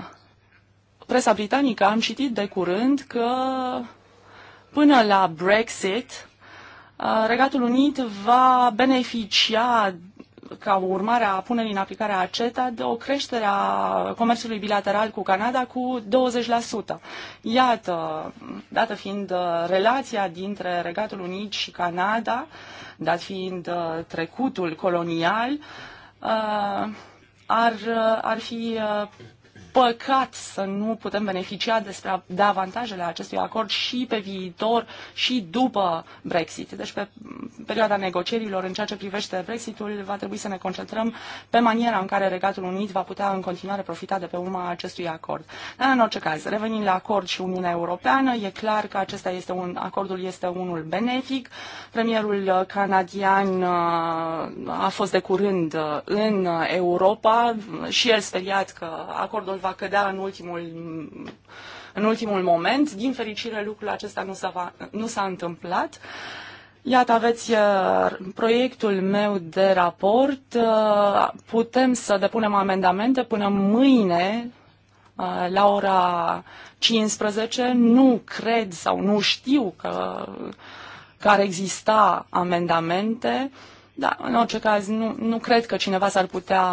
presa britanică am citit de curând că până la Brexit, uh, Regatul Unit va beneficia ca urmare a punerii în aplicare a CETA, de o creștere a comerțului bilateral cu Canada cu 20%. Iată, dată fiind uh, relația dintre Regatul Unit și Canada, dat fiind uh, trecutul colonial, uh, ar, ar fi păcat să nu putem beneficia despre, de avantajele acestui acord și pe viitor și după Brexit. Deci pe perioada negocierilor în ceea ce privește Brexitul va trebui să ne concentrăm pe maniera în care Regatul Unit va putea în continuare profita de pe urma acestui acord. Dar în orice caz, revenind la acord și Uniunea Europeană, e clar că acesta este un, acordul este unul benefic. Premierul canadian uh, a fost de curând uh, în Europa și el speriat că acordul va cădea în ultimul, în ultimul moment. Din fericire, lucrul acesta nu s-a, nu s-a întâmplat. Iată, aveți uh, proiectul meu de raport. Uh, putem să depunem amendamente până mâine uh, la ora 15. Nu cred sau nu știu că, că ar exista amendamente. Uh, da, în orice caz, nu, nu cred că cineva s-ar putea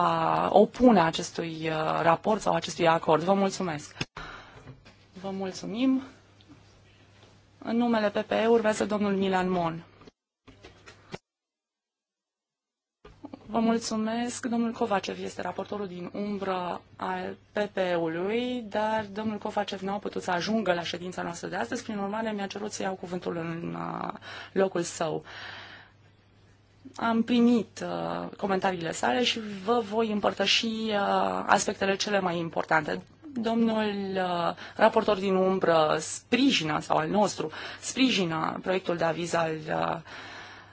opune acestui uh, raport sau acestui acord. Vă mulțumesc. Vă mulțumim. În numele PPE urmează domnul Milan Mon. Vă mulțumesc. Domnul Covacev este raportorul din umbră al PPE-ului, dar domnul Covacev nu a putut să ajungă la ședința noastră de astăzi, prin urmare mi-a cerut să iau cuvântul în uh, locul său. Am primit uh, comentariile sale și vă voi împărtăși uh, aspectele cele mai importante. Domnul uh, raportor din umbră sprijină, sau al nostru, sprijină proiectul de aviz al, uh,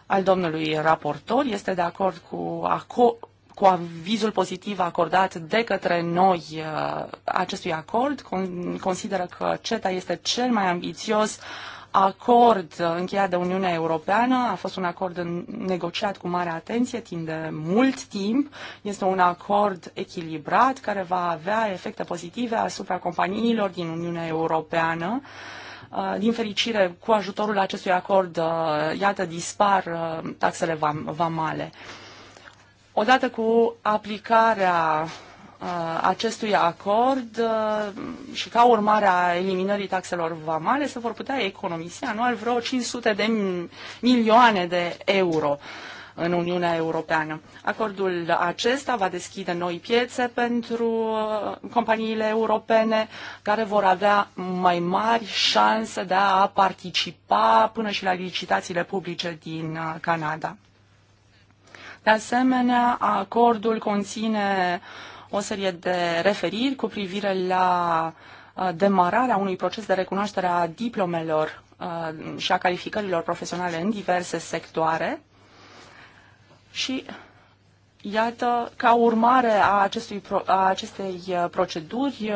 al domnului raportor, este de acord cu aco- cu avizul pozitiv acordat de către noi uh, acestui acord. Consideră că CETA este cel mai ambițios acord încheiat de Uniunea Europeană, a fost un acord negociat cu mare atenție timp de mult timp, este un acord echilibrat care va avea efecte pozitive asupra companiilor din Uniunea Europeană. Uh, din fericire, cu ajutorul acestui acord, uh, iată, dispar uh, taxele vamale. Odată cu aplicarea Uh, acestui acord uh, și ca urmare a eliminării taxelor vamale se vor putea economisi anual vreo 500 de milioane de euro în Uniunea Europeană. Acordul acesta va deschide noi piețe pentru uh, companiile europene care vor avea mai mari șanse de a participa până și la licitațiile publice din Canada. De asemenea, acordul conține uh, o serie de referiri cu privire la uh, demararea unui proces de recunoaștere a diplomelor uh, și a calificărilor profesionale în diverse sectoare și Iată, ca urmare a, acestui, a acestei uh, proceduri,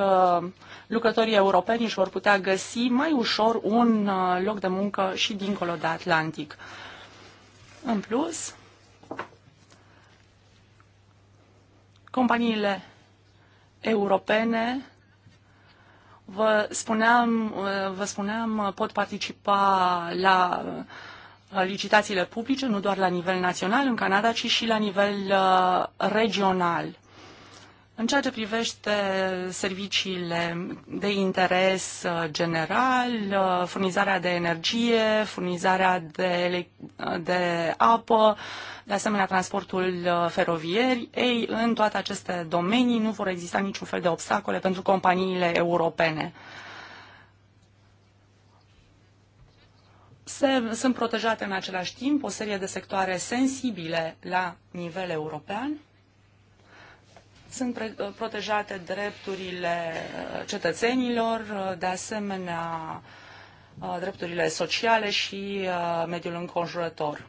lucrătorii europeni își vor putea găsi mai ușor un loc de muncă și dincolo de Atlantic. În plus, companiile europene, vă spuneam, vă spuneam pot participa la licitațiile publice, nu doar la nivel național în Canada, ci și la nivel uh, regional. În ceea ce privește serviciile de interes uh, general, uh, furnizarea de energie, furnizarea de, de apă, de asemenea transportul uh, ferovier, ei, în toate aceste domenii nu vor exista niciun fel de obstacole pentru companiile europene. Se, sunt protejate în același timp o serie de sectoare sensibile la nivel european, sunt protejate drepturile uh, cetățenilor, uh, de asemenea uh, drepturile sociale și mediul înconjurător.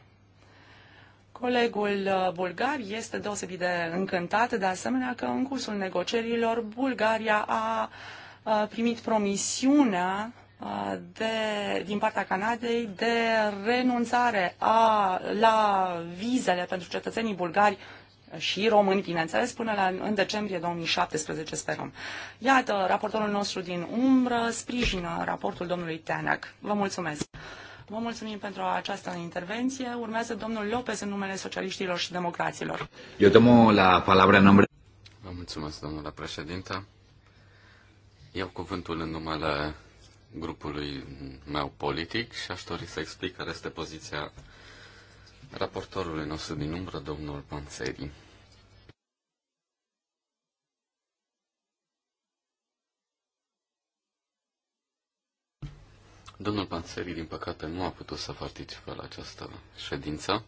Colegul bulgar este deosebit de încântat, de asemenea că în cursul negocierilor Bulgaria a primit promisiunea de, din partea Canadei de renunțare a, la vizele pentru cetățenii bulgari și români, bineînțeles, până la, în decembrie 2017, sperăm. Iată, raportorul nostru din umbră sprijină raportul domnului Teanac. Vă mulțumesc! Vă mulțumim pentru această intervenție. Urmează domnul Lopez în numele socialiștilor și democraților. Eu tomo la palabra în nombre... Vă mulțumesc, domnule președinte. Iau cuvântul în numele grupului meu politic și aș dori să explic care este poziția raportorului nostru din umbră, domnul Panțeri. Domnul Panțeri, din păcate, nu a putut să participe la această ședință.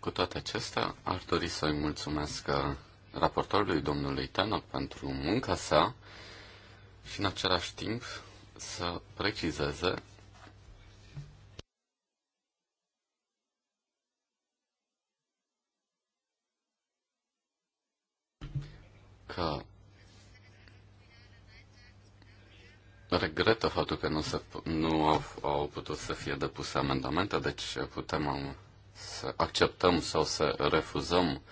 Cu toate acestea, aș dori să-i mulțumesc raportorului domnului Tano pentru munca sa și, în același timp, să precizeze că regretă faptul că nu, se, nu au, au putut să fie depuse amendamente, deci putem să acceptăm sau să refuzăm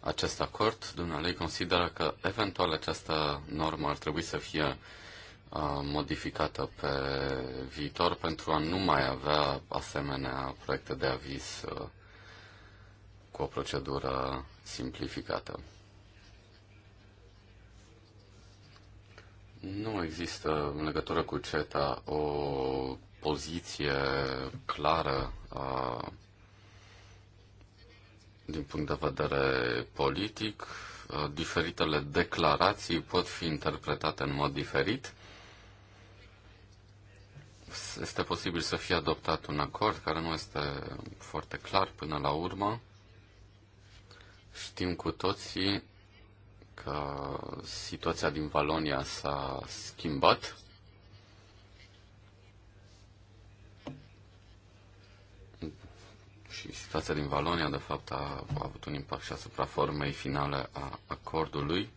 acest acord. Dumnealui consideră că eventual această normă ar trebui să fie modificată pe viitor pentru a nu mai avea asemenea proiecte de aviz cu o procedură simplificată. Nu există în legătură cu CETA o poziție clară a, din punct de vedere politic. Diferitele declarații pot fi interpretate în mod diferit. Este posibil să fie adoptat un acord care nu este foarte clar până la urmă. Știm cu toții că situația din Valonia s-a schimbat. Și situația din Valonia, de fapt, a, a avut un impact și asupra formei finale a acordului.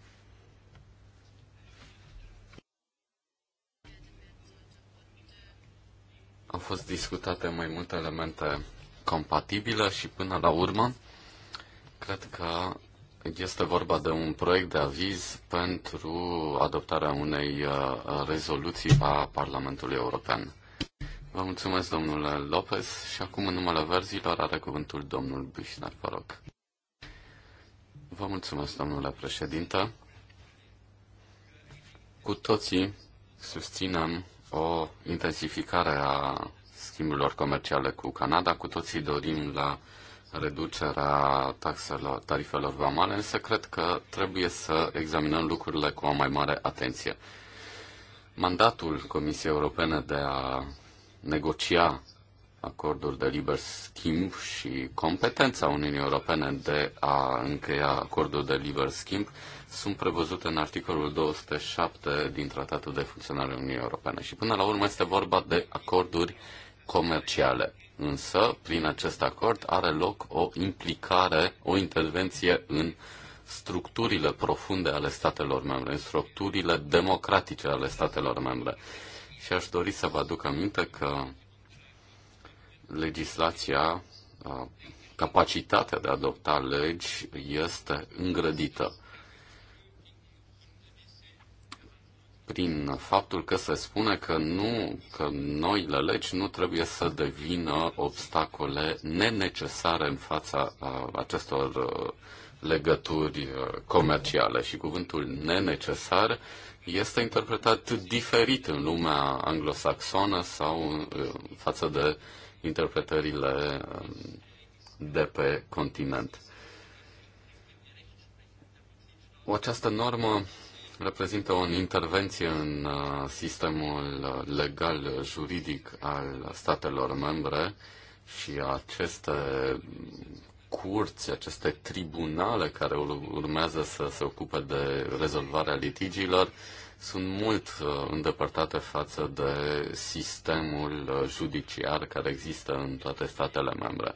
Au fost discutate mai multe elemente compatibile și până la urmă cred că este vorba de un proiect de aviz pentru adoptarea unei uh, rezoluții a Parlamentului European. Vă mulțumesc, domnule Lopez, și acum în numele verzilor are cuvântul domnul Bușner, vă rog. Vă mulțumesc, domnule președinte. Cu toții susținem o intensificare a schimburilor comerciale cu Canada, cu toții dorim la reducerea taxelor, tarifelor vamale, însă cred că trebuie să examinăm lucrurile cu o mai mare atenție. Mandatul Comisiei Europene de a negocia acorduri de liber schimb și competența Uniunii Europene de a încheia acorduri de liber schimb sunt prevăzute în articolul 207 din Tratatul de Funcționare a Uniunii Europene și până la urmă este vorba de acorduri comerciale însă, prin acest acord, are loc o implicare, o intervenție în structurile profunde ale statelor membre, în structurile democratice ale statelor membre. Și aș dori să vă aduc aminte că legislația, capacitatea de a adopta legi este îngrădită. prin faptul că se spune că, nu, că noile legi nu trebuie să devină obstacole nenecesare în fața uh, acestor uh, legături uh, comerciale. Și cuvântul nenecesar este interpretat diferit în lumea anglosaxonă sau față de interpretările um, de pe continent. Această normă reprezintă o intervenție în uh, sistemul legal juridic al statelor membre și aceste curți, aceste tribunale care urmează să se ocupe de rezolvarea litigiilor sunt mult uh, îndepărtate față de sistemul uh, judiciar care există în toate statele membre.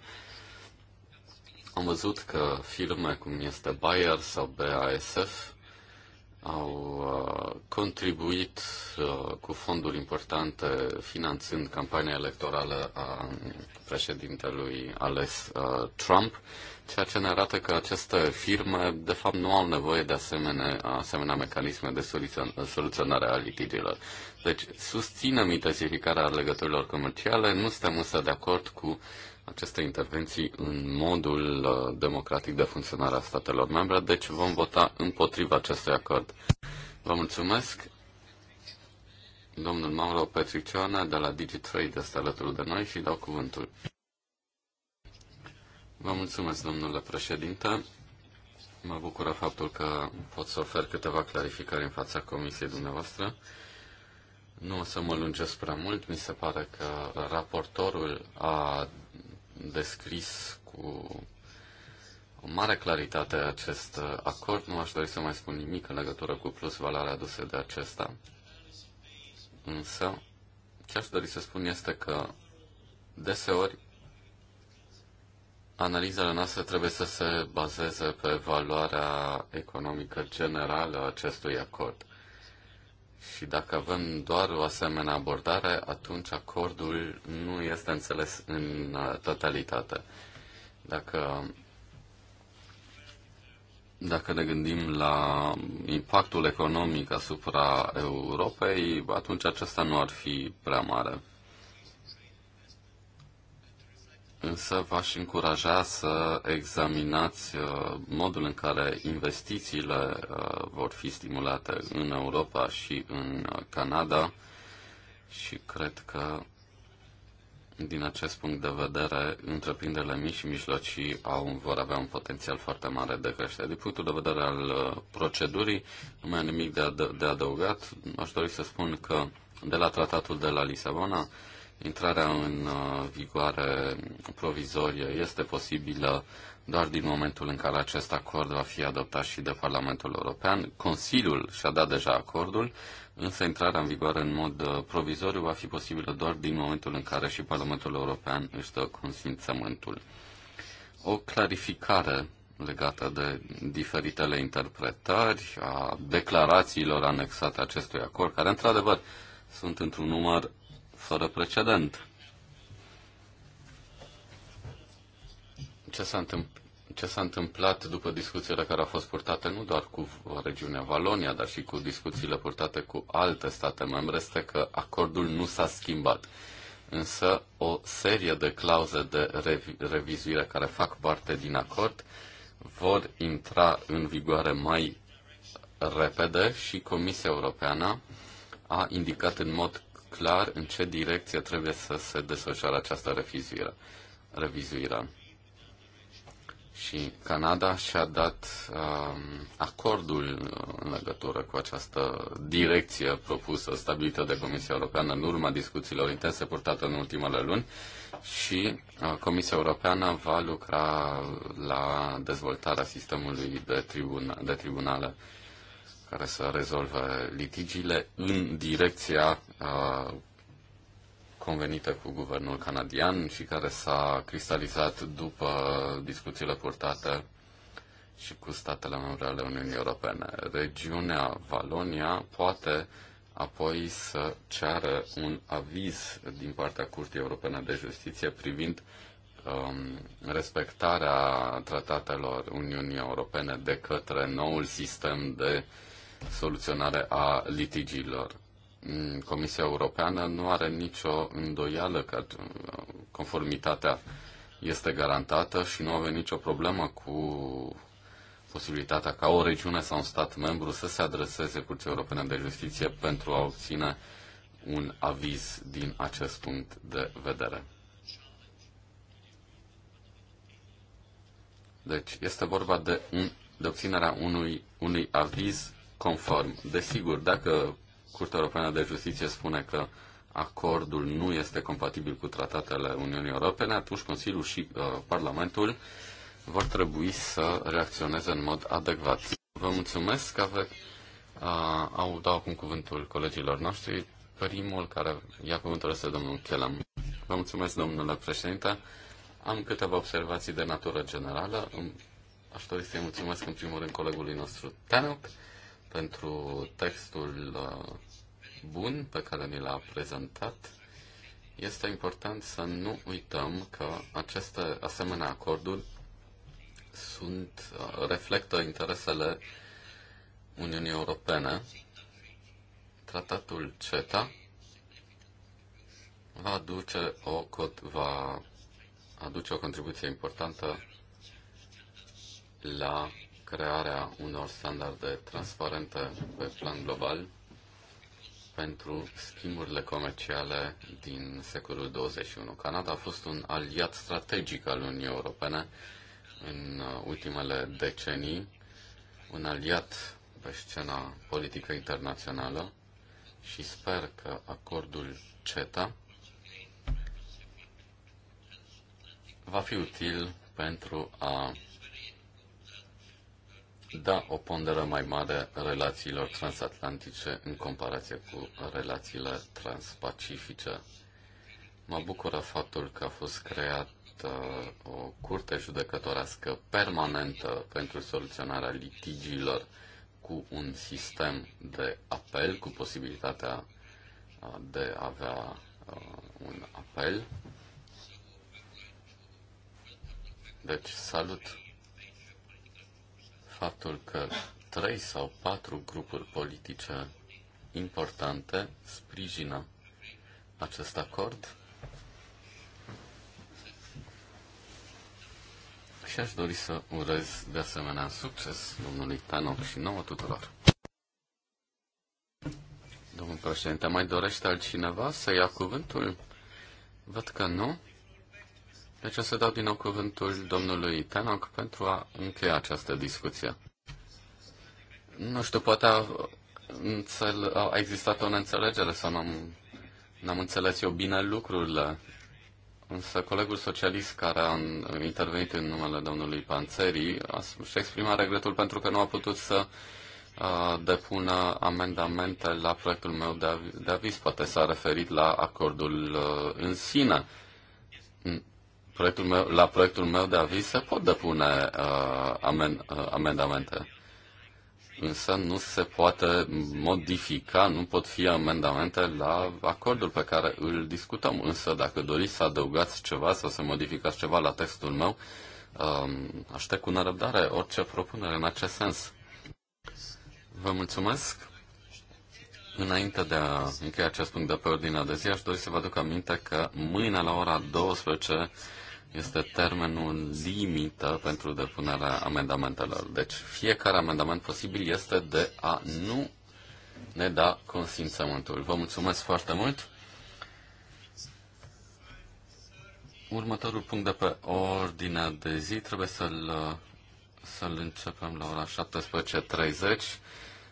Am văzut că firme cum este Bayer sau BASF au uh, contribuit uh, cu fonduri importante finanțând campania electorală a um, președintelui ales uh, Trump, ceea ce ne arată că aceste firme de fapt nu au nevoie de asemenea, asemenea mecanisme de soluționare a litigiilor. Deci susținem intensificarea legăturilor comerciale, nu suntem însă de acord cu aceste intervenții în modul uh, democratic de funcționare a statelor membre, deci vom vota împotriva acestui acord. Vă mulțumesc. Domnul Mauro Petricioana de la DigiTrade este alături de noi și dau cuvântul. Vă mulțumesc, domnule președinte. Mă bucură faptul că pot să ofer câteva clarificări în fața comisiei dumneavoastră. Nu o să mă lungesc prea mult. Mi se pare că raportorul a descris cu o mare claritate acest acord. Nu aș dori să mai spun nimic în legătură cu plus valoarea aduse de acesta. Însă, ce aș dori să spun este că deseori analizele noastre trebuie să se bazeze pe valoarea economică generală a acestui acord. Și dacă avem doar o asemenea abordare, atunci acordul nu este înțeles în uh, totalitate. Dacă, dacă ne gândim la impactul economic asupra Europei, atunci acesta nu ar fi prea mare. Însă v-aș încuraja să examinați uh, modul în care investițiile uh, vor fi stimulate în Europa și în uh, Canada și cred că din acest punct de vedere, întreprinderile mici și mijlocii au, vor avea un potențial foarte mare de creștere. Din punctul de vedere al procedurii, nu mai am nimic de, ad- de adăugat. Aș dori să spun că de la tratatul de la Lisabona, Intrarea în uh, vigoare provizorie este posibilă doar din momentul în care acest acord va fi adoptat și de Parlamentul European. Consiliul și-a dat deja acordul, însă intrarea în vigoare în mod uh, provizoriu va fi posibilă doar din momentul în care și Parlamentul European își dă consimțământul. O clarificare legată de diferitele interpretări a declarațiilor anexate acestui acord, care într-adevăr sunt într-un număr fără precedent. Ce s-a întâmplat? ce s-a întâmplat după discuțiile care au fost purtate nu doar cu regiunea Valonia, dar și cu discuțiile purtate cu alte state membre, este că acordul nu s-a schimbat. Însă o serie de clauze de revizuire care fac parte din acord vor intra în vigoare mai repede și Comisia Europeană a indicat în mod clar în ce direcție trebuie să se desfășoare această revizuire. revizuire. Și Canada și-a dat um, acordul uh, în legătură cu această direcție propusă, stabilită de Comisia Europeană în urma discuțiilor intense purtate în ultimele luni și uh, Comisia Europeană va lucra la dezvoltarea sistemului de, tribuna, de tribunale uh, care să rezolve litigiile în direcția convenită cu guvernul canadian și care s-a cristalizat după discuțiile purtate și cu statele membre ale Uniunii Europene. Regiunea Valonia poate apoi să ceară un aviz din partea Curții Europene de Justiție privind um, respectarea tratatelor Uniunii Europene de către noul sistem de soluționare a litigiilor. Mm, Comisia Europeană nu are nicio îndoială că uh, conformitatea este garantată și nu avem nicio problemă cu posibilitatea ca o regiune sau un stat membru să se adreseze Curții Europene de Justiție pentru a obține un aviz din acest punct de vedere. Deci este vorba de, un, de obținerea unui, unui aviz conform. Desigur, dacă Curtea Europeană de Justiție spune că acordul nu este compatibil cu tratatele Uniunii Europene, atunci Consiliul și uh, Parlamentul vor trebui să reacționeze în mod adecvat. Vă mulțumesc că aveți, uh, au dau acum cuvântul colegilor noștri. Primul care ia cuvântul este domnul Chelam. Vă mulțumesc, domnule președinte. Am câteva observații de natură generală. Aș dori să-i mulțumesc în primul rând colegului nostru Tanuk pentru textul uh, bun pe care mi l-a prezentat. Este important să nu uităm că aceste asemenea acorduri sunt, uh, reflectă interesele Uniunii Europene. Tratatul CETA va aduce o, va aduce o contribuție importantă la crearea unor standarde transparente pe plan global pentru schimburile comerciale din secolul 21. Canada a fost un aliat strategic al Uniunii Europene în uh, ultimele decenii, un aliat pe scena politică internațională și sper că acordul CETA va fi util pentru a da o pondere mai mare relațiilor transatlantice în comparație cu relațiile transpacifice. Mă bucură faptul că a fost creat o curte judecătorească permanentă pentru soluționarea litigiilor cu un sistem de apel, cu posibilitatea de a avea un apel. Deci salut faptul că trei sau patru grupuri politice importante sprijină acest acord și aș dori să urez de asemenea succes domnului Tanoc și nouă tuturor. Domnul președinte, mai dorește altcineva să ia cuvântul? Văd că nu. Deci o să dau din nou cuvântul domnului Tenoc pentru a încheia această discuție. Nu știu, poate a, înțel, a existat o neînțelegere sau n-am, n-am înțeles eu bine lucrurile. Însă colegul socialist care a intervenit în numele domnului Panțeri și-a exprimat regretul pentru că nu a putut să a, depună amendamente la proiectul meu de, av- de aviz. Poate s-a referit la acordul a, uh, în sine proiectul meu, la proiectul meu de aviz se pot depune uh, amen, uh, amendamente, însă nu se poate modifica, nu pot fi amendamente la acordul pe care îl discutăm. Însă dacă doriți să adăugați ceva sau să modificați ceva la textul meu, uh, aștept cu nerăbdare orice propunere în acest sens. Vă mulțumesc! Înainte de a încheia acest punct de pe ordinea de zi, aș dori să vă aduc aminte că mâine la ora 12 este termenul limită pentru depunerea amendamentelor. Deci fiecare amendament posibil este de a nu ne da consimțământul. Vă mulțumesc foarte mult! Următorul punct de pe ordinea de zi trebuie să-l să începem la ora 17.30.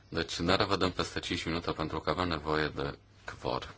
Deci ne revedem peste 5 minute pentru că avem nevoie de cvor.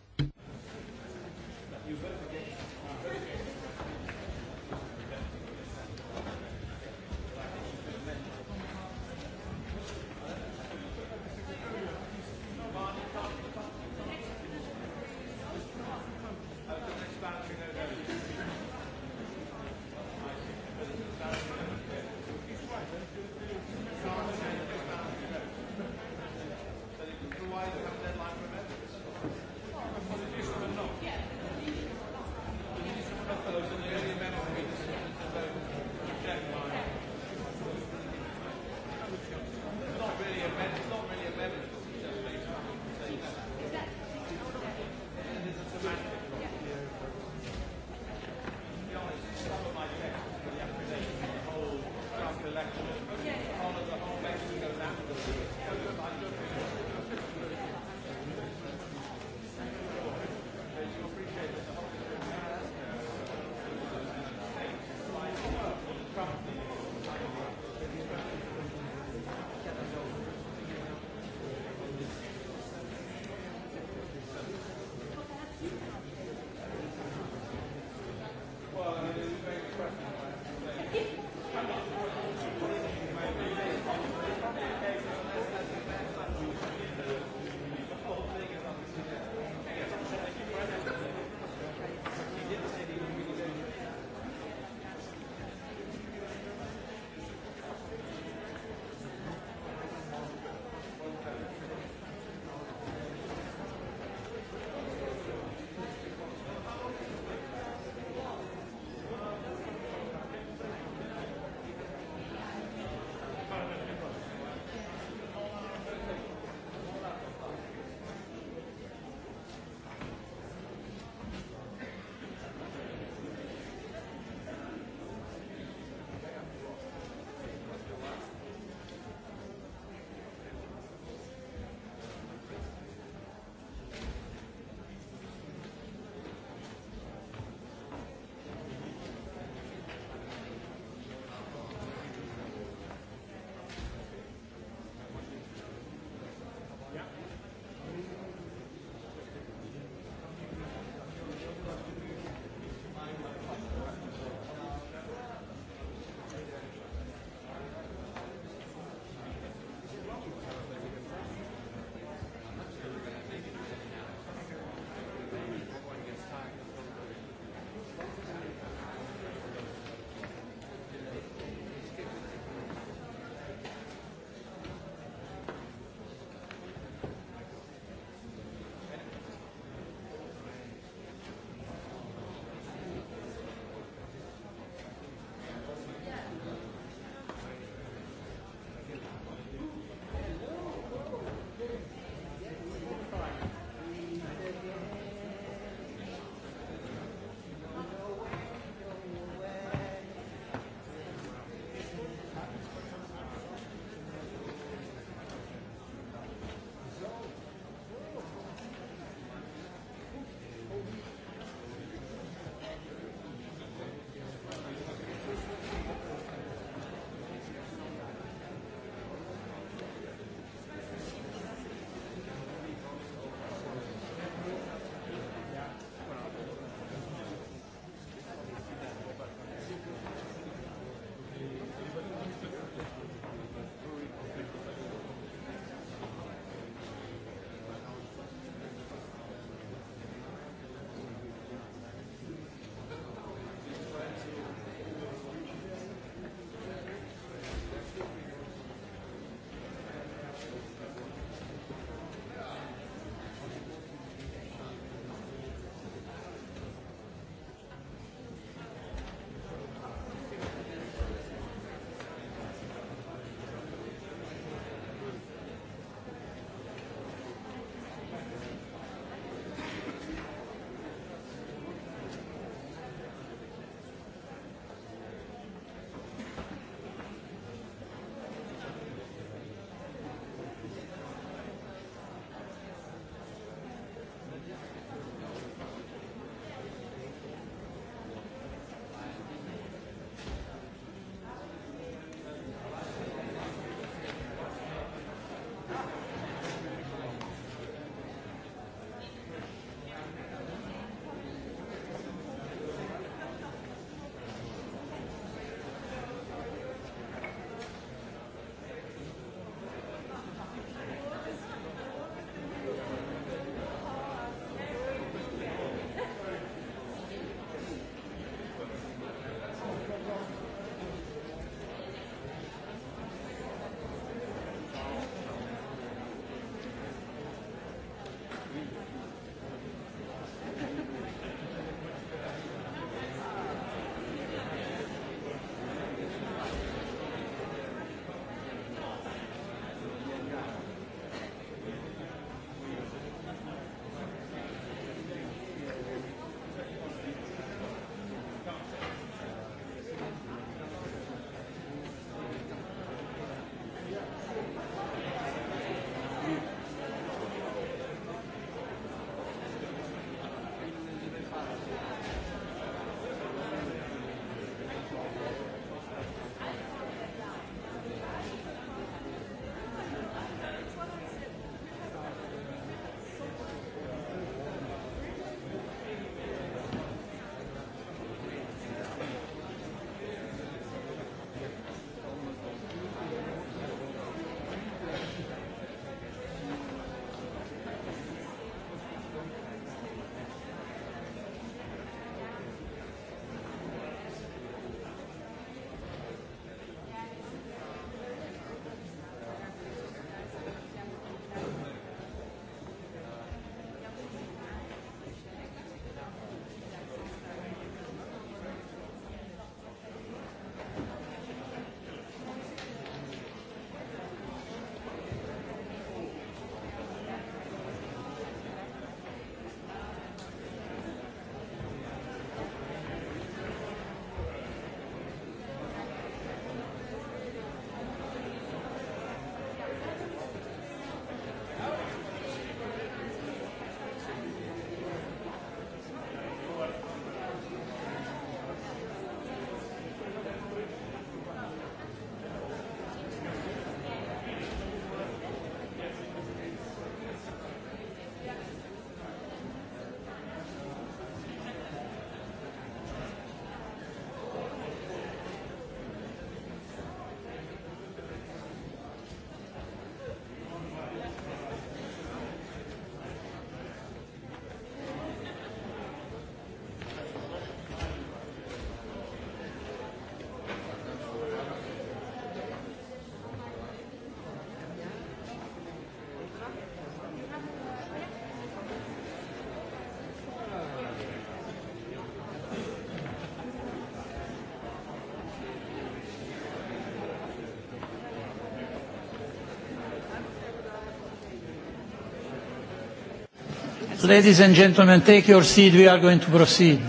Ladies and gentlemen, take your seat, we are going to proceed.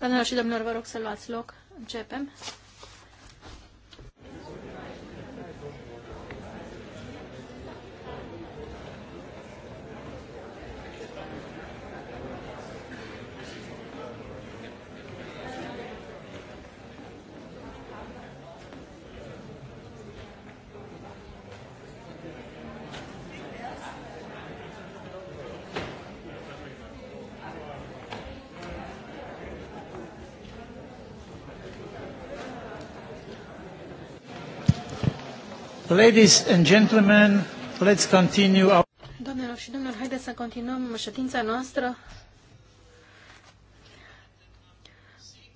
Doamnelor și domnilor, vă rog să luați loc. Începem. Ladies and gentlemen, let's continue our... Doamnelor și domnilor, haideți să continuăm ședința noastră.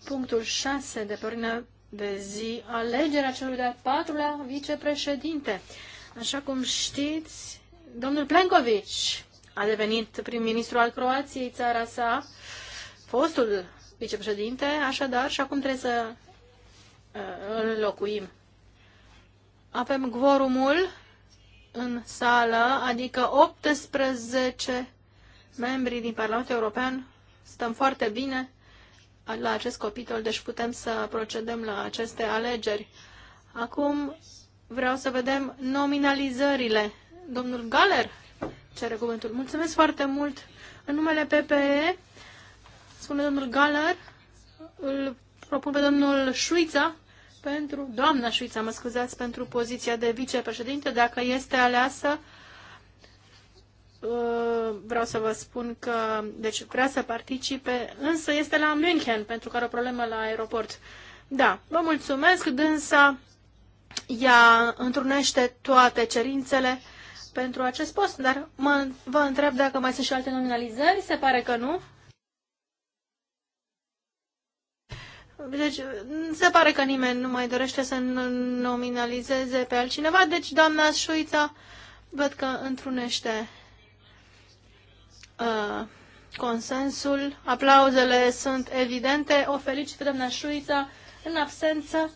Punctul 6 de pe de zi, alegerea celui de-al patrulea vicepreședinte. Așa cum știți, domnul Plenković a devenit prim-ministru al Croației, țara sa, fostul vicepreședinte, așadar, și acum trebuie să uh, îl locuim avem quorumul în sală, adică 18 membri din Parlamentul European. Stăm foarte bine la acest capitol, deci putem să procedăm la aceste alegeri. Acum vreau să vedem nominalizările. Domnul Galer cere cuvântul. Mulțumesc foarte mult în numele PPE. Spune domnul Galer, îl propun pe domnul Șuița pentru, doamna Șuița, mă scuzați, pentru poziția de vicepreședinte, dacă este aleasă, uh, vreau să vă spun că deci vrea să participe, însă este la München pentru că are o problemă la aeroport. Da, vă mulțumesc, dânsa ea întrunește toate cerințele pentru acest post, dar mă, vă întreb dacă mai sunt și alte nominalizări, se pare că nu. Deci, se pare că nimeni nu mai dorește să nominalizeze pe altcineva, deci doamna Șuița văd că întrunește uh, consensul. Aplauzele sunt evidente. O felicit doamna Șuița în absență.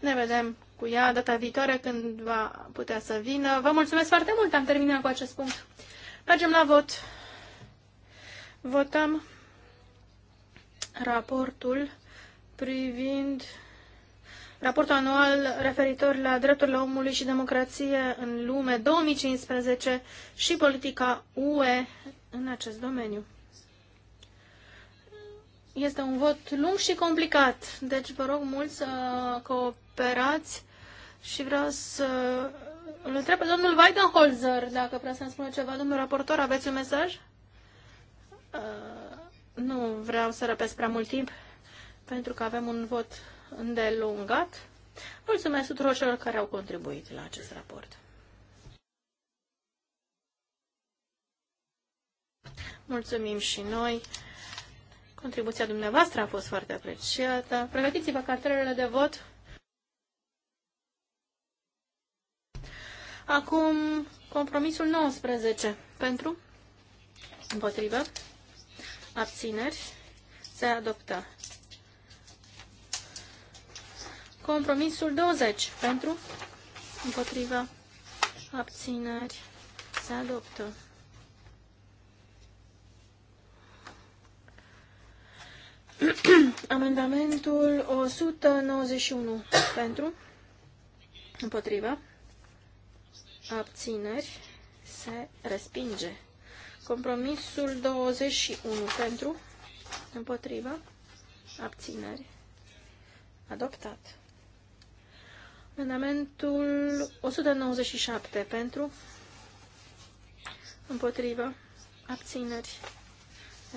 Ne vedem cu ea data viitoare când va putea să vină. Vă mulțumesc foarte mult, am terminat cu acest punct. Mergem la vot. Votăm raportul privind raportul anual referitor la drepturile omului și democrație în lume 2015 și politica UE în acest domeniu. Este un vot lung și complicat, deci vă rog mult să cooperați și vreau să îl întreb pe domnul Weidenholzer dacă vrea să-mi spună ceva. Domnul raportor, aveți un mesaj? Uh, nu vreau să răpesc prea mult timp, pentru că avem un vot îndelungat. Mulțumesc tuturor celor care au contribuit la acest raport. Mulțumim și noi. Contribuția dumneavoastră a fost foarte apreciată. Pregătiți-vă cartelele de vot. Acum, compromisul 19. Pentru? Împotrivă? abțineri, se adoptă. Compromisul 20 pentru, împotriva, abțineri, se adoptă. Amendamentul 191 pentru, împotriva, abțineri, se respinge. Compromisul 21 pentru, împotriva abțineri, adoptat. Amendamentul 197 pentru, împotriva abțineri,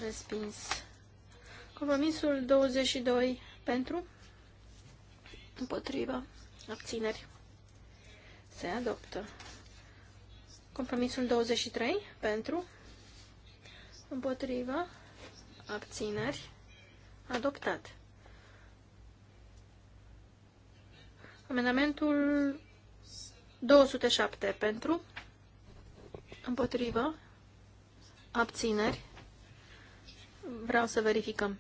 respins. Compromisul 22 pentru, împotriva abțineri, se adoptă. Compromisul 23 pentru, Împotriva. abțineri, adoptat. Amendamentul 207 pentru, împotrivă, abțineri, vreau să verificăm.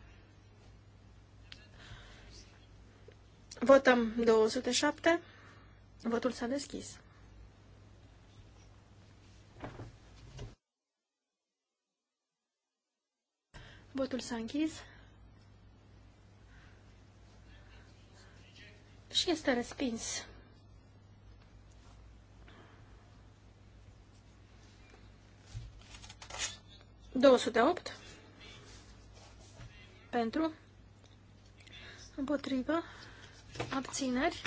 Votăm 207, votul s-a deschis. Votul s-a închis. Și este respins. Două opt pentru împotrivă abțineri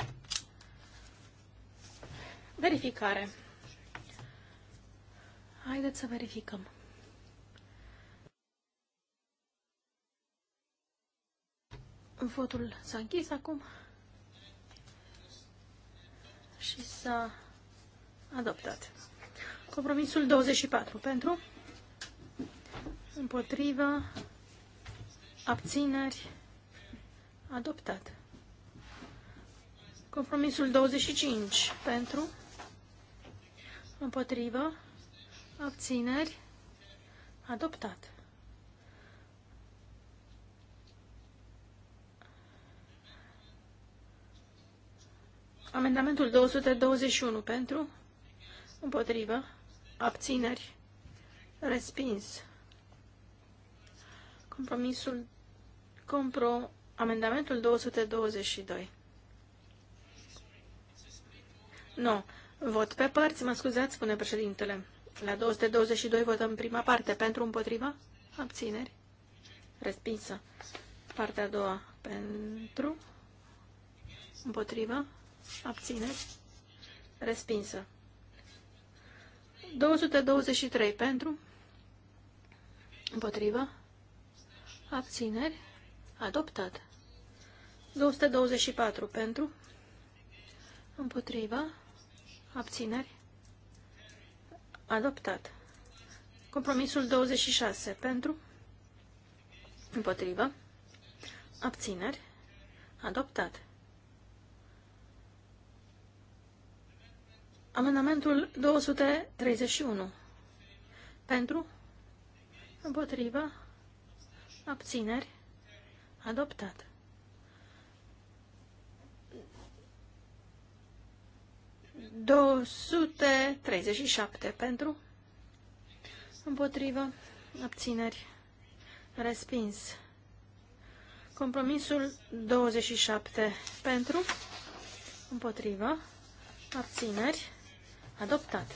verificare. Haideți să verificăm. Votul s-a închis acum și s-a adoptat. Compromisul 24 pentru, împotrivă, abțineri, adoptat. Compromisul 25 pentru, împotrivă, abțineri, adoptat. Amendamentul 221 pentru, împotrivă, abțineri, respins. Compromisul, compro, amendamentul 222. Nu, vot pe părți, mă scuzați, spune președintele. La 222 votăm prima parte, pentru, împotrivă, abțineri, respinsă. Partea a doua, pentru, împotrivă, abțineri, respinsă. 223 pentru, împotrivă, abțineri, adoptat. 224 pentru, împotrivă, abțineri, adoptat. Compromisul 26 pentru, împotrivă, abțineri, adoptat. Amendamentul 231. Pentru? Împotrivă? Abțineri? Adoptat. Douăsute treizeci și șapte pentru, împotrivă, abțineri, respins. Compromisul 27 pentru, împotrivă, abțineri, Adoptat.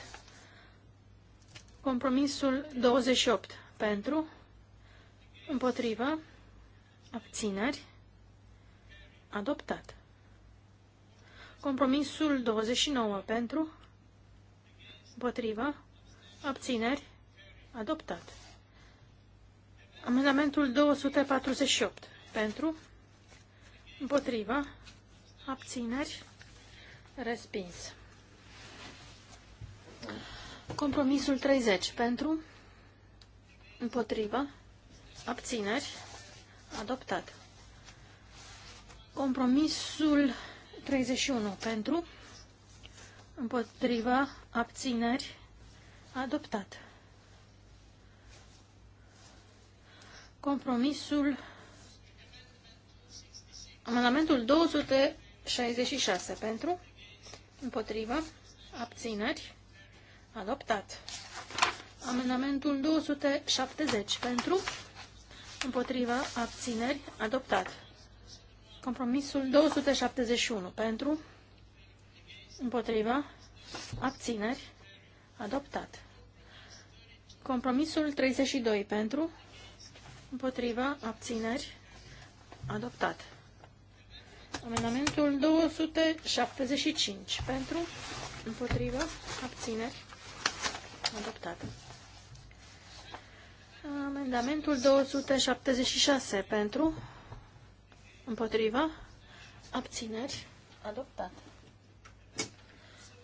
Compromisul 28 pentru, împotrivă, abțineri, adoptat. Compromisul 29 pentru, împotrivă, abțineri, adoptat. Amendamentul 248 pentru, împotrivă, abțineri, respins. Compromisul 30 pentru, împotrivă, abțineri, adoptat. Compromisul 31 pentru, împotriva, abțineri, adoptat. Compromisul, amendamentul 266 pentru, împotriva, abțineri, Adoptat. Amendamentul 270 pentru, împotriva, abțineri, adoptat. Compromisul 271 pentru, împotriva, abțineri, adoptat. Compromisul 32 pentru, împotriva, abțineri, adoptat. Amendamentul 275 pentru, împotriva, abțineri, Adoptat. Amendamentul 276 pentru, împotriva, abțineri, adoptat.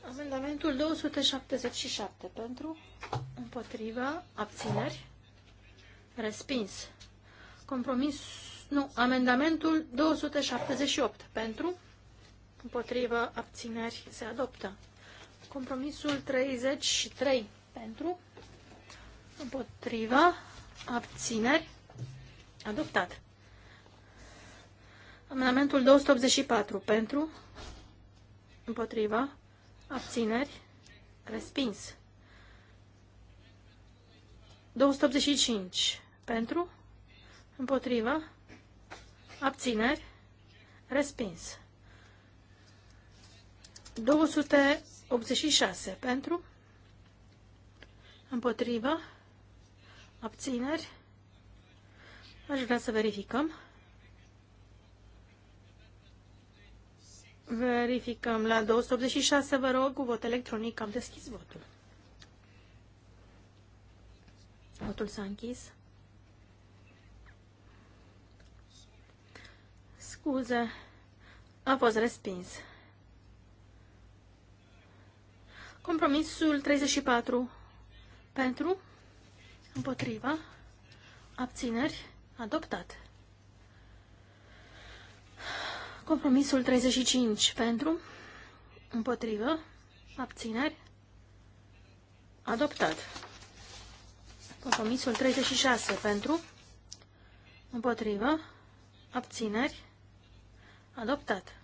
Amendamentul 277 pentru, împotriva, abțineri, respins. Compromis, nu, amendamentul 278 pentru, împotriva, abțineri, se adoptă. Compromisul 33 pentru, împotriva, abțineri, adoptat. Amendamentul 284 pentru, împotriva, abțineri, respins. 285 pentru, împotriva, abțineri, respins. 286 pentru, Împotrivă? Abțineri? Aș vrea să verificăm. Verificăm la 286, vă rog, cu vot electronic. Am deschis votul. Votul s-a închis. Scuze, a fost respins. Compromisul 34 pentru, împotriva, abțineri, adoptat. Compromisul 35 pentru, împotrivă, abțineri, adoptat. Compromisul 36 pentru, împotrivă, abțineri, adoptat.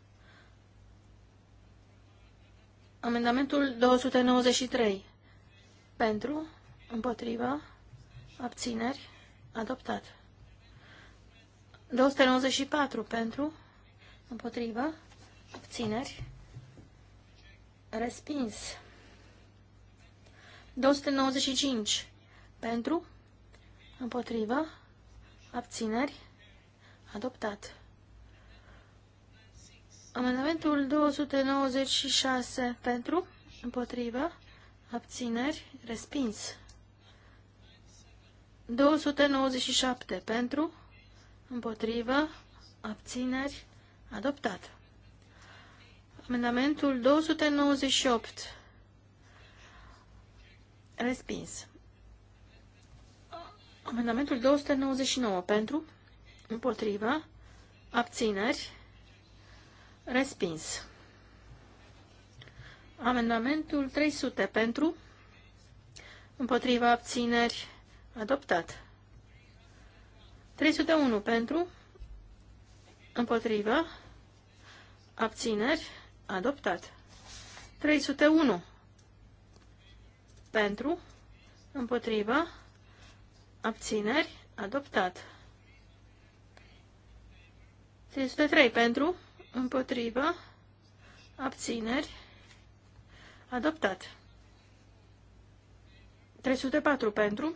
Amendamentul 293 pentru, Împotrivă. Abțineri. Adoptat. 294 pentru. Împotrivă. Abțineri. Respins. 295 pentru. Împotrivă. Abțineri. Adoptat. Amendamentul 296 pentru. Împotrivă. Abțineri. Respins. 297 pentru, împotrivă, abțineri, adoptat. Amendamentul 298, respins. Amendamentul 299 pentru, împotrivă, abțineri, respins. Amendamentul 300 pentru, împotriva abțineri, Adoptat. 301 pentru, împotrivă, abțineri, adoptat. 301 pentru, împotrivă, abțineri, adoptat. 303 pentru, împotrivă, abțineri, adoptat. 304 pentru,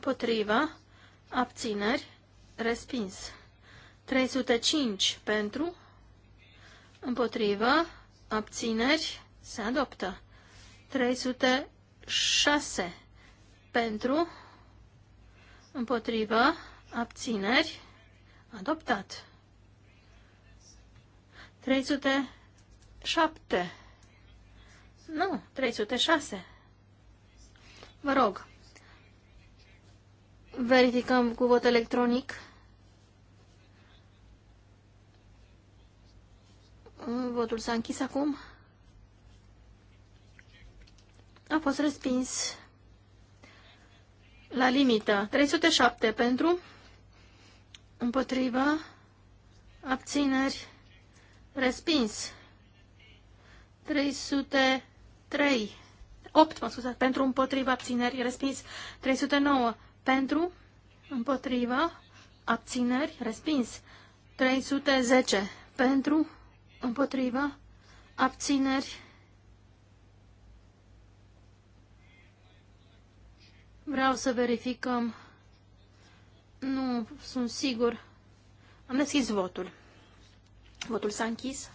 Potrivă. abțineri, respins. 305 pentru, împotrivă, abțineri, se adoptă. 306 pentru, împotrivă, abțineri, adoptat. 307 nu, 306. Vă rog. Verificăm cu vot electronic. Votul s-a închis acum. A fost respins. La limită. 307 pentru. Împotriva. Abțineri. Respins. 303. 8, mă scuzați, pentru împotriva abțineri. Respins. 309 pentru, împotrivă, abțineri, respins. 310 pentru, împotrivă, abțineri. Vreau să verificăm. Nu sunt sigur. Am deschis votul. Votul s-a închis.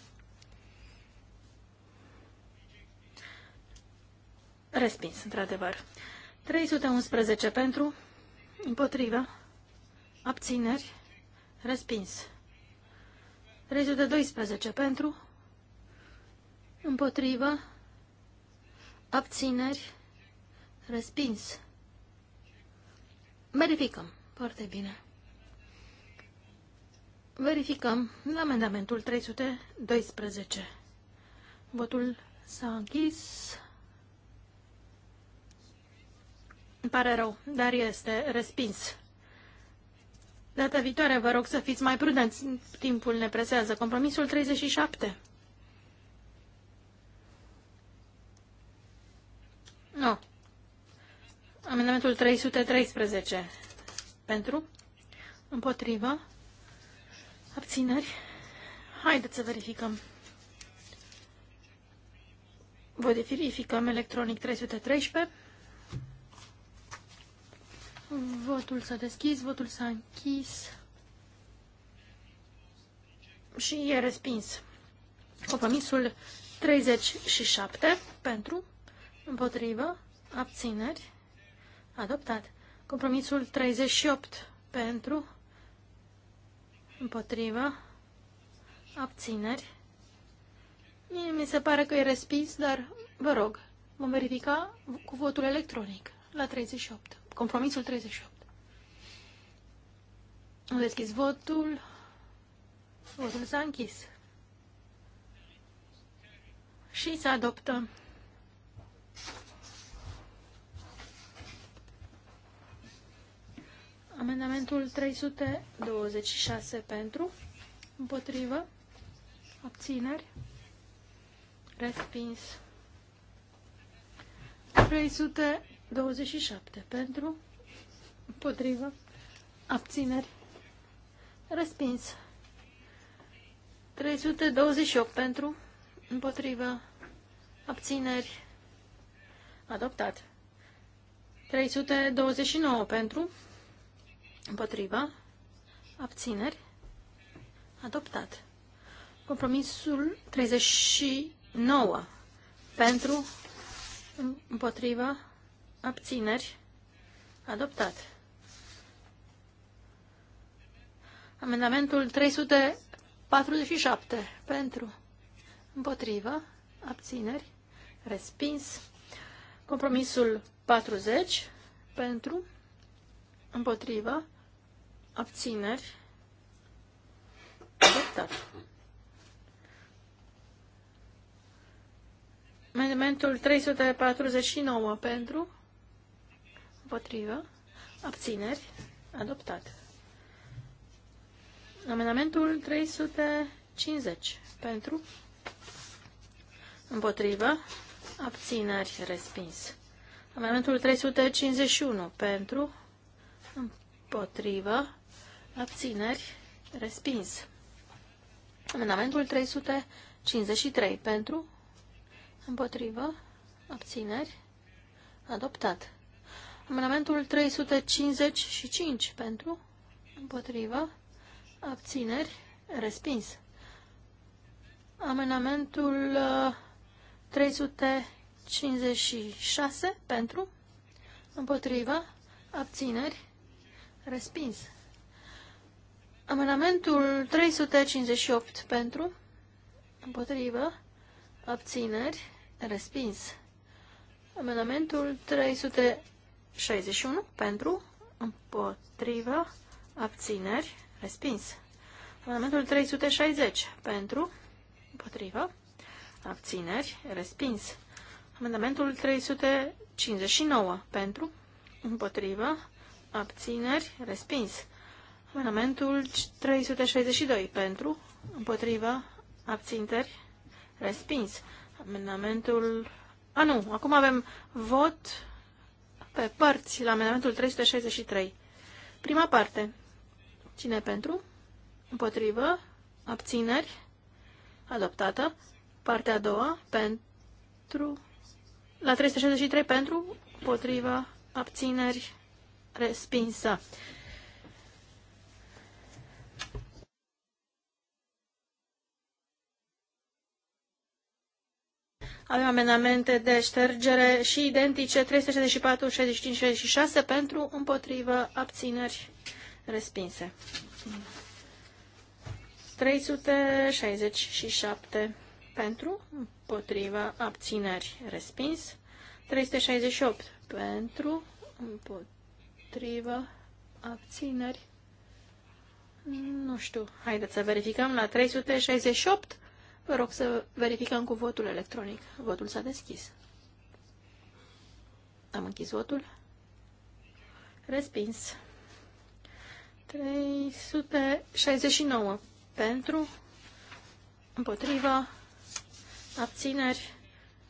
Respins, într-adevăr. 311 pentru, împotrivă, abțineri, respins. 12 pentru, împotrivă, abțineri, respins. Verificăm. Foarte bine. Verificăm amendamentul 312. Votul s-a închis. Îmi pare rău, dar este respins. Data viitoare vă rog să fiți mai prudenți. Timpul ne presează. Compromisul 37. Nu. Amendamentul 313. Pentru? Împotrivă? Abțineri? Haideți să verificăm. Vă verificăm electronic 313. Votul s-a deschis, votul s-a închis și e respins. Compromisul 37 pentru, împotrivă, abțineri, adoptat. Compromisul 38 pentru, împotrivă, abțineri. Mie mi se pare că e respins, dar vă rog, vom verifica cu votul electronic la 38. Compromisul 38. Am deschis votul. Votul s-a închis. Și se adoptă. Amendamentul 326 pentru, împotrivă, abțineri, respins. 300 27 pentru, împotrivă, abțineri, respins. 328 pentru, împotrivă, abțineri, adoptat. 329 pentru, împotrivă, abțineri, adoptat. Compromisul 39 pentru, împotrivă, abțineri, adoptat. Amendamentul 347 pentru, împotrivă, abțineri, respins. Compromisul 40 pentru, împotrivă, abțineri, adoptat. Amendamentul 349 pentru, Împotrivă. Abțineri. Adoptat. Amendamentul 350. Pentru. Împotrivă. Abțineri. Respins. Amendamentul 351. Pentru. Împotrivă. Abțineri. Respins. Amendamentul 353. Pentru. Împotrivă. Abțineri. Adoptat. Amendamentul 355 pentru, împotrivă, abțineri, respins. Amendamentul 356 uh, pentru, împotrivă, abțineri, respins. Amendamentul 358 pentru, împotrivă, abțineri, respins. Amendamentul 300 61 pentru, împotriva abțineri, respins. Amendamentul 360 pentru, împotriva abțineri, respins. Amendamentul 359 pentru, împotriva abțineri, respins. Amendamentul 362 pentru, împotriva abțineri, respins. Amendamentul... A, nu, acum avem vot pe părți la amendamentul 363. Prima parte. Cine pentru? Împotrivă. Abțineri. Adoptată. Partea a doua. Pentru. La 363 pentru. Împotrivă. Abțineri. Respinsă. Avem amendamente de ștergere și identice 364, 65, 66 pentru împotrivă abțineri respinse. 367 pentru împotrivă abțineri respins. 368 pentru împotrivă abțineri. Nu știu. Haideți să verificăm la 368. Vă rog să verificăm cu votul electronic. Votul s-a deschis. Am închis votul. Respins. 369 pentru, împotriva, abțineri,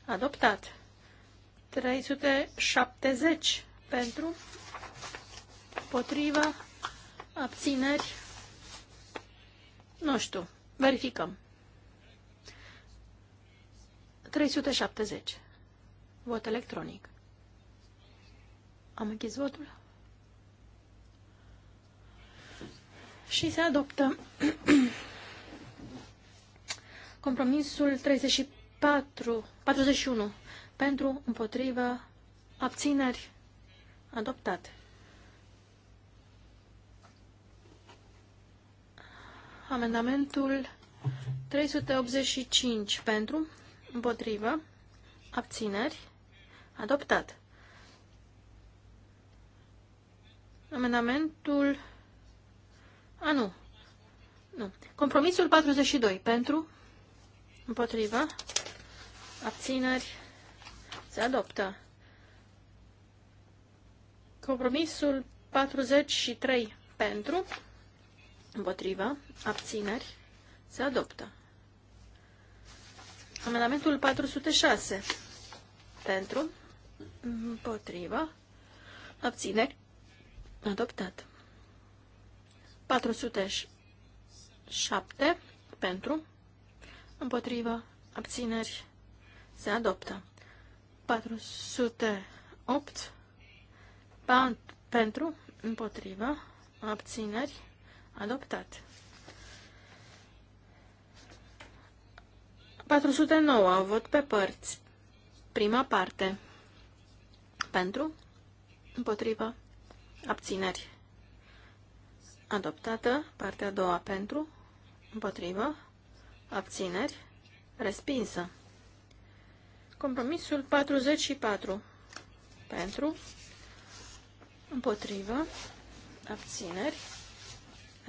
adoptat. 370 pentru, împotriva, abțineri, nu știu, verificăm. 370. Vot electronic. Am închis votul. Și se adoptă compromisul 34, 41 pentru, împotrivă, abțineri, adoptat. Amendamentul 385 pentru, împotrivă, abțineri, adoptat. Amendamentul... A, nu. Nu. Compromisul 42. Pentru, împotrivă, abțineri, se adoptă. Compromisul 43. Pentru, împotrivă, abțineri, se adoptă. Amendamentul 406. Pentru. Împotrivă. Abțineri. Adoptat. 407. Pentru. Împotrivă. Abțineri. Se adoptă. 408. Pentru. Împotrivă. Abțineri. Adoptat. 409. Vot pe părți. Prima parte. Pentru. Împotrivă. Abțineri. Adoptată. Partea a doua. Pentru. Împotrivă. Abțineri. Respinsă. Compromisul 44. Pentru. Împotrivă. Abțineri.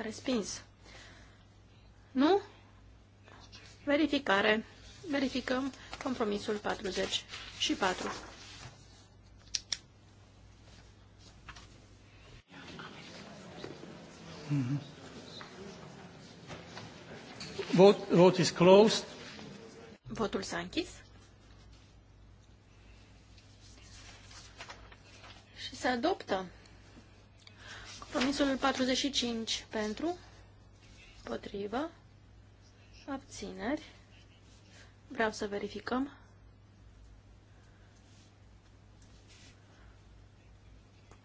Respins. Nu? Verificare. Verificăm compromisul 44. Vot, Vote, vote is closed. Votul s-a închis. Și se adoptă compromisul 45 pentru, potrivă, abțineri. Vreau să verificăm.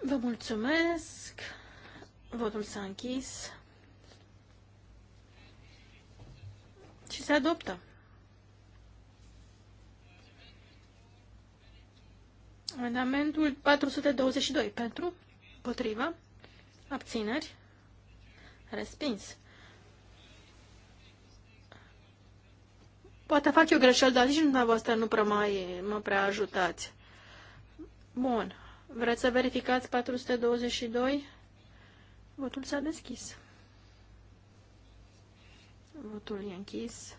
Vă mulțumesc. Votul s-a închis. Și se adoptă. Amendamentul 422 pentru, potriva, abțineri, respins. Poate fac eu greșel, dar nici dumneavoastră nu prea mai mă prea ajutați. Bun. Vreți să verificați 422? Votul s-a deschis. Votul e închis.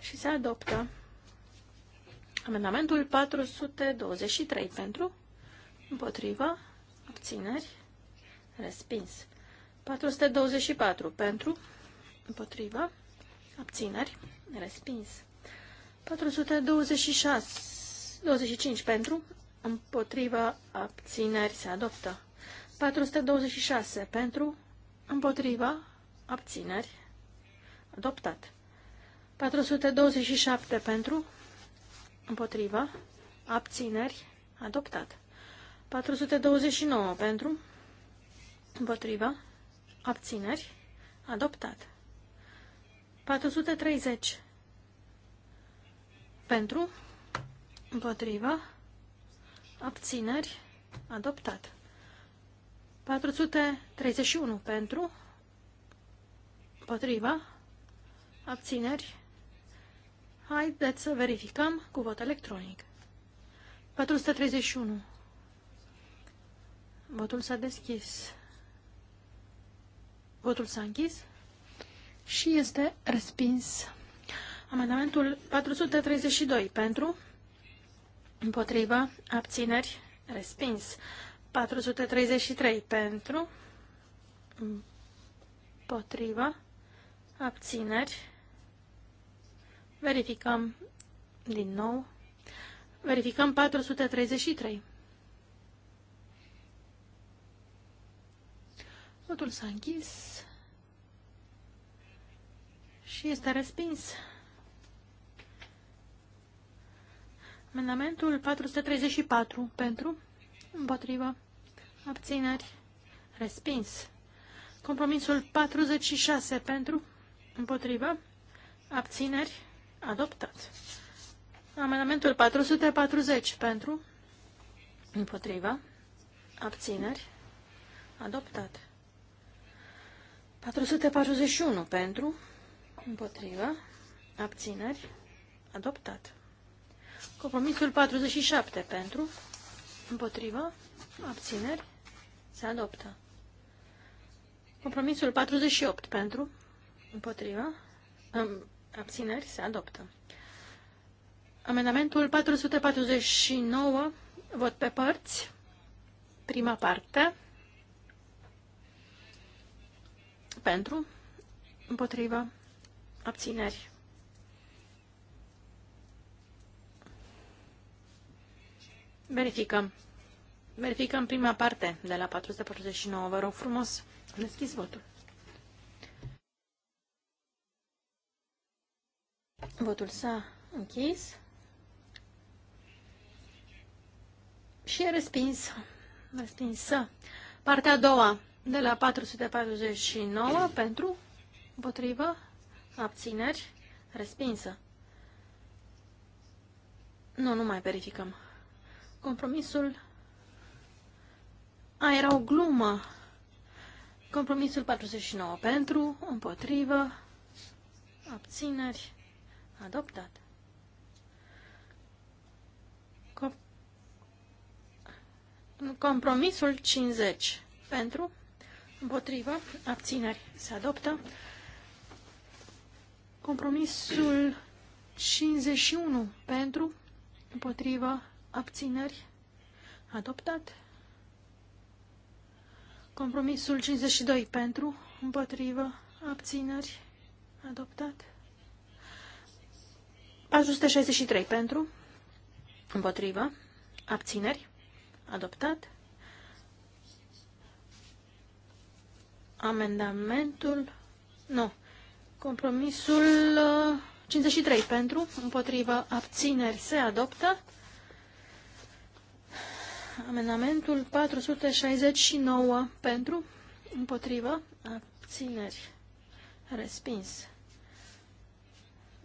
Și se adoptă amendamentul 423 pentru, împotrivă, abțineri, respins. 424 pentru, împotrivă, abțineri, respins. 426, 25 pentru, împotriva, abțineri, se adoptă. 426 pentru, împotriva, abțineri, adoptat. 427 pentru, împotriva, abțineri, adoptat. 429 pentru, împotriva, abțineri, adoptat. 430 pentru, împotriva, abțineri, adoptat. 431 pentru, împotriva, abțineri. Haideți să verificăm cu vot electronic. 431. Votul s-a deschis. Votul s-a închis și este respins. Amendamentul 432 pentru, împotriva, abțineri, respins. 433 pentru, împotriva, abțineri, verificăm din nou, verificăm 433. Votul s-a închis și este respins. Amendamentul 434 pentru, împotrivă, abțineri, respins. Compromisul 46 pentru, împotrivă, abțineri, adoptat. Amendamentul 440 pentru, împotrivă, abțineri, adoptat. 441 pentru, împotrivă, abțineri, adoptat. Compromisul 47 pentru, împotrivă, abțineri, se adoptă. Compromisul 48 pentru, împotrivă, abțineri, se adoptă. Amendamentul 449, vot pe părți, prima parte, pentru, Împotrivă. Abțineri. Verificăm. Verificăm prima parte de la 449. Vă rog frumos, deschis votul. Votul s-a închis și e respins. Respinsă. Partea a doua de la 449 pentru, împotrivă, Abțineri? Respinsă. Nu, nu mai verificăm. Compromisul... A, era o glumă. Compromisul 49 pentru, împotrivă, abțineri, adoptat. Com compromisul 50 pentru, împotrivă, abțineri, se adoptă. Compromisul 51 pentru, împotriva, abțineri, adoptat. Compromisul 52 pentru, împotrivă, abțineri, adoptat. 463 pentru, împotrivă, abțineri, adoptat. Amendamentul, nu, Compromisul 53 uh, pentru, împotrivă, abțineri se adoptă. Amendamentul 469 pentru, împotrivă, abțineri, respins.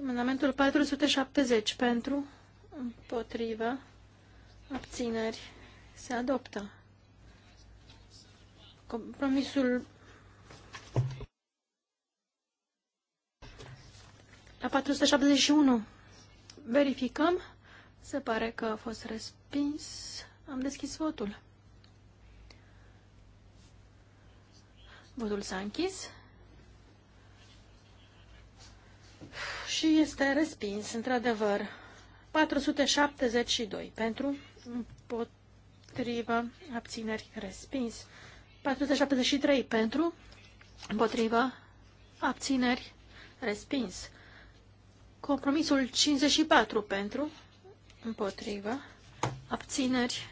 Amendamentul 470 pentru, împotrivă, abțineri, se adoptă. Compromisul La 471. Verificăm. Se pare că a fost respins. Am deschis votul. Votul s-a închis. Și este respins, într-adevăr. 472 pentru, împotrivă, abțineri, respins. 473 pentru, împotrivă, abțineri, respins. Compromisul 54 pentru, împotrivă, abțineri,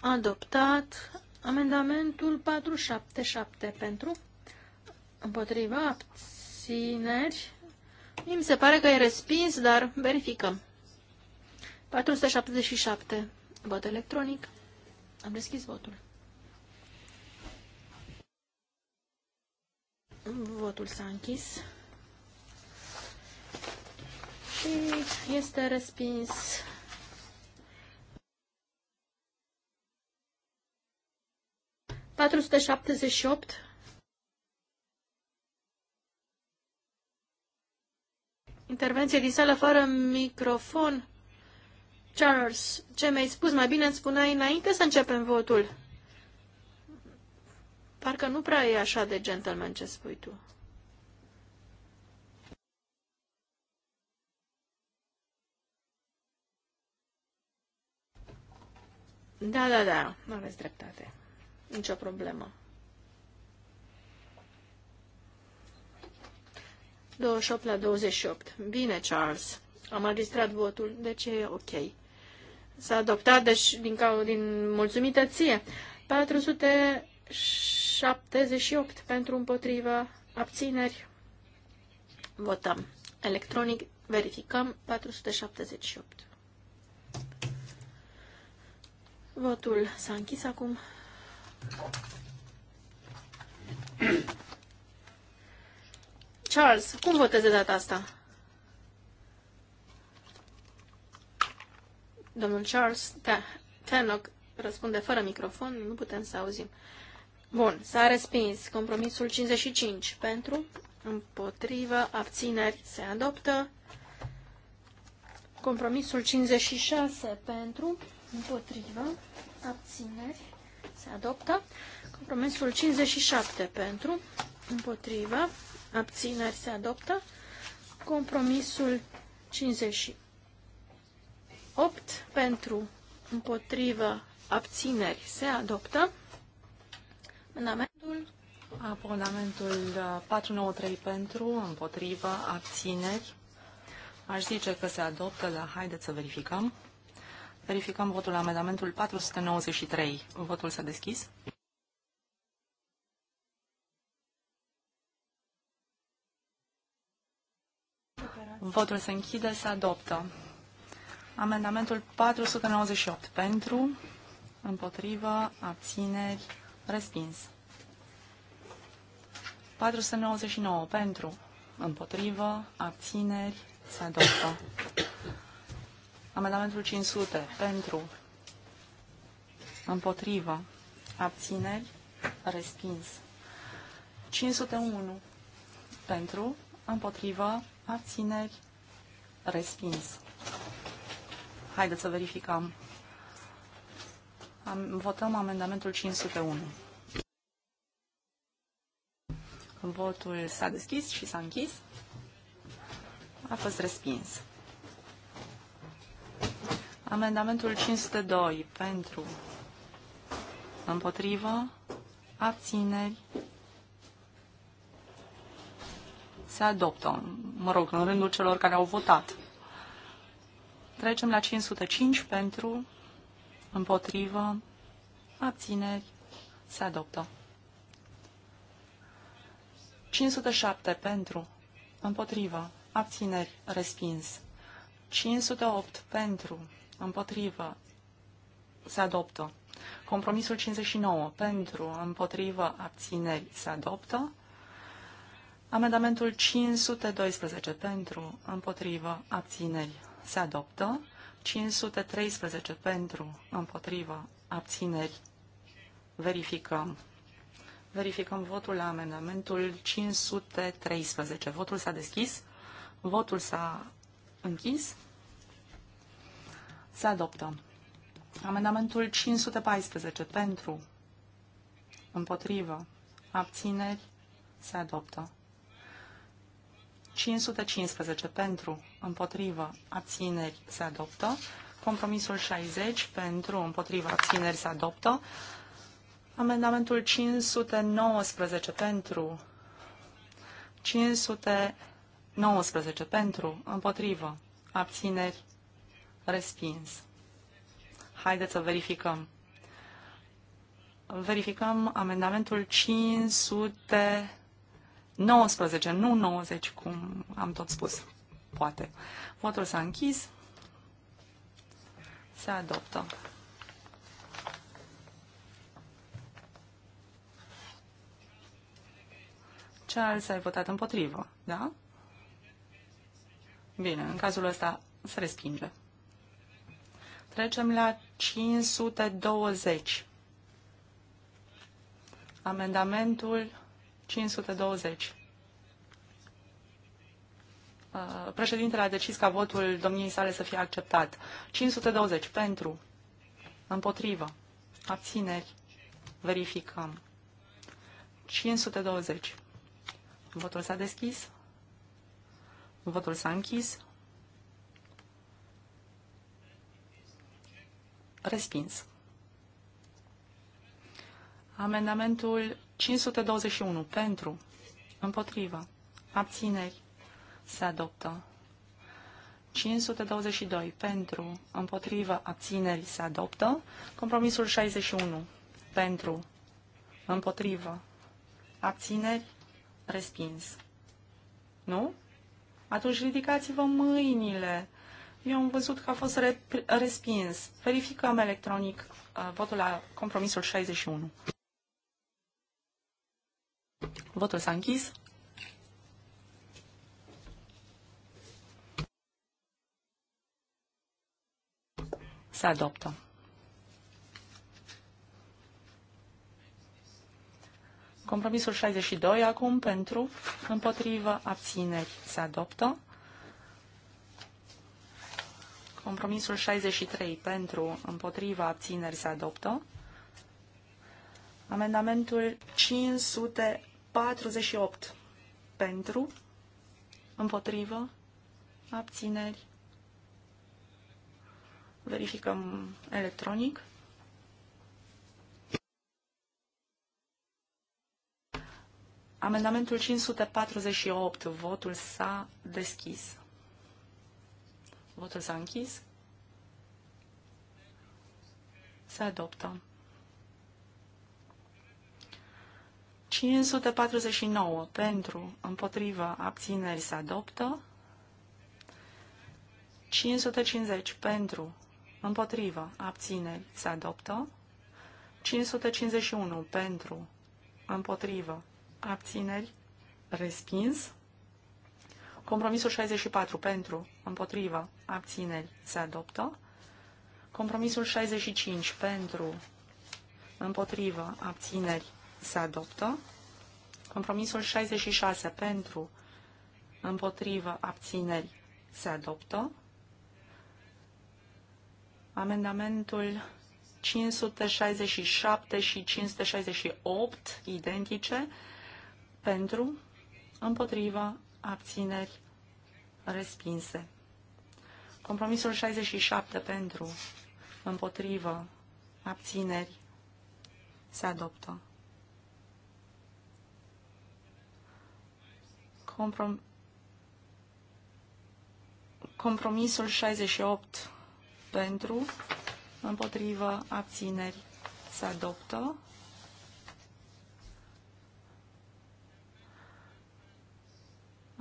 adoptat. Amendamentul 477 pentru, împotrivă, abțineri. Mi se pare că e respins, dar verificăm. 477. Vot electronic. Am deschis votul. Votul s-a închis și este respins. Patru sute șaptezeci și opt. Intervenție din sală fără microfon. Charles, ce mi-ai spus? Mai bine îmi spuneai înainte să începem votul. Parcă nu prea e așa de gentleman ce spui tu. Da, da, da, nu aveți dreptate. Nicio problemă. 28 la 28. Bine, Charles. Am înregistrat votul, deci e ok. S-a adoptat, deci, din, cau- din mulțumită ție. 478 pentru împotriva abțineri. Votăm. Electronic verificăm 478. Votul s-a închis acum. Charles, cum votez de data asta? Domnul Charles da, Tannock răspunde fără microfon, nu putem să auzim. Bun, s-a respins compromisul 55 pentru, împotrivă, abțineri, se adoptă. Compromisul 56 pentru, împotrivă, abțineri, se adoptă. Compromisul 57 pentru, împotrivă, abțineri, se adoptă. Compromisul 58 pentru, împotrivă, abțineri, se adoptă. Amendamentul Abonamentul 493 uh, pentru, împotrivă, abțineri. Aș zice că se adoptă, dar haideți să verificăm. Verificăm votul la amendamentul 493. Votul s-a deschis. Votul se închide, se adoptă. Amendamentul 498 pentru, împotrivă, abțineri, respins. 499 pentru, împotrivă, abțineri, se adoptă. Amendamentul 500 pentru, împotrivă, abțineri, respins. 501 pentru, împotrivă, abțineri, respins. Haideți să verificăm. Am, votăm amendamentul 501. Votul s-a deschis și s-a închis. A fost respins. Amendamentul 502 pentru împotrivă abțineri se adoptă, mă rog, în rândul celor care au votat. Trecem la 505 pentru împotrivă abțineri se adoptă. 507 pentru împotrivă abțineri respins. 508 pentru împotrivă, se adoptă. Compromisul 59, pentru, împotrivă, abțineri, se adoptă. Amendamentul 512, pentru, împotrivă, abțineri, se adoptă. 513, pentru, împotrivă, abțineri, verificăm. Verificăm votul la amendamentul 513. Votul s-a deschis, votul s-a închis. Se adoptă. Amendamentul 514 pentru, împotrivă, abțineri, se adoptă. 515 pentru, împotrivă, abțineri, se adoptă. Compromisul 60 pentru, împotrivă, abțineri, se adoptă. Amendamentul 519 pentru, 519 pentru, împotrivă, abțineri, Respins. Haideți să verificăm. Verificăm amendamentul 519, nu 90, cum am tot spus. Poate. Votul s-a închis. Se adoptă. Charles, ai votat împotrivă, da? Bine, în cazul ăsta se respinge. Trecem la 520. Amendamentul 520. Uh, președintele a decis ca votul domniei sale să fie acceptat. 520 pentru, împotrivă, abțineri, verificăm. 520. Votul s-a deschis. Votul s-a închis. Respins. Amendamentul 521. Pentru. Împotrivă. Abțineri. Se adoptă. 522. Pentru. Împotrivă. Abțineri. Se adoptă. Compromisul 61. Pentru. Împotrivă. Abțineri. Respins. Nu? Atunci ridicați-vă mâinile. Eu am văzut că a fost respins. Verificăm electronic uh, votul la compromisul 61. Votul s-a închis. Se adoptă. Compromisul 62 acum pentru, împotrivă, abțineri se adoptă. Compromisul 63 pentru, împotriva, abțineri se adoptă. Amendamentul 548 pentru, împotrivă, abțineri. Verificăm electronic. Amendamentul 548, votul s-a deschis. Votul s-a închis. Se adoptă. 549 pentru, împotrivă, abțineri se adoptă. 550 pentru, împotrivă, abțineri se adoptă. 551 pentru, împotrivă, abțineri, respins. Compromisul 64 pentru, împotriva, abțineri se adoptă. Compromisul 65 pentru, împotriva, abțineri se adoptă. Compromisul 66 pentru, împotriva, abțineri se adoptă. Amendamentul 567 și 568 identice pentru, împotriva, abțineri, respinse. Compromisul 67 pentru, împotrivă, abțineri, se adoptă. Comprom compromisul 68 pentru, împotrivă, abțineri, se adoptă.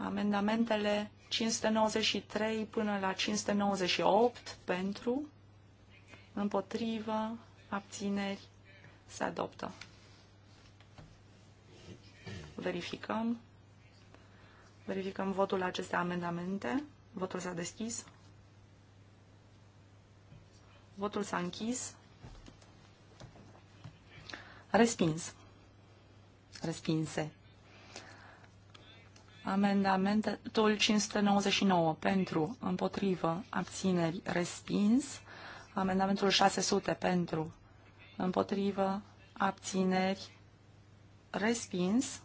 Amendamentele 593 până la 598 pentru, împotrivă, abțineri, se adoptă. Verificăm. Verificăm votul la aceste amendamente. Votul s-a deschis. Votul s-a închis. Respins. Respinse. Amendamentul 599 pentru, împotrivă, abțineri, respins. Amendamentul 600 pentru, împotrivă, abțineri, respins.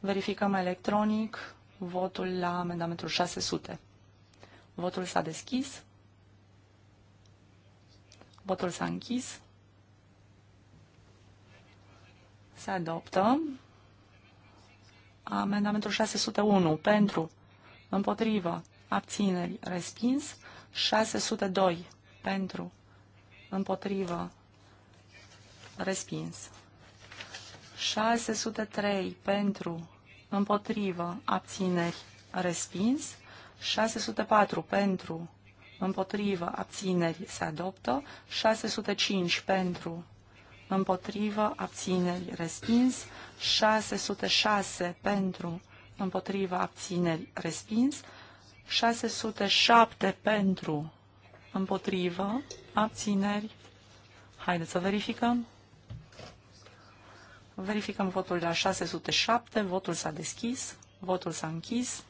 Verificăm electronic votul la amendamentul 600. Votul s-a deschis. Votul s-a închis. Se adoptă. Amendamentul 601 pentru, împotrivă, abțineri, respins. 602 pentru, împotrivă, respins. 603 pentru, împotrivă, abțineri, respins. 604 pentru, împotrivă, abțineri, se adoptă. 605 pentru, împotrivă, abțineri, respins, 606 pentru, împotrivă, abțineri, respins, 607 pentru, împotrivă, abțineri. Haideți să verificăm. Verificăm votul la 607, votul s-a deschis, votul s-a închis.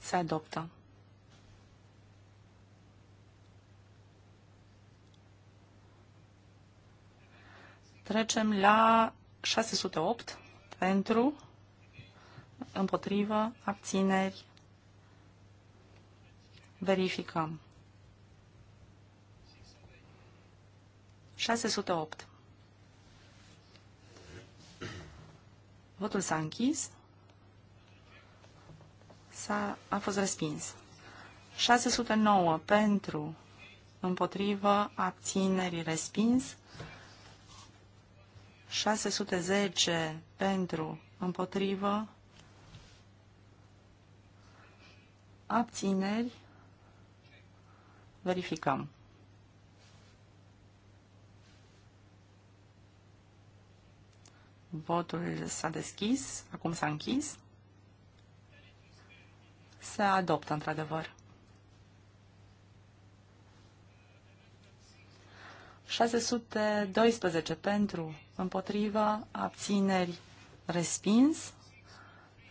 Se adoptă. Trecem la 608 pentru, împotrivă, abțineri, verificăm. 608. Votul s-a închis. S-a, a fost respins. 609 pentru, împotrivă, abțineri, respins. 610 pentru, împotrivă, abțineri, verificăm. Votul s-a deschis, acum s-a închis. Se adoptă, într-adevăr. 612 pentru, împotriva, abțineri, respins.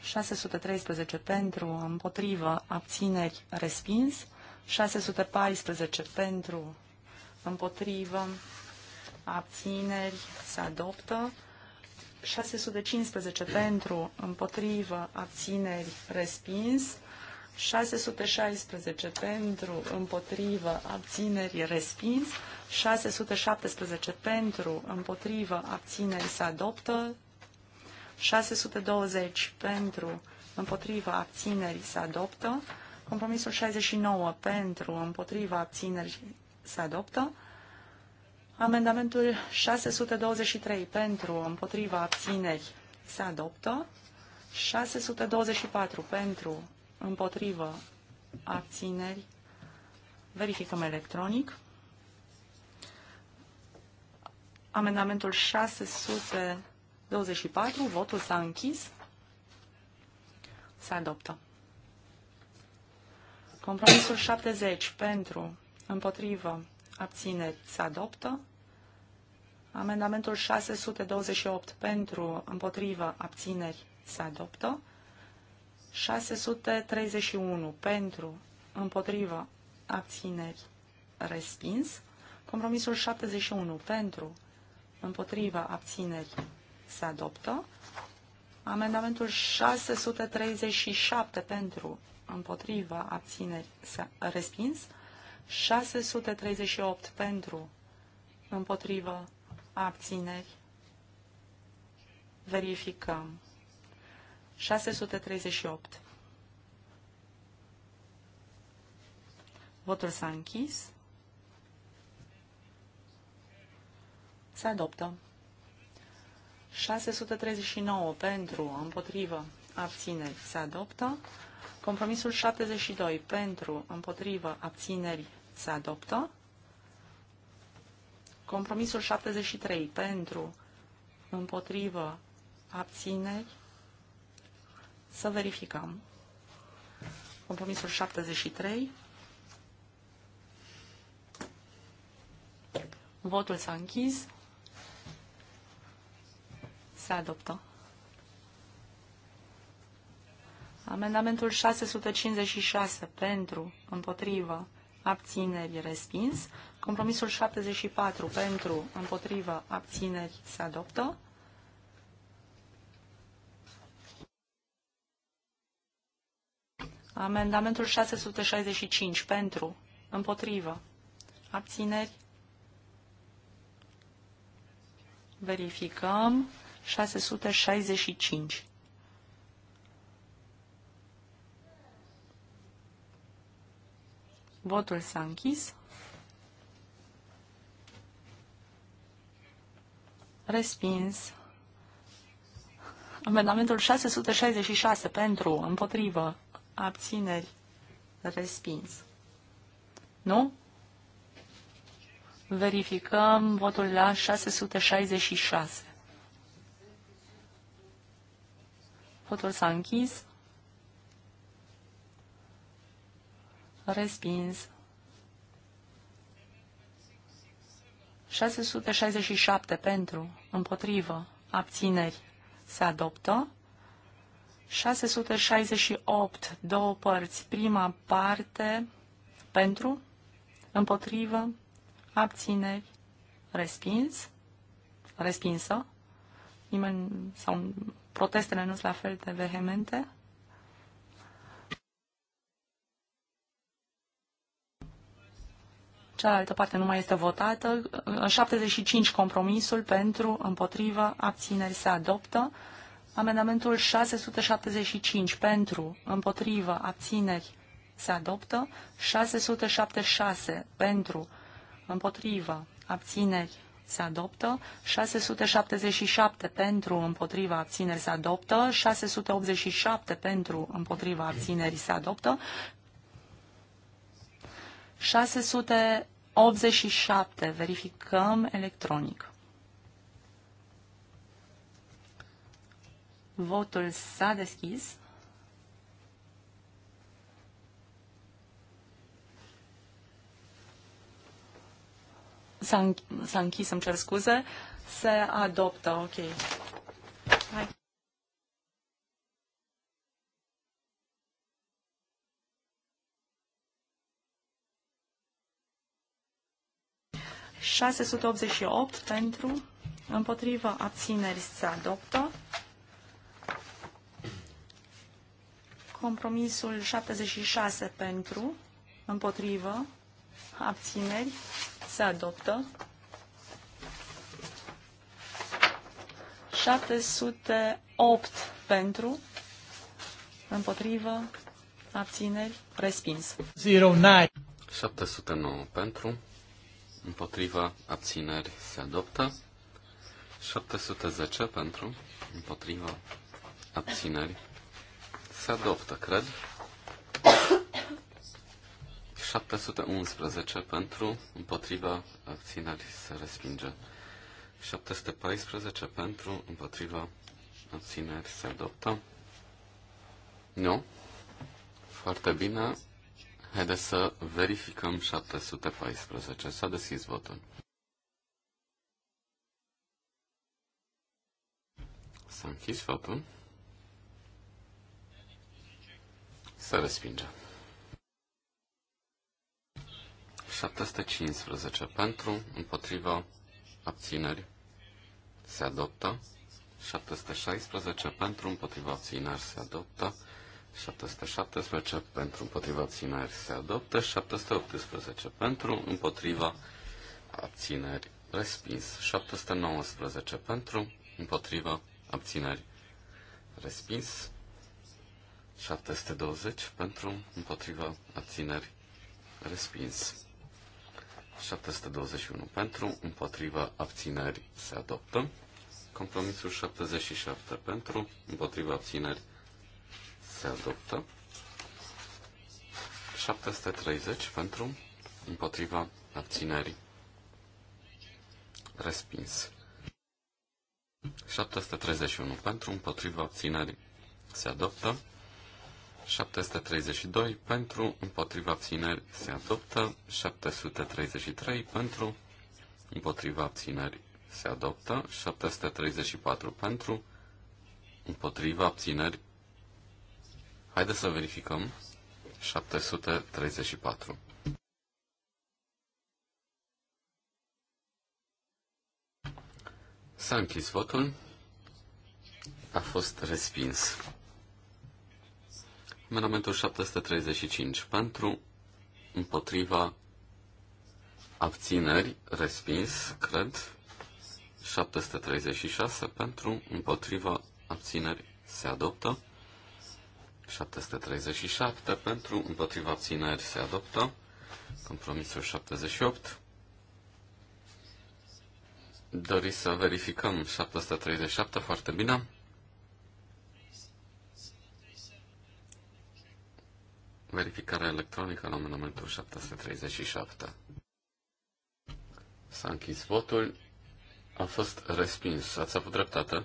613 pentru, împotrivă, abțineri, respins. 614 pentru, împotrivă, abțineri, se adoptă. 615 pentru, împotrivă, abțineri, respins. 616 pentru, împotrivă, abțineri, respins. 617 pentru, împotrivă, abțineri, se adoptă. 620 pentru, împotrivă, abțineri, se adoptă. Compromisul 69 pentru, împotrivă, abțineri, se adoptă. Amendamentul 623 pentru, împotriva, abțineri se adoptă. 624 pentru, împotrivă, abțineri, verificăm electronic. Amendamentul 624, votul s-a închis, se adoptă. Compromisul 70 pentru, împotrivă, abțineri, se adoptă. Amendamentul 628 pentru, împotrivă, abțineri, se adoptă. 631 pentru, împotrivă, abțineri, respins. Compromisul 71 pentru, împotrivă, abțineri, se adoptă. Amendamentul 637 pentru, împotrivă, abțineri, se respins. 638 pentru, împotrivă, abțineri, verificăm. 638. Votul s-a închis. Se adoptă. 639 pentru, împotrivă, abțineri, se adoptă. Compromisul 72 pentru, împotrivă, abțineri, se adoptă. Compromisul 73 pentru, împotrivă, abțineri, să verificăm. Compromisul 73. Votul s-a închis. Se adoptă. Amendamentul 656 pentru, împotrivă, abțineri, respins. Compromisul 74 pentru, împotrivă, abțineri, se adoptă. Amendamentul 665 pentru, împotrivă, abțineri. Verificăm 665. Votul s-a închis. Respins. Amendamentul 666 pentru, împotrivă, abțineri, respins. Nu? Verificăm votul la 666. Votul s-a închis. Respins. 667 pentru, împotrivă, abțineri, se adoptă. 668, două părți. Prima parte pentru, împotrivă, abțineri, respins, respinsă. Nimeni, sau protestele nu sunt la fel de vehemente. Cealaltă parte nu mai este votată. 75 compromisul pentru, împotrivă, abțineri se adoptă. Amendamentul 675 pentru, împotrivă, abțineri se adoptă. 676 pentru, împotrivă, abțineri se adoptă. 677 pentru, împotriva abțineri se adoptă. 687 pentru, împotriva abținerii se adoptă. 687 verificăm electronic. Votul s-a deschis. S-a, închis, îmi cer scuze. Se adoptă, ok. Hai. ...688 pentru, împotriva abțineri se adoptă. Compromisul 76 pentru, împotrivă, abțineri, se adoptă. 708 pentru, împotrivă, abțineri, respins. 09. 709 pentru, împotriva, abțineri, se adoptă. 710 pentru, împotriva, abțineri, se adoptă, cred. 711 pentru, împotriva, abținerii se respinge. 714 pentru, împotriva, abținerii se adoptă. Nu? Foarte bine. Haideți să verificăm 714. S-a deschis votul. S-a închis votul. Se respinge. 715 pentru, împotriva abțineri se adoptă. 716 pentru, împotriva abțineri se adoptă. 717 pentru, împotriva abțineri se adoptă. 718 pentru, împotriva abțineri respins. 719 pentru, împotriva abțineri respins. 720 pentru, împotriva abțineri respins. 721 pentru, împotriva abțineri se adoptă. Compromisul 77 pentru, împotriva abțineri se adoptă. 730 pentru, împotriva abținerii. Respins. 731 pentru, împotriva abținerii. Se adoptă. 732 pentru, împotriva abțineri se adoptă, 733 pentru, împotriva abțineri se adoptă, 734 pentru, împotriva abțineri. Haideți să verificăm. 734. S-a închis votul. A fost respins. Amendamentul 735 pentru, împotriva, abțineri, respins, cred. 736 pentru, împotriva, abțineri, se adoptă. 737 pentru, împotriva abțineri se adoptă. Compromisul 78. Doriți să verificăm 737 foarte bine. Verificarea electronică la amendamentul 737. S-a închis votul. A fost respins. Ați avut dreptate.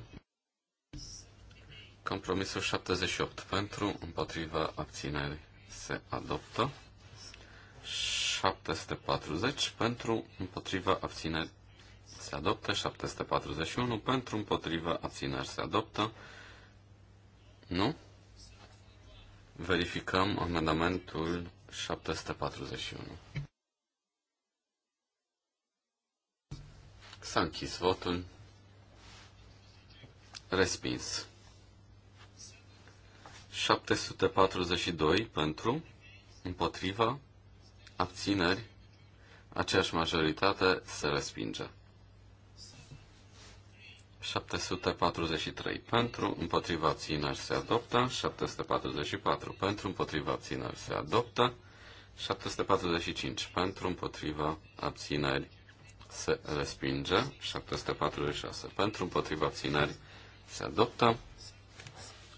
Compromisul 78 pentru, împotriva abținerii se adoptă. 740 pentru, împotriva abțineri se adoptă. 741 pentru, împotriva abțineri se adoptă. Nu? Verificăm amendamentul 741. S-a închis votul. Respins. 742 pentru, împotriva, abțineri, aceeași majoritate se respinge. 743 pentru, împotriva abțineri se adoptă, 744 pentru, împotriva abțineri se adoptă, 745 pentru, împotriva abțineri se respinge, 746 pentru, împotriva abțineri se adoptă,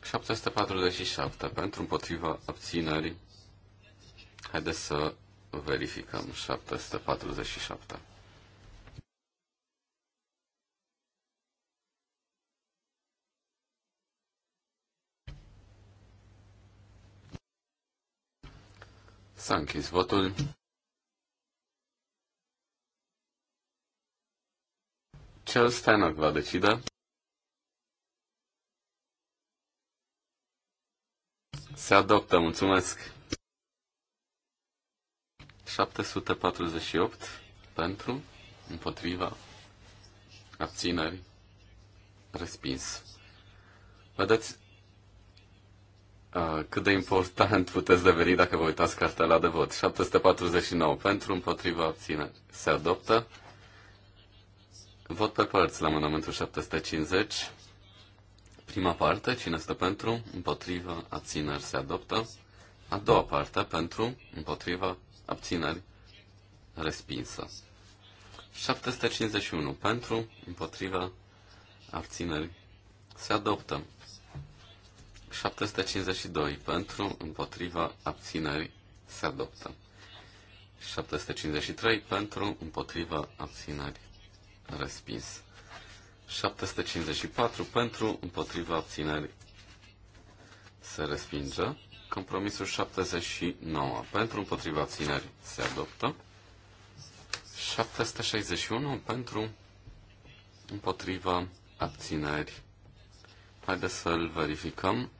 747 pentru, împotriva abțineri. Haideți să verificăm 747. S-a închis votul. Charles Steinock va decide. Se adoptă, mulțumesc. 748 pentru, împotriva, abțineri, respins. Vedeți, Ah, cât de important puteți deveni dacă vă uitați cartela de vot. 749 pentru, împotriva abțineri. Se adoptă. Vot pe părți la amendamentul 750. Prima parte, cine stă pentru, împotriva, abțineri, se adoptă. A doua parte, pentru, împotriva, abțineri, respinsă. 751 pentru, împotriva, abțineri, se adoptă. 752 pentru, împotriva, abțineri, se adoptă. 753 pentru, împotriva, abțineri, respins. 754 pentru, împotriva, abțineri, se respinge. Compromisul 79 pentru, împotriva, abțineri, se adoptă. 761 pentru, împotriva, abțineri. Haideți să-l verificăm.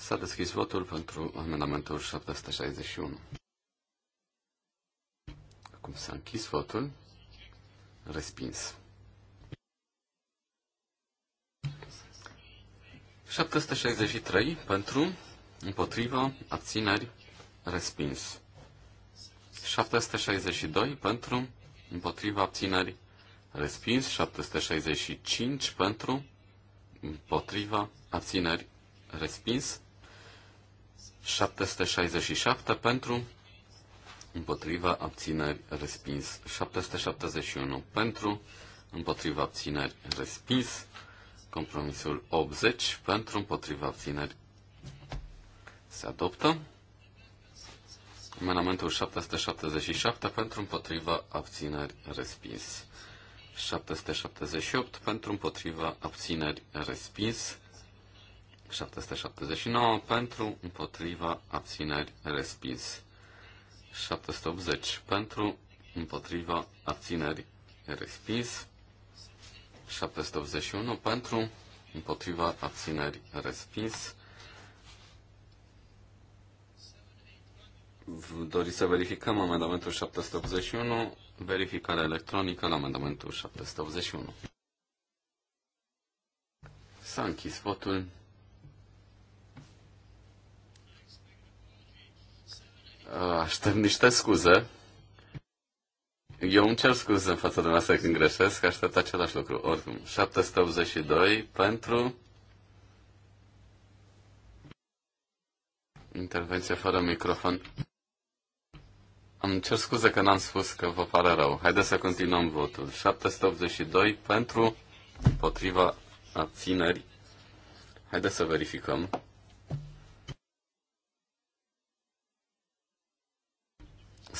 S-a deschis votul pentru amendamentul 761. Acum s-a închis votul. Respins. 763 pentru, împotriva, abțineri, respins. 762 pentru, împotriva, abțineri, respins. 765 pentru, împotriva, abțineri, respins. 767 pentru, împotriva abțineri respins. 771 pentru, împotriva abțineri respins. Compromisul 80 pentru, împotriva abțineri se adoptă. Amendamentul 777 pentru împotriva abțineri respins. 778 pentru împotriva abțineri respins. 779 pentru, împotriva, abțineri, respins. 780 pentru, împotriva, abțineri, respins. 781 pentru, împotriva, abțineri, respins. Doriți să verificăm amendamentul 781, verificare electronică la amendamentul 781. S-a închis votul. Ah, aștept niște scuze. Eu îmi cer scuze în fața dumneavoastră când greșesc, aștept același lucru. Oricum, 782 pentru intervenție fără microfon. Am cer scuze că n-am spus că vă pare rău. Haideți să continuăm votul. 782 pentru, împotriva abțineri. Haideți să verificăm.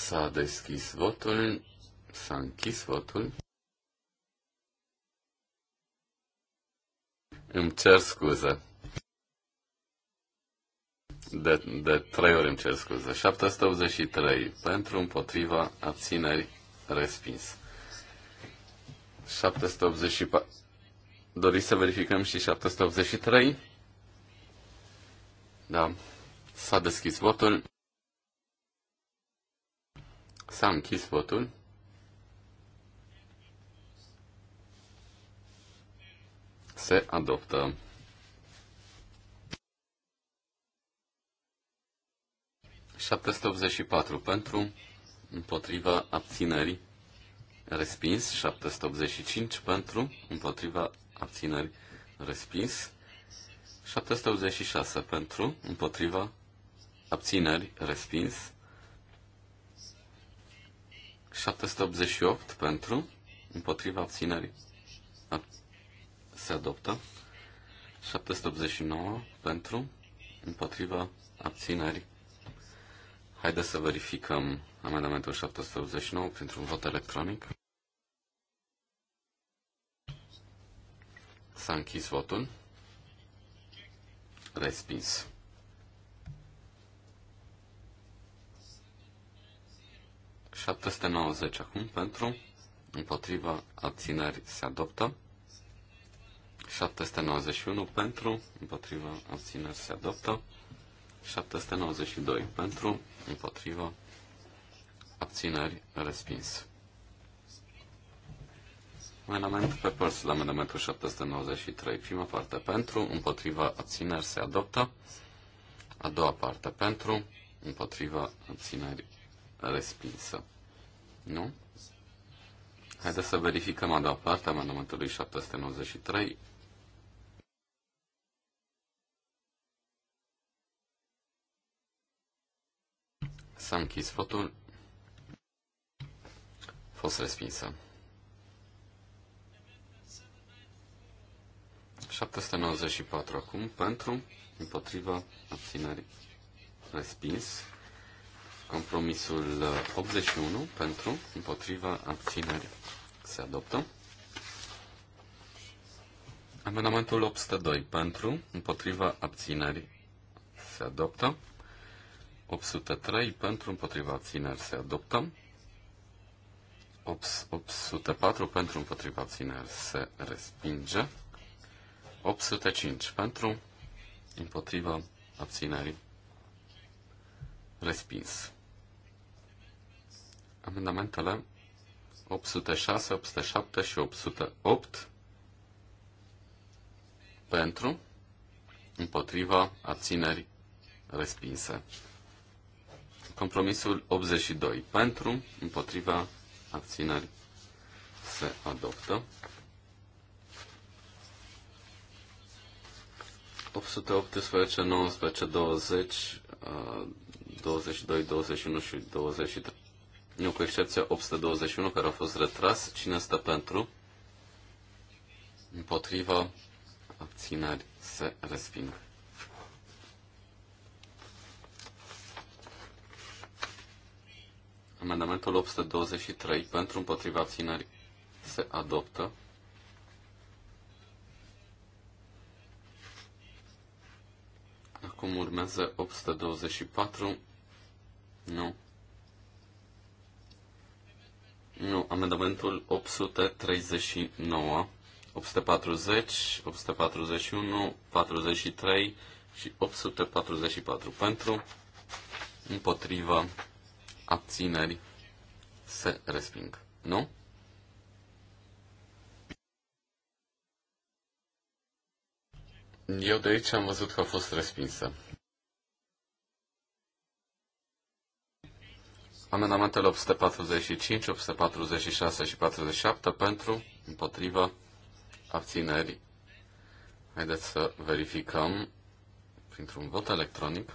S-a deschis votul, s-a închis votul. Îmi cer scuze. De, de trei ori îmi cer scuze. 783 pentru, împotriva, abțineri, respins. 784. Doriți să verificăm și 783? Da. S-a deschis votul. S-a închis votul. Se adoptă. ...784 pentru, împotriva abținerii, respins, 785 pentru, împotriva abținerii, respins, 786 pentru, împotriva abțineri, respins, 788 pentru, împotriva abținerii. Se adoptă. 789 pentru, împotriva abținerii. Haideți să verificăm amendamentul 789 pentru un vot electronic. S-a închis votul. Respins. 790 acum pentru, împotriva abțineri se adoptă. 791 pentru, împotriva abțineri se adoptă. 792 pentru, împotriva abțineri respins. Amendament pe părți la amendamentul 793. Prima parte pentru, împotriva abțineri se adoptă. A doua parte pentru, împotriva abțineri respinsă. Nu? Haideți să verificăm a doua parte a amendamentului 793. S-a închis votul. fost respinsă. 794 acum pentru, împotriva, abțineri, respins. Compromisul 81 uh, pentru, împotriva, abțineri se adoptă. Amendamentul 802 pentru, împotriva, abțineri se adoptă. 803 pentru, împotriva, abțineri se adoptă. 804 pentru, împotriva, abțineri se respinge. 805 pentru, împotriva, abținerii respins. Amendamentele 806, 807 și 808 pentru, împotriva, abțineri, respinse. Compromisul 82 pentru, împotriva, abțineri, se adoptă. 818, 19, 20, 22, 21 și 23 nu cu excepția 821 care a fost retras. Cine stă pentru? Împotriva abțineri se resping. Amendamentul 823 pentru împotriva abțineri se adoptă. Acum urmează 824. Nu. Nu, amendamentul 839, 840, 841, 43 și 844 pentru, împotriva, abțineri, se resping. Nu? Eu de aici am văzut că a fost respinsă. Amendamentele 845, 846 și 47 pentru, împotrivă, abținerii. Haideți să verificăm printr-un vot electronic.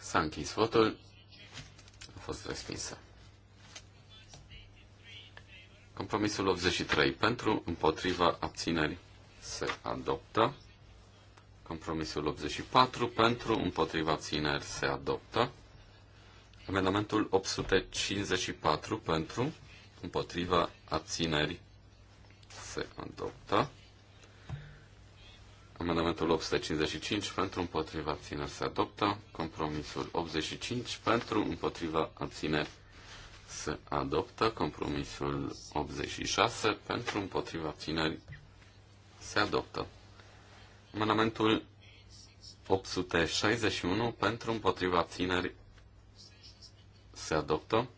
S-a închis votul. A fost respinsă. Compromisul 83 pentru, împotriva, abținerii se adoptă. Compromisul 84 pentru, împotriva țineri se adoptă. Amendamentul 854 pentru, împotriva abțineri se adoptă. Amendamentul 855 pentru, împotriva abțineri se adoptă. Compromisul 85 pentru, împotriva abțineri se adoptă. Compromisul 86 pentru, împotriva abțineri se adoptă. Amendamentul 861 pentru împotriva țineri se adoptă.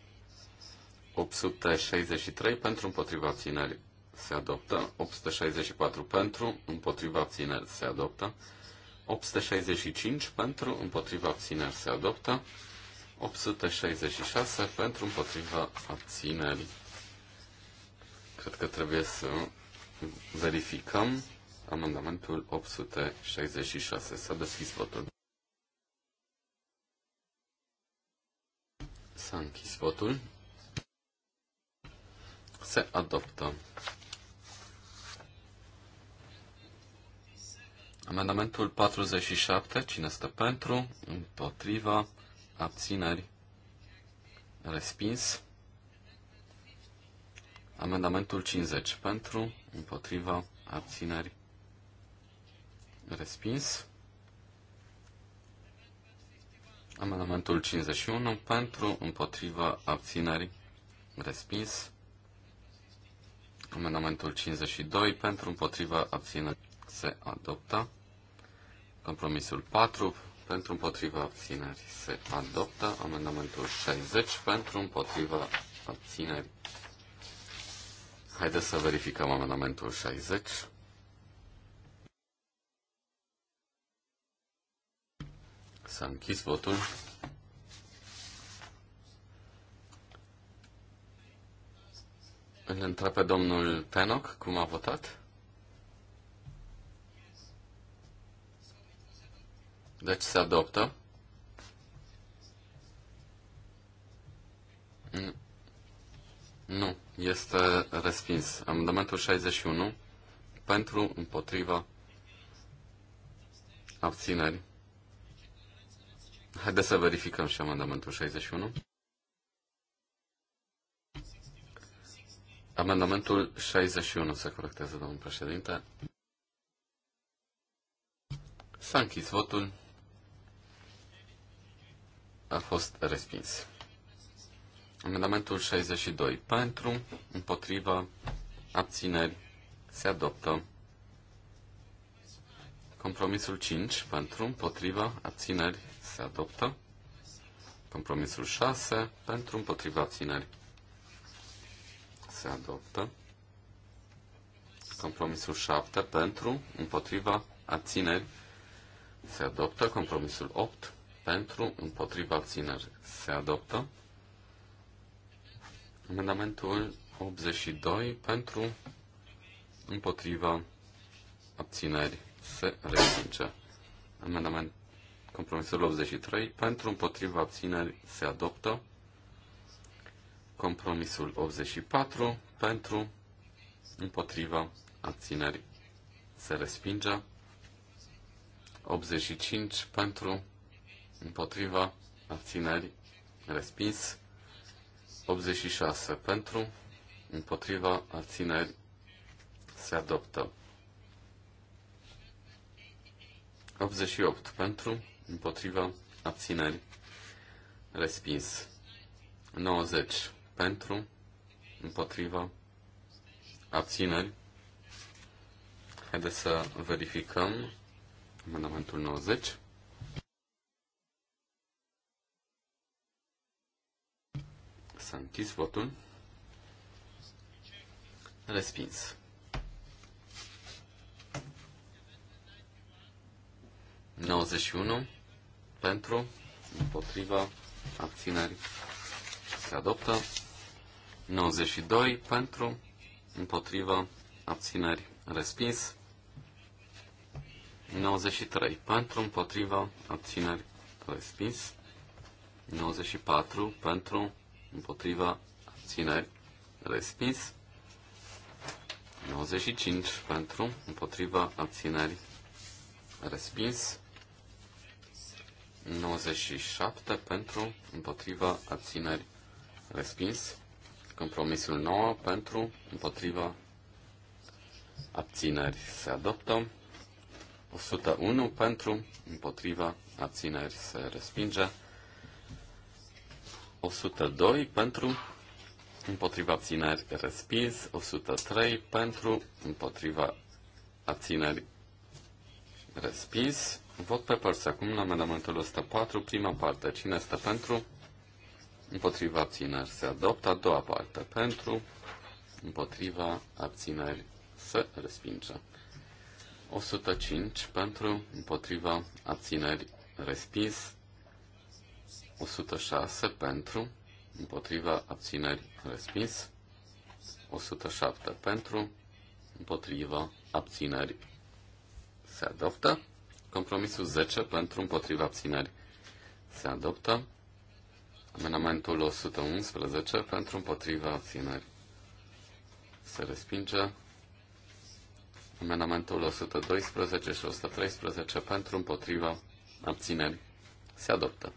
863 pentru împotriva țineri se adoptă. 864 pentru împotriva țineri se adoptă. 865 pentru împotriva țineri se adoptă. 866 pentru împotriva abținerii. Cred că trebuie să verificăm amendamentul 866. S-a deschis votul. S-a închis votul. Se adoptă. Amendamentul 47. Cine stă pentru? Împotriva? Abțineri? Respins. Amendamentul 50. Pentru? Împotriva? Abțineri? Respins. Amendamentul 51 pentru, împotriva, abțineri, respins. Amendamentul 52 pentru, împotriva, abțineri, se adoptă. Compromisul 4 pentru, împotriva, abțineri, se adoptă. Amendamentul 60 pentru, împotriva, abțineri. Haideți să verificăm amendamentul 60. S-a închis votul. Îl întreb pe domnul Tenoc cum a votat. Deci se adoptă. Nu, este respins. Amendamentul 61 pentru, împotriva, abțineri. Haideți să verificăm și amendamentul 61. Amendamentul 61 se corectează, domnul președinte. S-a închis votul. A fost respins. Amendamentul 62. Pentru, împotriva, abțineri, se adoptă. Compromisul 5. Pentru, împotriva, abțineri, se adoptă. Compromisul 6 pentru împotriva ținerii. se adoptă. Compromisul 7 pentru împotriva abțineri se adoptă. Compromisul 8 pentru împotriva abțineri se adoptă. Amendamentul 82 pentru împotriva abțineri se respinge. Amendament Compromisul 83 pentru împotriva abțineri se adoptă. Compromisul 84 pentru împotriva abțineri se respinge. 85 pentru împotriva abțineri respins. 86 pentru împotriva abțineri se adoptă. 88 pentru, împotriva, abțineri, respins. 90 pentru, împotriva, abțineri. Haideți să verificăm amendamentul 90. S-a închis votul. Respins. Nouăzeci și pentru, împotriva, abțineri, se adoptă. 92 pentru, împotriva, abțineri, respins. 93 pentru, împotriva, abțineri, respins. 94 pentru, împotriva, abțineri, respins. 95 pentru, împotriva, abțineri, respins. 97 pentru, împotriva, abțineri, respins. Compromisul 9 pentru, împotriva, abțineri, se adoptă. 101 pentru, împotriva, abțineri, se respinge. 102 pentru, împotriva abțineri respins, 103 pentru, împotriva abțineri respins, Vot pe părți acum la amendamentul 104, prima parte. Cine este pentru? Împotriva abțineri se adoptă. A doua parte pentru. Împotriva abțineri se respinge. 105 pentru. Împotriva abțineri respins. 106 pentru. Împotriva abțineri respins. 107 pentru. Împotriva abțineri se adoptă. Compromisul 10 pentru împotriva abținerii se adoptă. Amendamentul 111 pentru împotriva abținerii se respinge. Amendamentul 112 și 113 pentru împotriva abținerii se adoptă.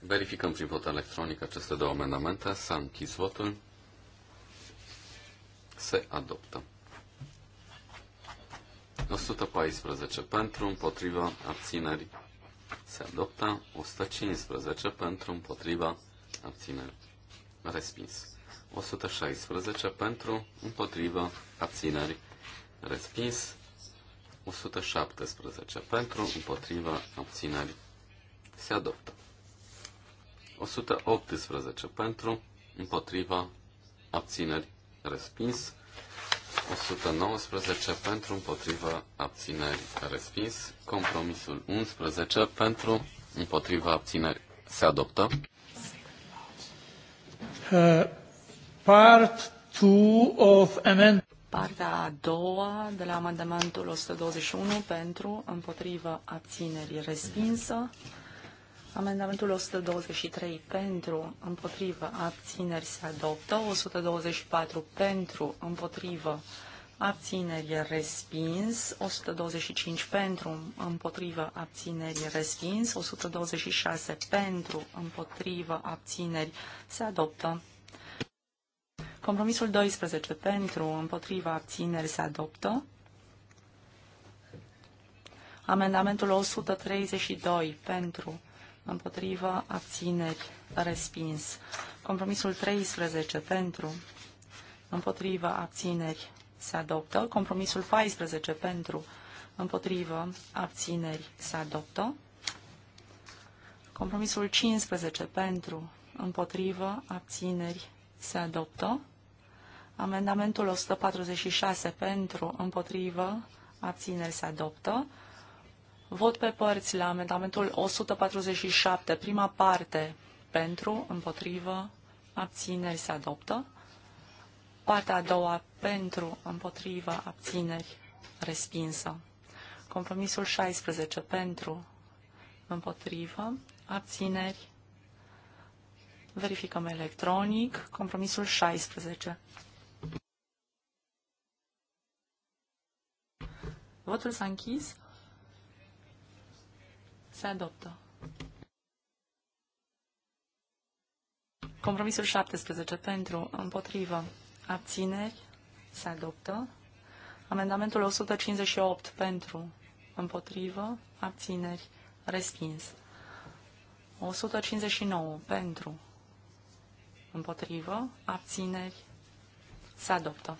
Verificăm prin vot electronic aceste două amendamente. S-a închis votul se adoptă. 114 pentru, împotriva, abținerii se adoptă. 115 pentru, împotriva, abținerii respins. 116 pentru, împotriva, abținerii respins. 117 pentru, împotriva, abținerii se adoptă. 118 pentru, împotriva, abținerii respins. 119 pentru, împotriva abțineri, respins. Compromisul 11 pentru, împotriva abțineri, se adoptă. Uh, part 2 of amendment. Partea a doua de la amendamentul 121 pentru, împotriva abținerii, respinsă. Amendamentul 123 pentru, împotrivă, abțineri se adoptă. 124 pentru, împotrivă, abțineri respins. 125 pentru, împotrivă, abțineri respins. 126 pentru, împotrivă, abțineri se adoptă. Compromisul 12 pentru, împotrivă, abțineri se adoptă. Amendamentul 132 pentru, împotrivă, abțineri, respins. Compromisul 13 pentru, împotrivă, abțineri, se adoptă. Compromisul 14 pentru, împotrivă, abțineri, se adoptă. Compromisul 15 pentru, împotrivă, abțineri, se adoptă. Amendamentul 146 pentru, împotrivă, abțineri, se adoptă. Vot pe părți la amendamentul 147, prima parte pentru, împotrivă, abțineri se adoptă. Partea a doua pentru, împotrivă, abțineri respinsă. Compromisul 16 pentru, împotrivă, abțineri. Verificăm electronic. Compromisul 16. Votul s-a închis. Se adoptă. Compromisul 17 pentru, împotrivă, abțineri, se adoptă. Amendamentul 158 pentru, împotrivă, abțineri, respins. 159 pentru, împotrivă, abțineri, se adoptă.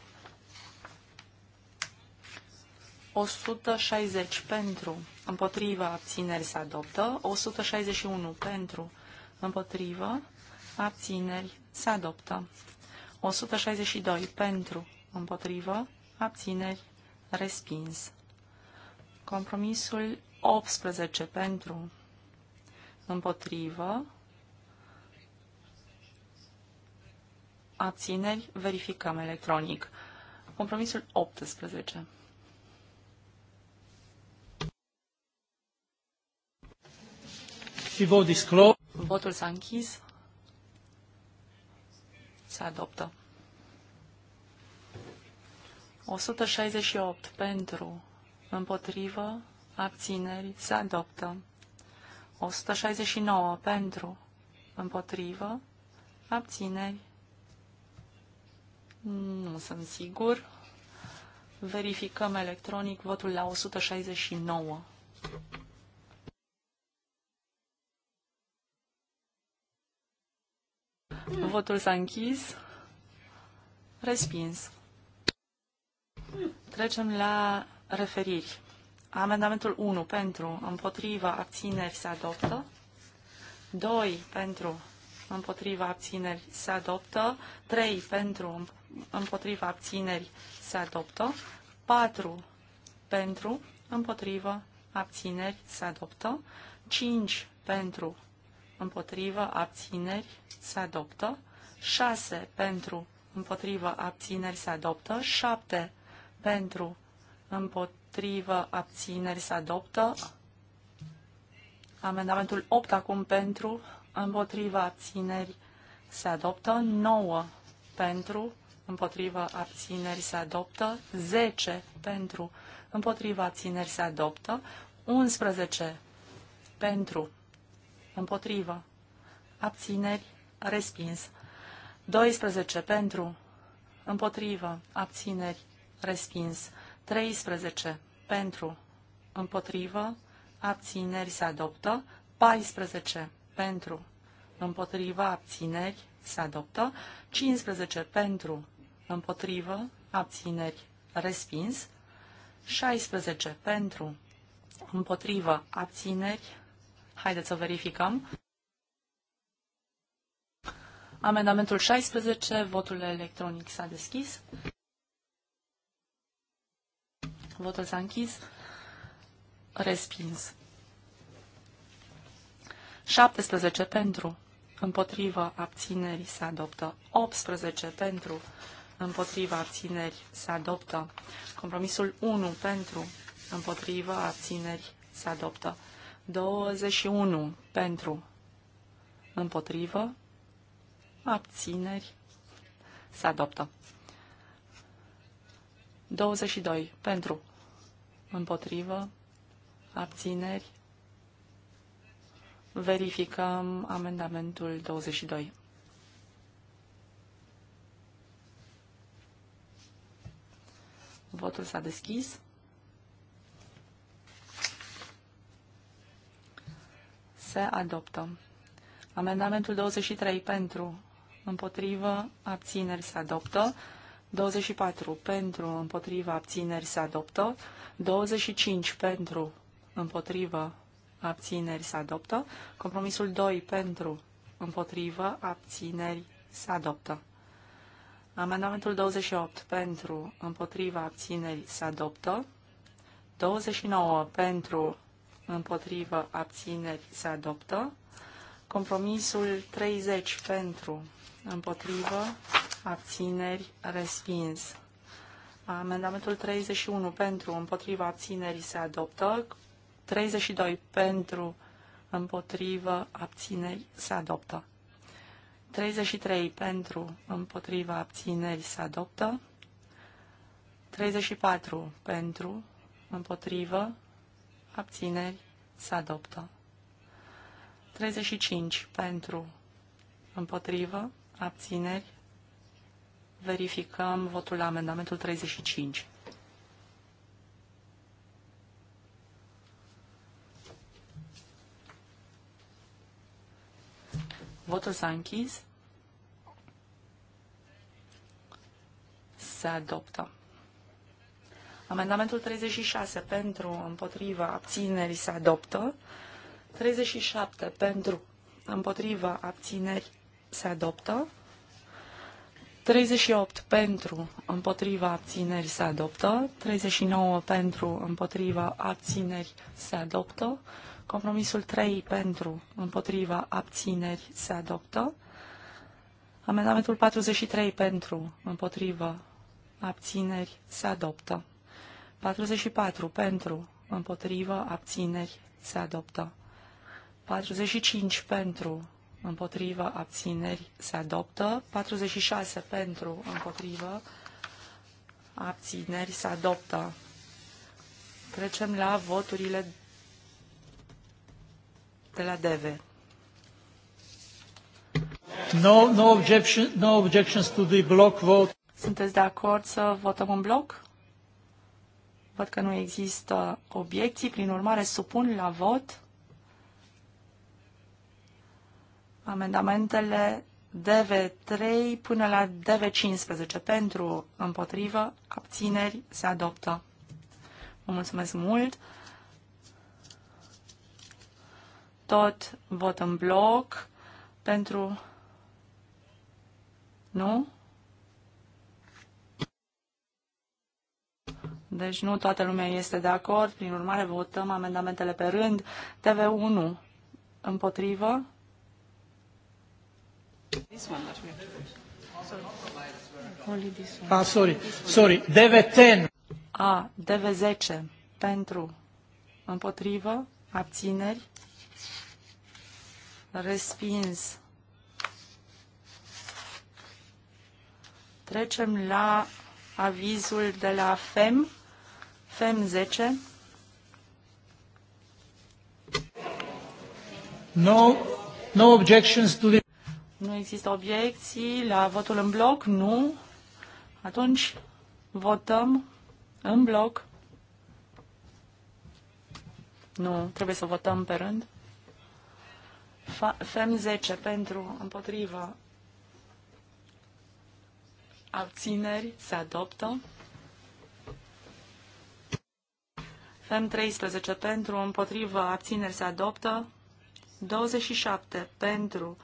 160 pentru, împotriva abțineri se adoptă, 161 pentru, împotrivă, abțineri se adoptă, 162 pentru, împotrivă, abțineri respins. Compromisul 18 pentru, împotrivă, abțineri, verificăm electronic. Compromisul 18. The vote Votul s-a închis. Se adoptă. 168 pentru, împotrivă, abțineri, se adoptă. 169 pentru, împotrivă, abțineri. Nu sunt sigur. Verificăm electronic votul la 169. Votul s-a închis. Respins. Trecem la referiri. Amendamentul 1 pentru, împotriva, abțineri se adoptă. 2 pentru, împotriva, abțineri se adoptă. 3 pentru, împotriva, abțineri se adoptă. 4 pentru, împotriva, abțineri se adoptă. 5 pentru, împotrivă, abțineri, se adoptă. 6 pentru, împotrivă, abțineri, se adoptă. 7 pentru, împotrivă, abțineri, se adoptă. Amendamentul 8 acum pentru, împotrivă, abțineri, se adoptă. 9 pentru, împotrivă, abțineri, se adoptă. 10 pentru, împotrivă, abțineri, se adoptă. 11 pentru, Împotrivă. Abțineri. Respins. 12. Pentru. Împotrivă. Abțineri. Respins. 13. Pentru. Împotrivă. Abțineri se adoptă. 14. Pentru. Împotriva abțineri se adoptă. 15. Pentru. Împotrivă. Abțineri. Respins. 16. Pentru. Împotrivă. Abțineri. Haideți să verificăm. Amendamentul 16, votul electronic s-a deschis. Votul s-a închis. Respins. 17 pentru, împotriva abținerii se adoptă. 18 pentru, împotriva abținerii se adoptă. Compromisul 1 pentru, împotriva abținerii se adoptă. 21 pentru, împotrivă, abțineri, se adoptă. 22 pentru, împotrivă, abțineri, verificăm amendamentul 22. Votul s-a deschis. se adoptă. Amendamentul 23 pentru, împotrivă, abțineri se adoptă. 24 pentru, împotrivă, abțineri se adoptă. 25 pentru, împotrivă, abțineri se adoptă. Compromisul 2 pentru, împotrivă, abțineri se adoptă. Amendamentul 28 pentru, împotrivă, abțineri se adoptă. 29 pentru, împotrivă, abțineri, se adoptă. Compromisul 30 pentru, împotrivă, abțineri, respins. Amendamentul 31 pentru, Împotrivă abțineri, se adoptă. 32 pentru, împotrivă, abțineri, se adoptă. 33 pentru, Împotrivă abțineri, se adoptă. 34 pentru, împotrivă, abțineri, se adoptă. 35 pentru, împotrivă, abțineri, verificăm votul la amendamentul 35. Votul s-a închis. Se adoptă. Amendamentul 36 pentru, împotriva, abțineri se adoptă. 37 pentru, împotriva, abțineri se adoptă. 38 pentru, împotriva, abțineri se adoptă. 39 pentru, împotriva, abțineri se adoptă. Compromisul 3 pentru, împotriva, abțineri se adoptă. Amendamentul 43 pentru, împotriva, abțineri se adoptă. 44 pentru, împotrivă, abțineri, se adoptă. 45 pentru, împotrivă, abțineri, se adoptă. 46 pentru, împotrivă, abțineri, se adoptă. Trecem la voturile de la DV. No, no, objection, no objections to the block vote. Sunteți de acord să votăm în bloc? Văd că nu există obiecții, prin urmare supun la vot amendamentele DV3 până la DV15 pentru împotrivă, abțineri se adoptă. Vă mulțumesc mult! Tot vot în bloc pentru... Nu? Deci nu toată lumea este de acord, prin urmare votăm amendamentele pe rând. TV1 împotrivă. Ah, sorry, sorry, DV10. A, DV10 pentru împotrivă, abțineri, respins. Trecem la avizul de la FEM. FEM 10. No, no objections to the... Nu există obiecții la votul în bloc? Nu. Atunci votăm în bloc. Nu, trebuie să votăm pe rând. FEM 10 pentru, împotriva, abțineri, se adoptă. M13 pentru, împotrivă, abțineri se adoptă. 27 pentru,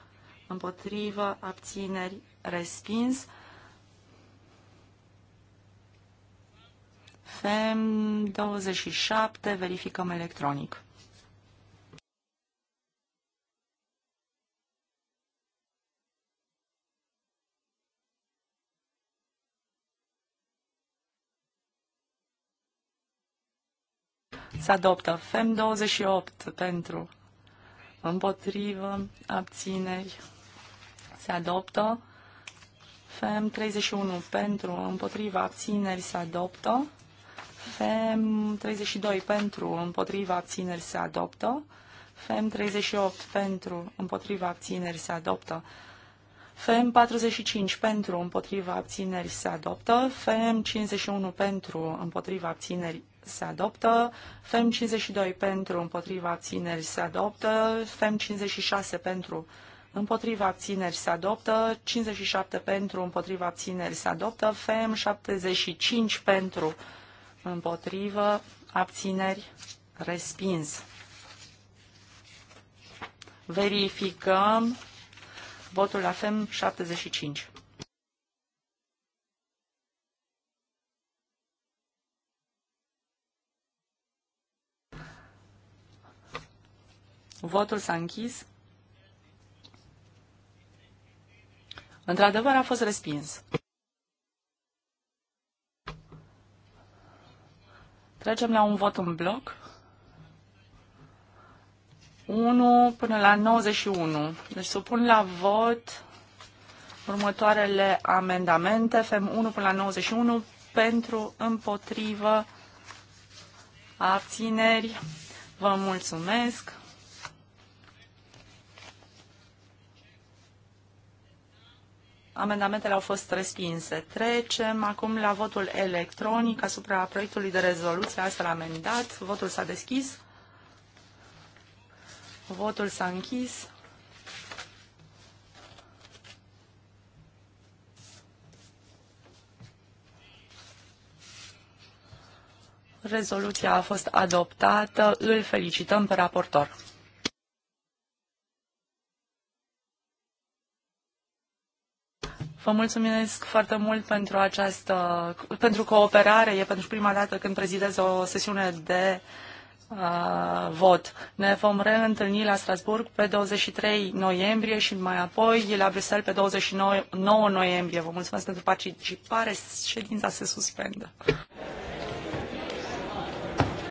împotrivă, abțineri, respins. FEM 27, verificăm electronic. Se adoptă. FEM 28 pentru. Împotrivă. Abțineri. Se adoptă. FEM 31 pentru. Împotriva. Abțineri. Se adoptă. FEM 32 pentru. Împotriva. Abțineri. Se adoptă. FEM 38 pentru. Împotriva. Abțineri. Se adoptă. FEM 45 pentru împotriva abțineri se adoptă, FEM 51 pentru împotriva abțineri se adoptă, FEM 52 pentru, împotriva abțineri se adoptă, FEM 56 pentru, împotriva abțineri se adoptă, 57 pentru, împotriva abțineri se adoptă, FEM 75 pentru, împotrivă, abțineri, respins. Verificăm votul la FEM 75. Votul s-a închis. Într-adevăr a fost respins. Trecem la un vot în bloc. 1 până la 91. Deci supun la vot următoarele amendamente. FEM 1 până la 91 pentru, împotrivă, abțineri. Vă mulțumesc. Amendamentele au fost respinse. Trecem acum la votul electronic asupra proiectului de rezoluție astfel amendat. Votul s-a deschis. Votul s-a închis. Rezoluția a fost adoptată. Îl felicităm pe raportor. Vă mulțumesc foarte mult pentru această, pentru cooperare. E pentru prima dată când prezidez o sesiune de uh, vot. Ne vom reîntâlni la Strasburg pe 23 noiembrie și mai apoi la Bruxelles pe 29 noiembrie. Vă mulțumesc pentru participare. Ședința se suspendă.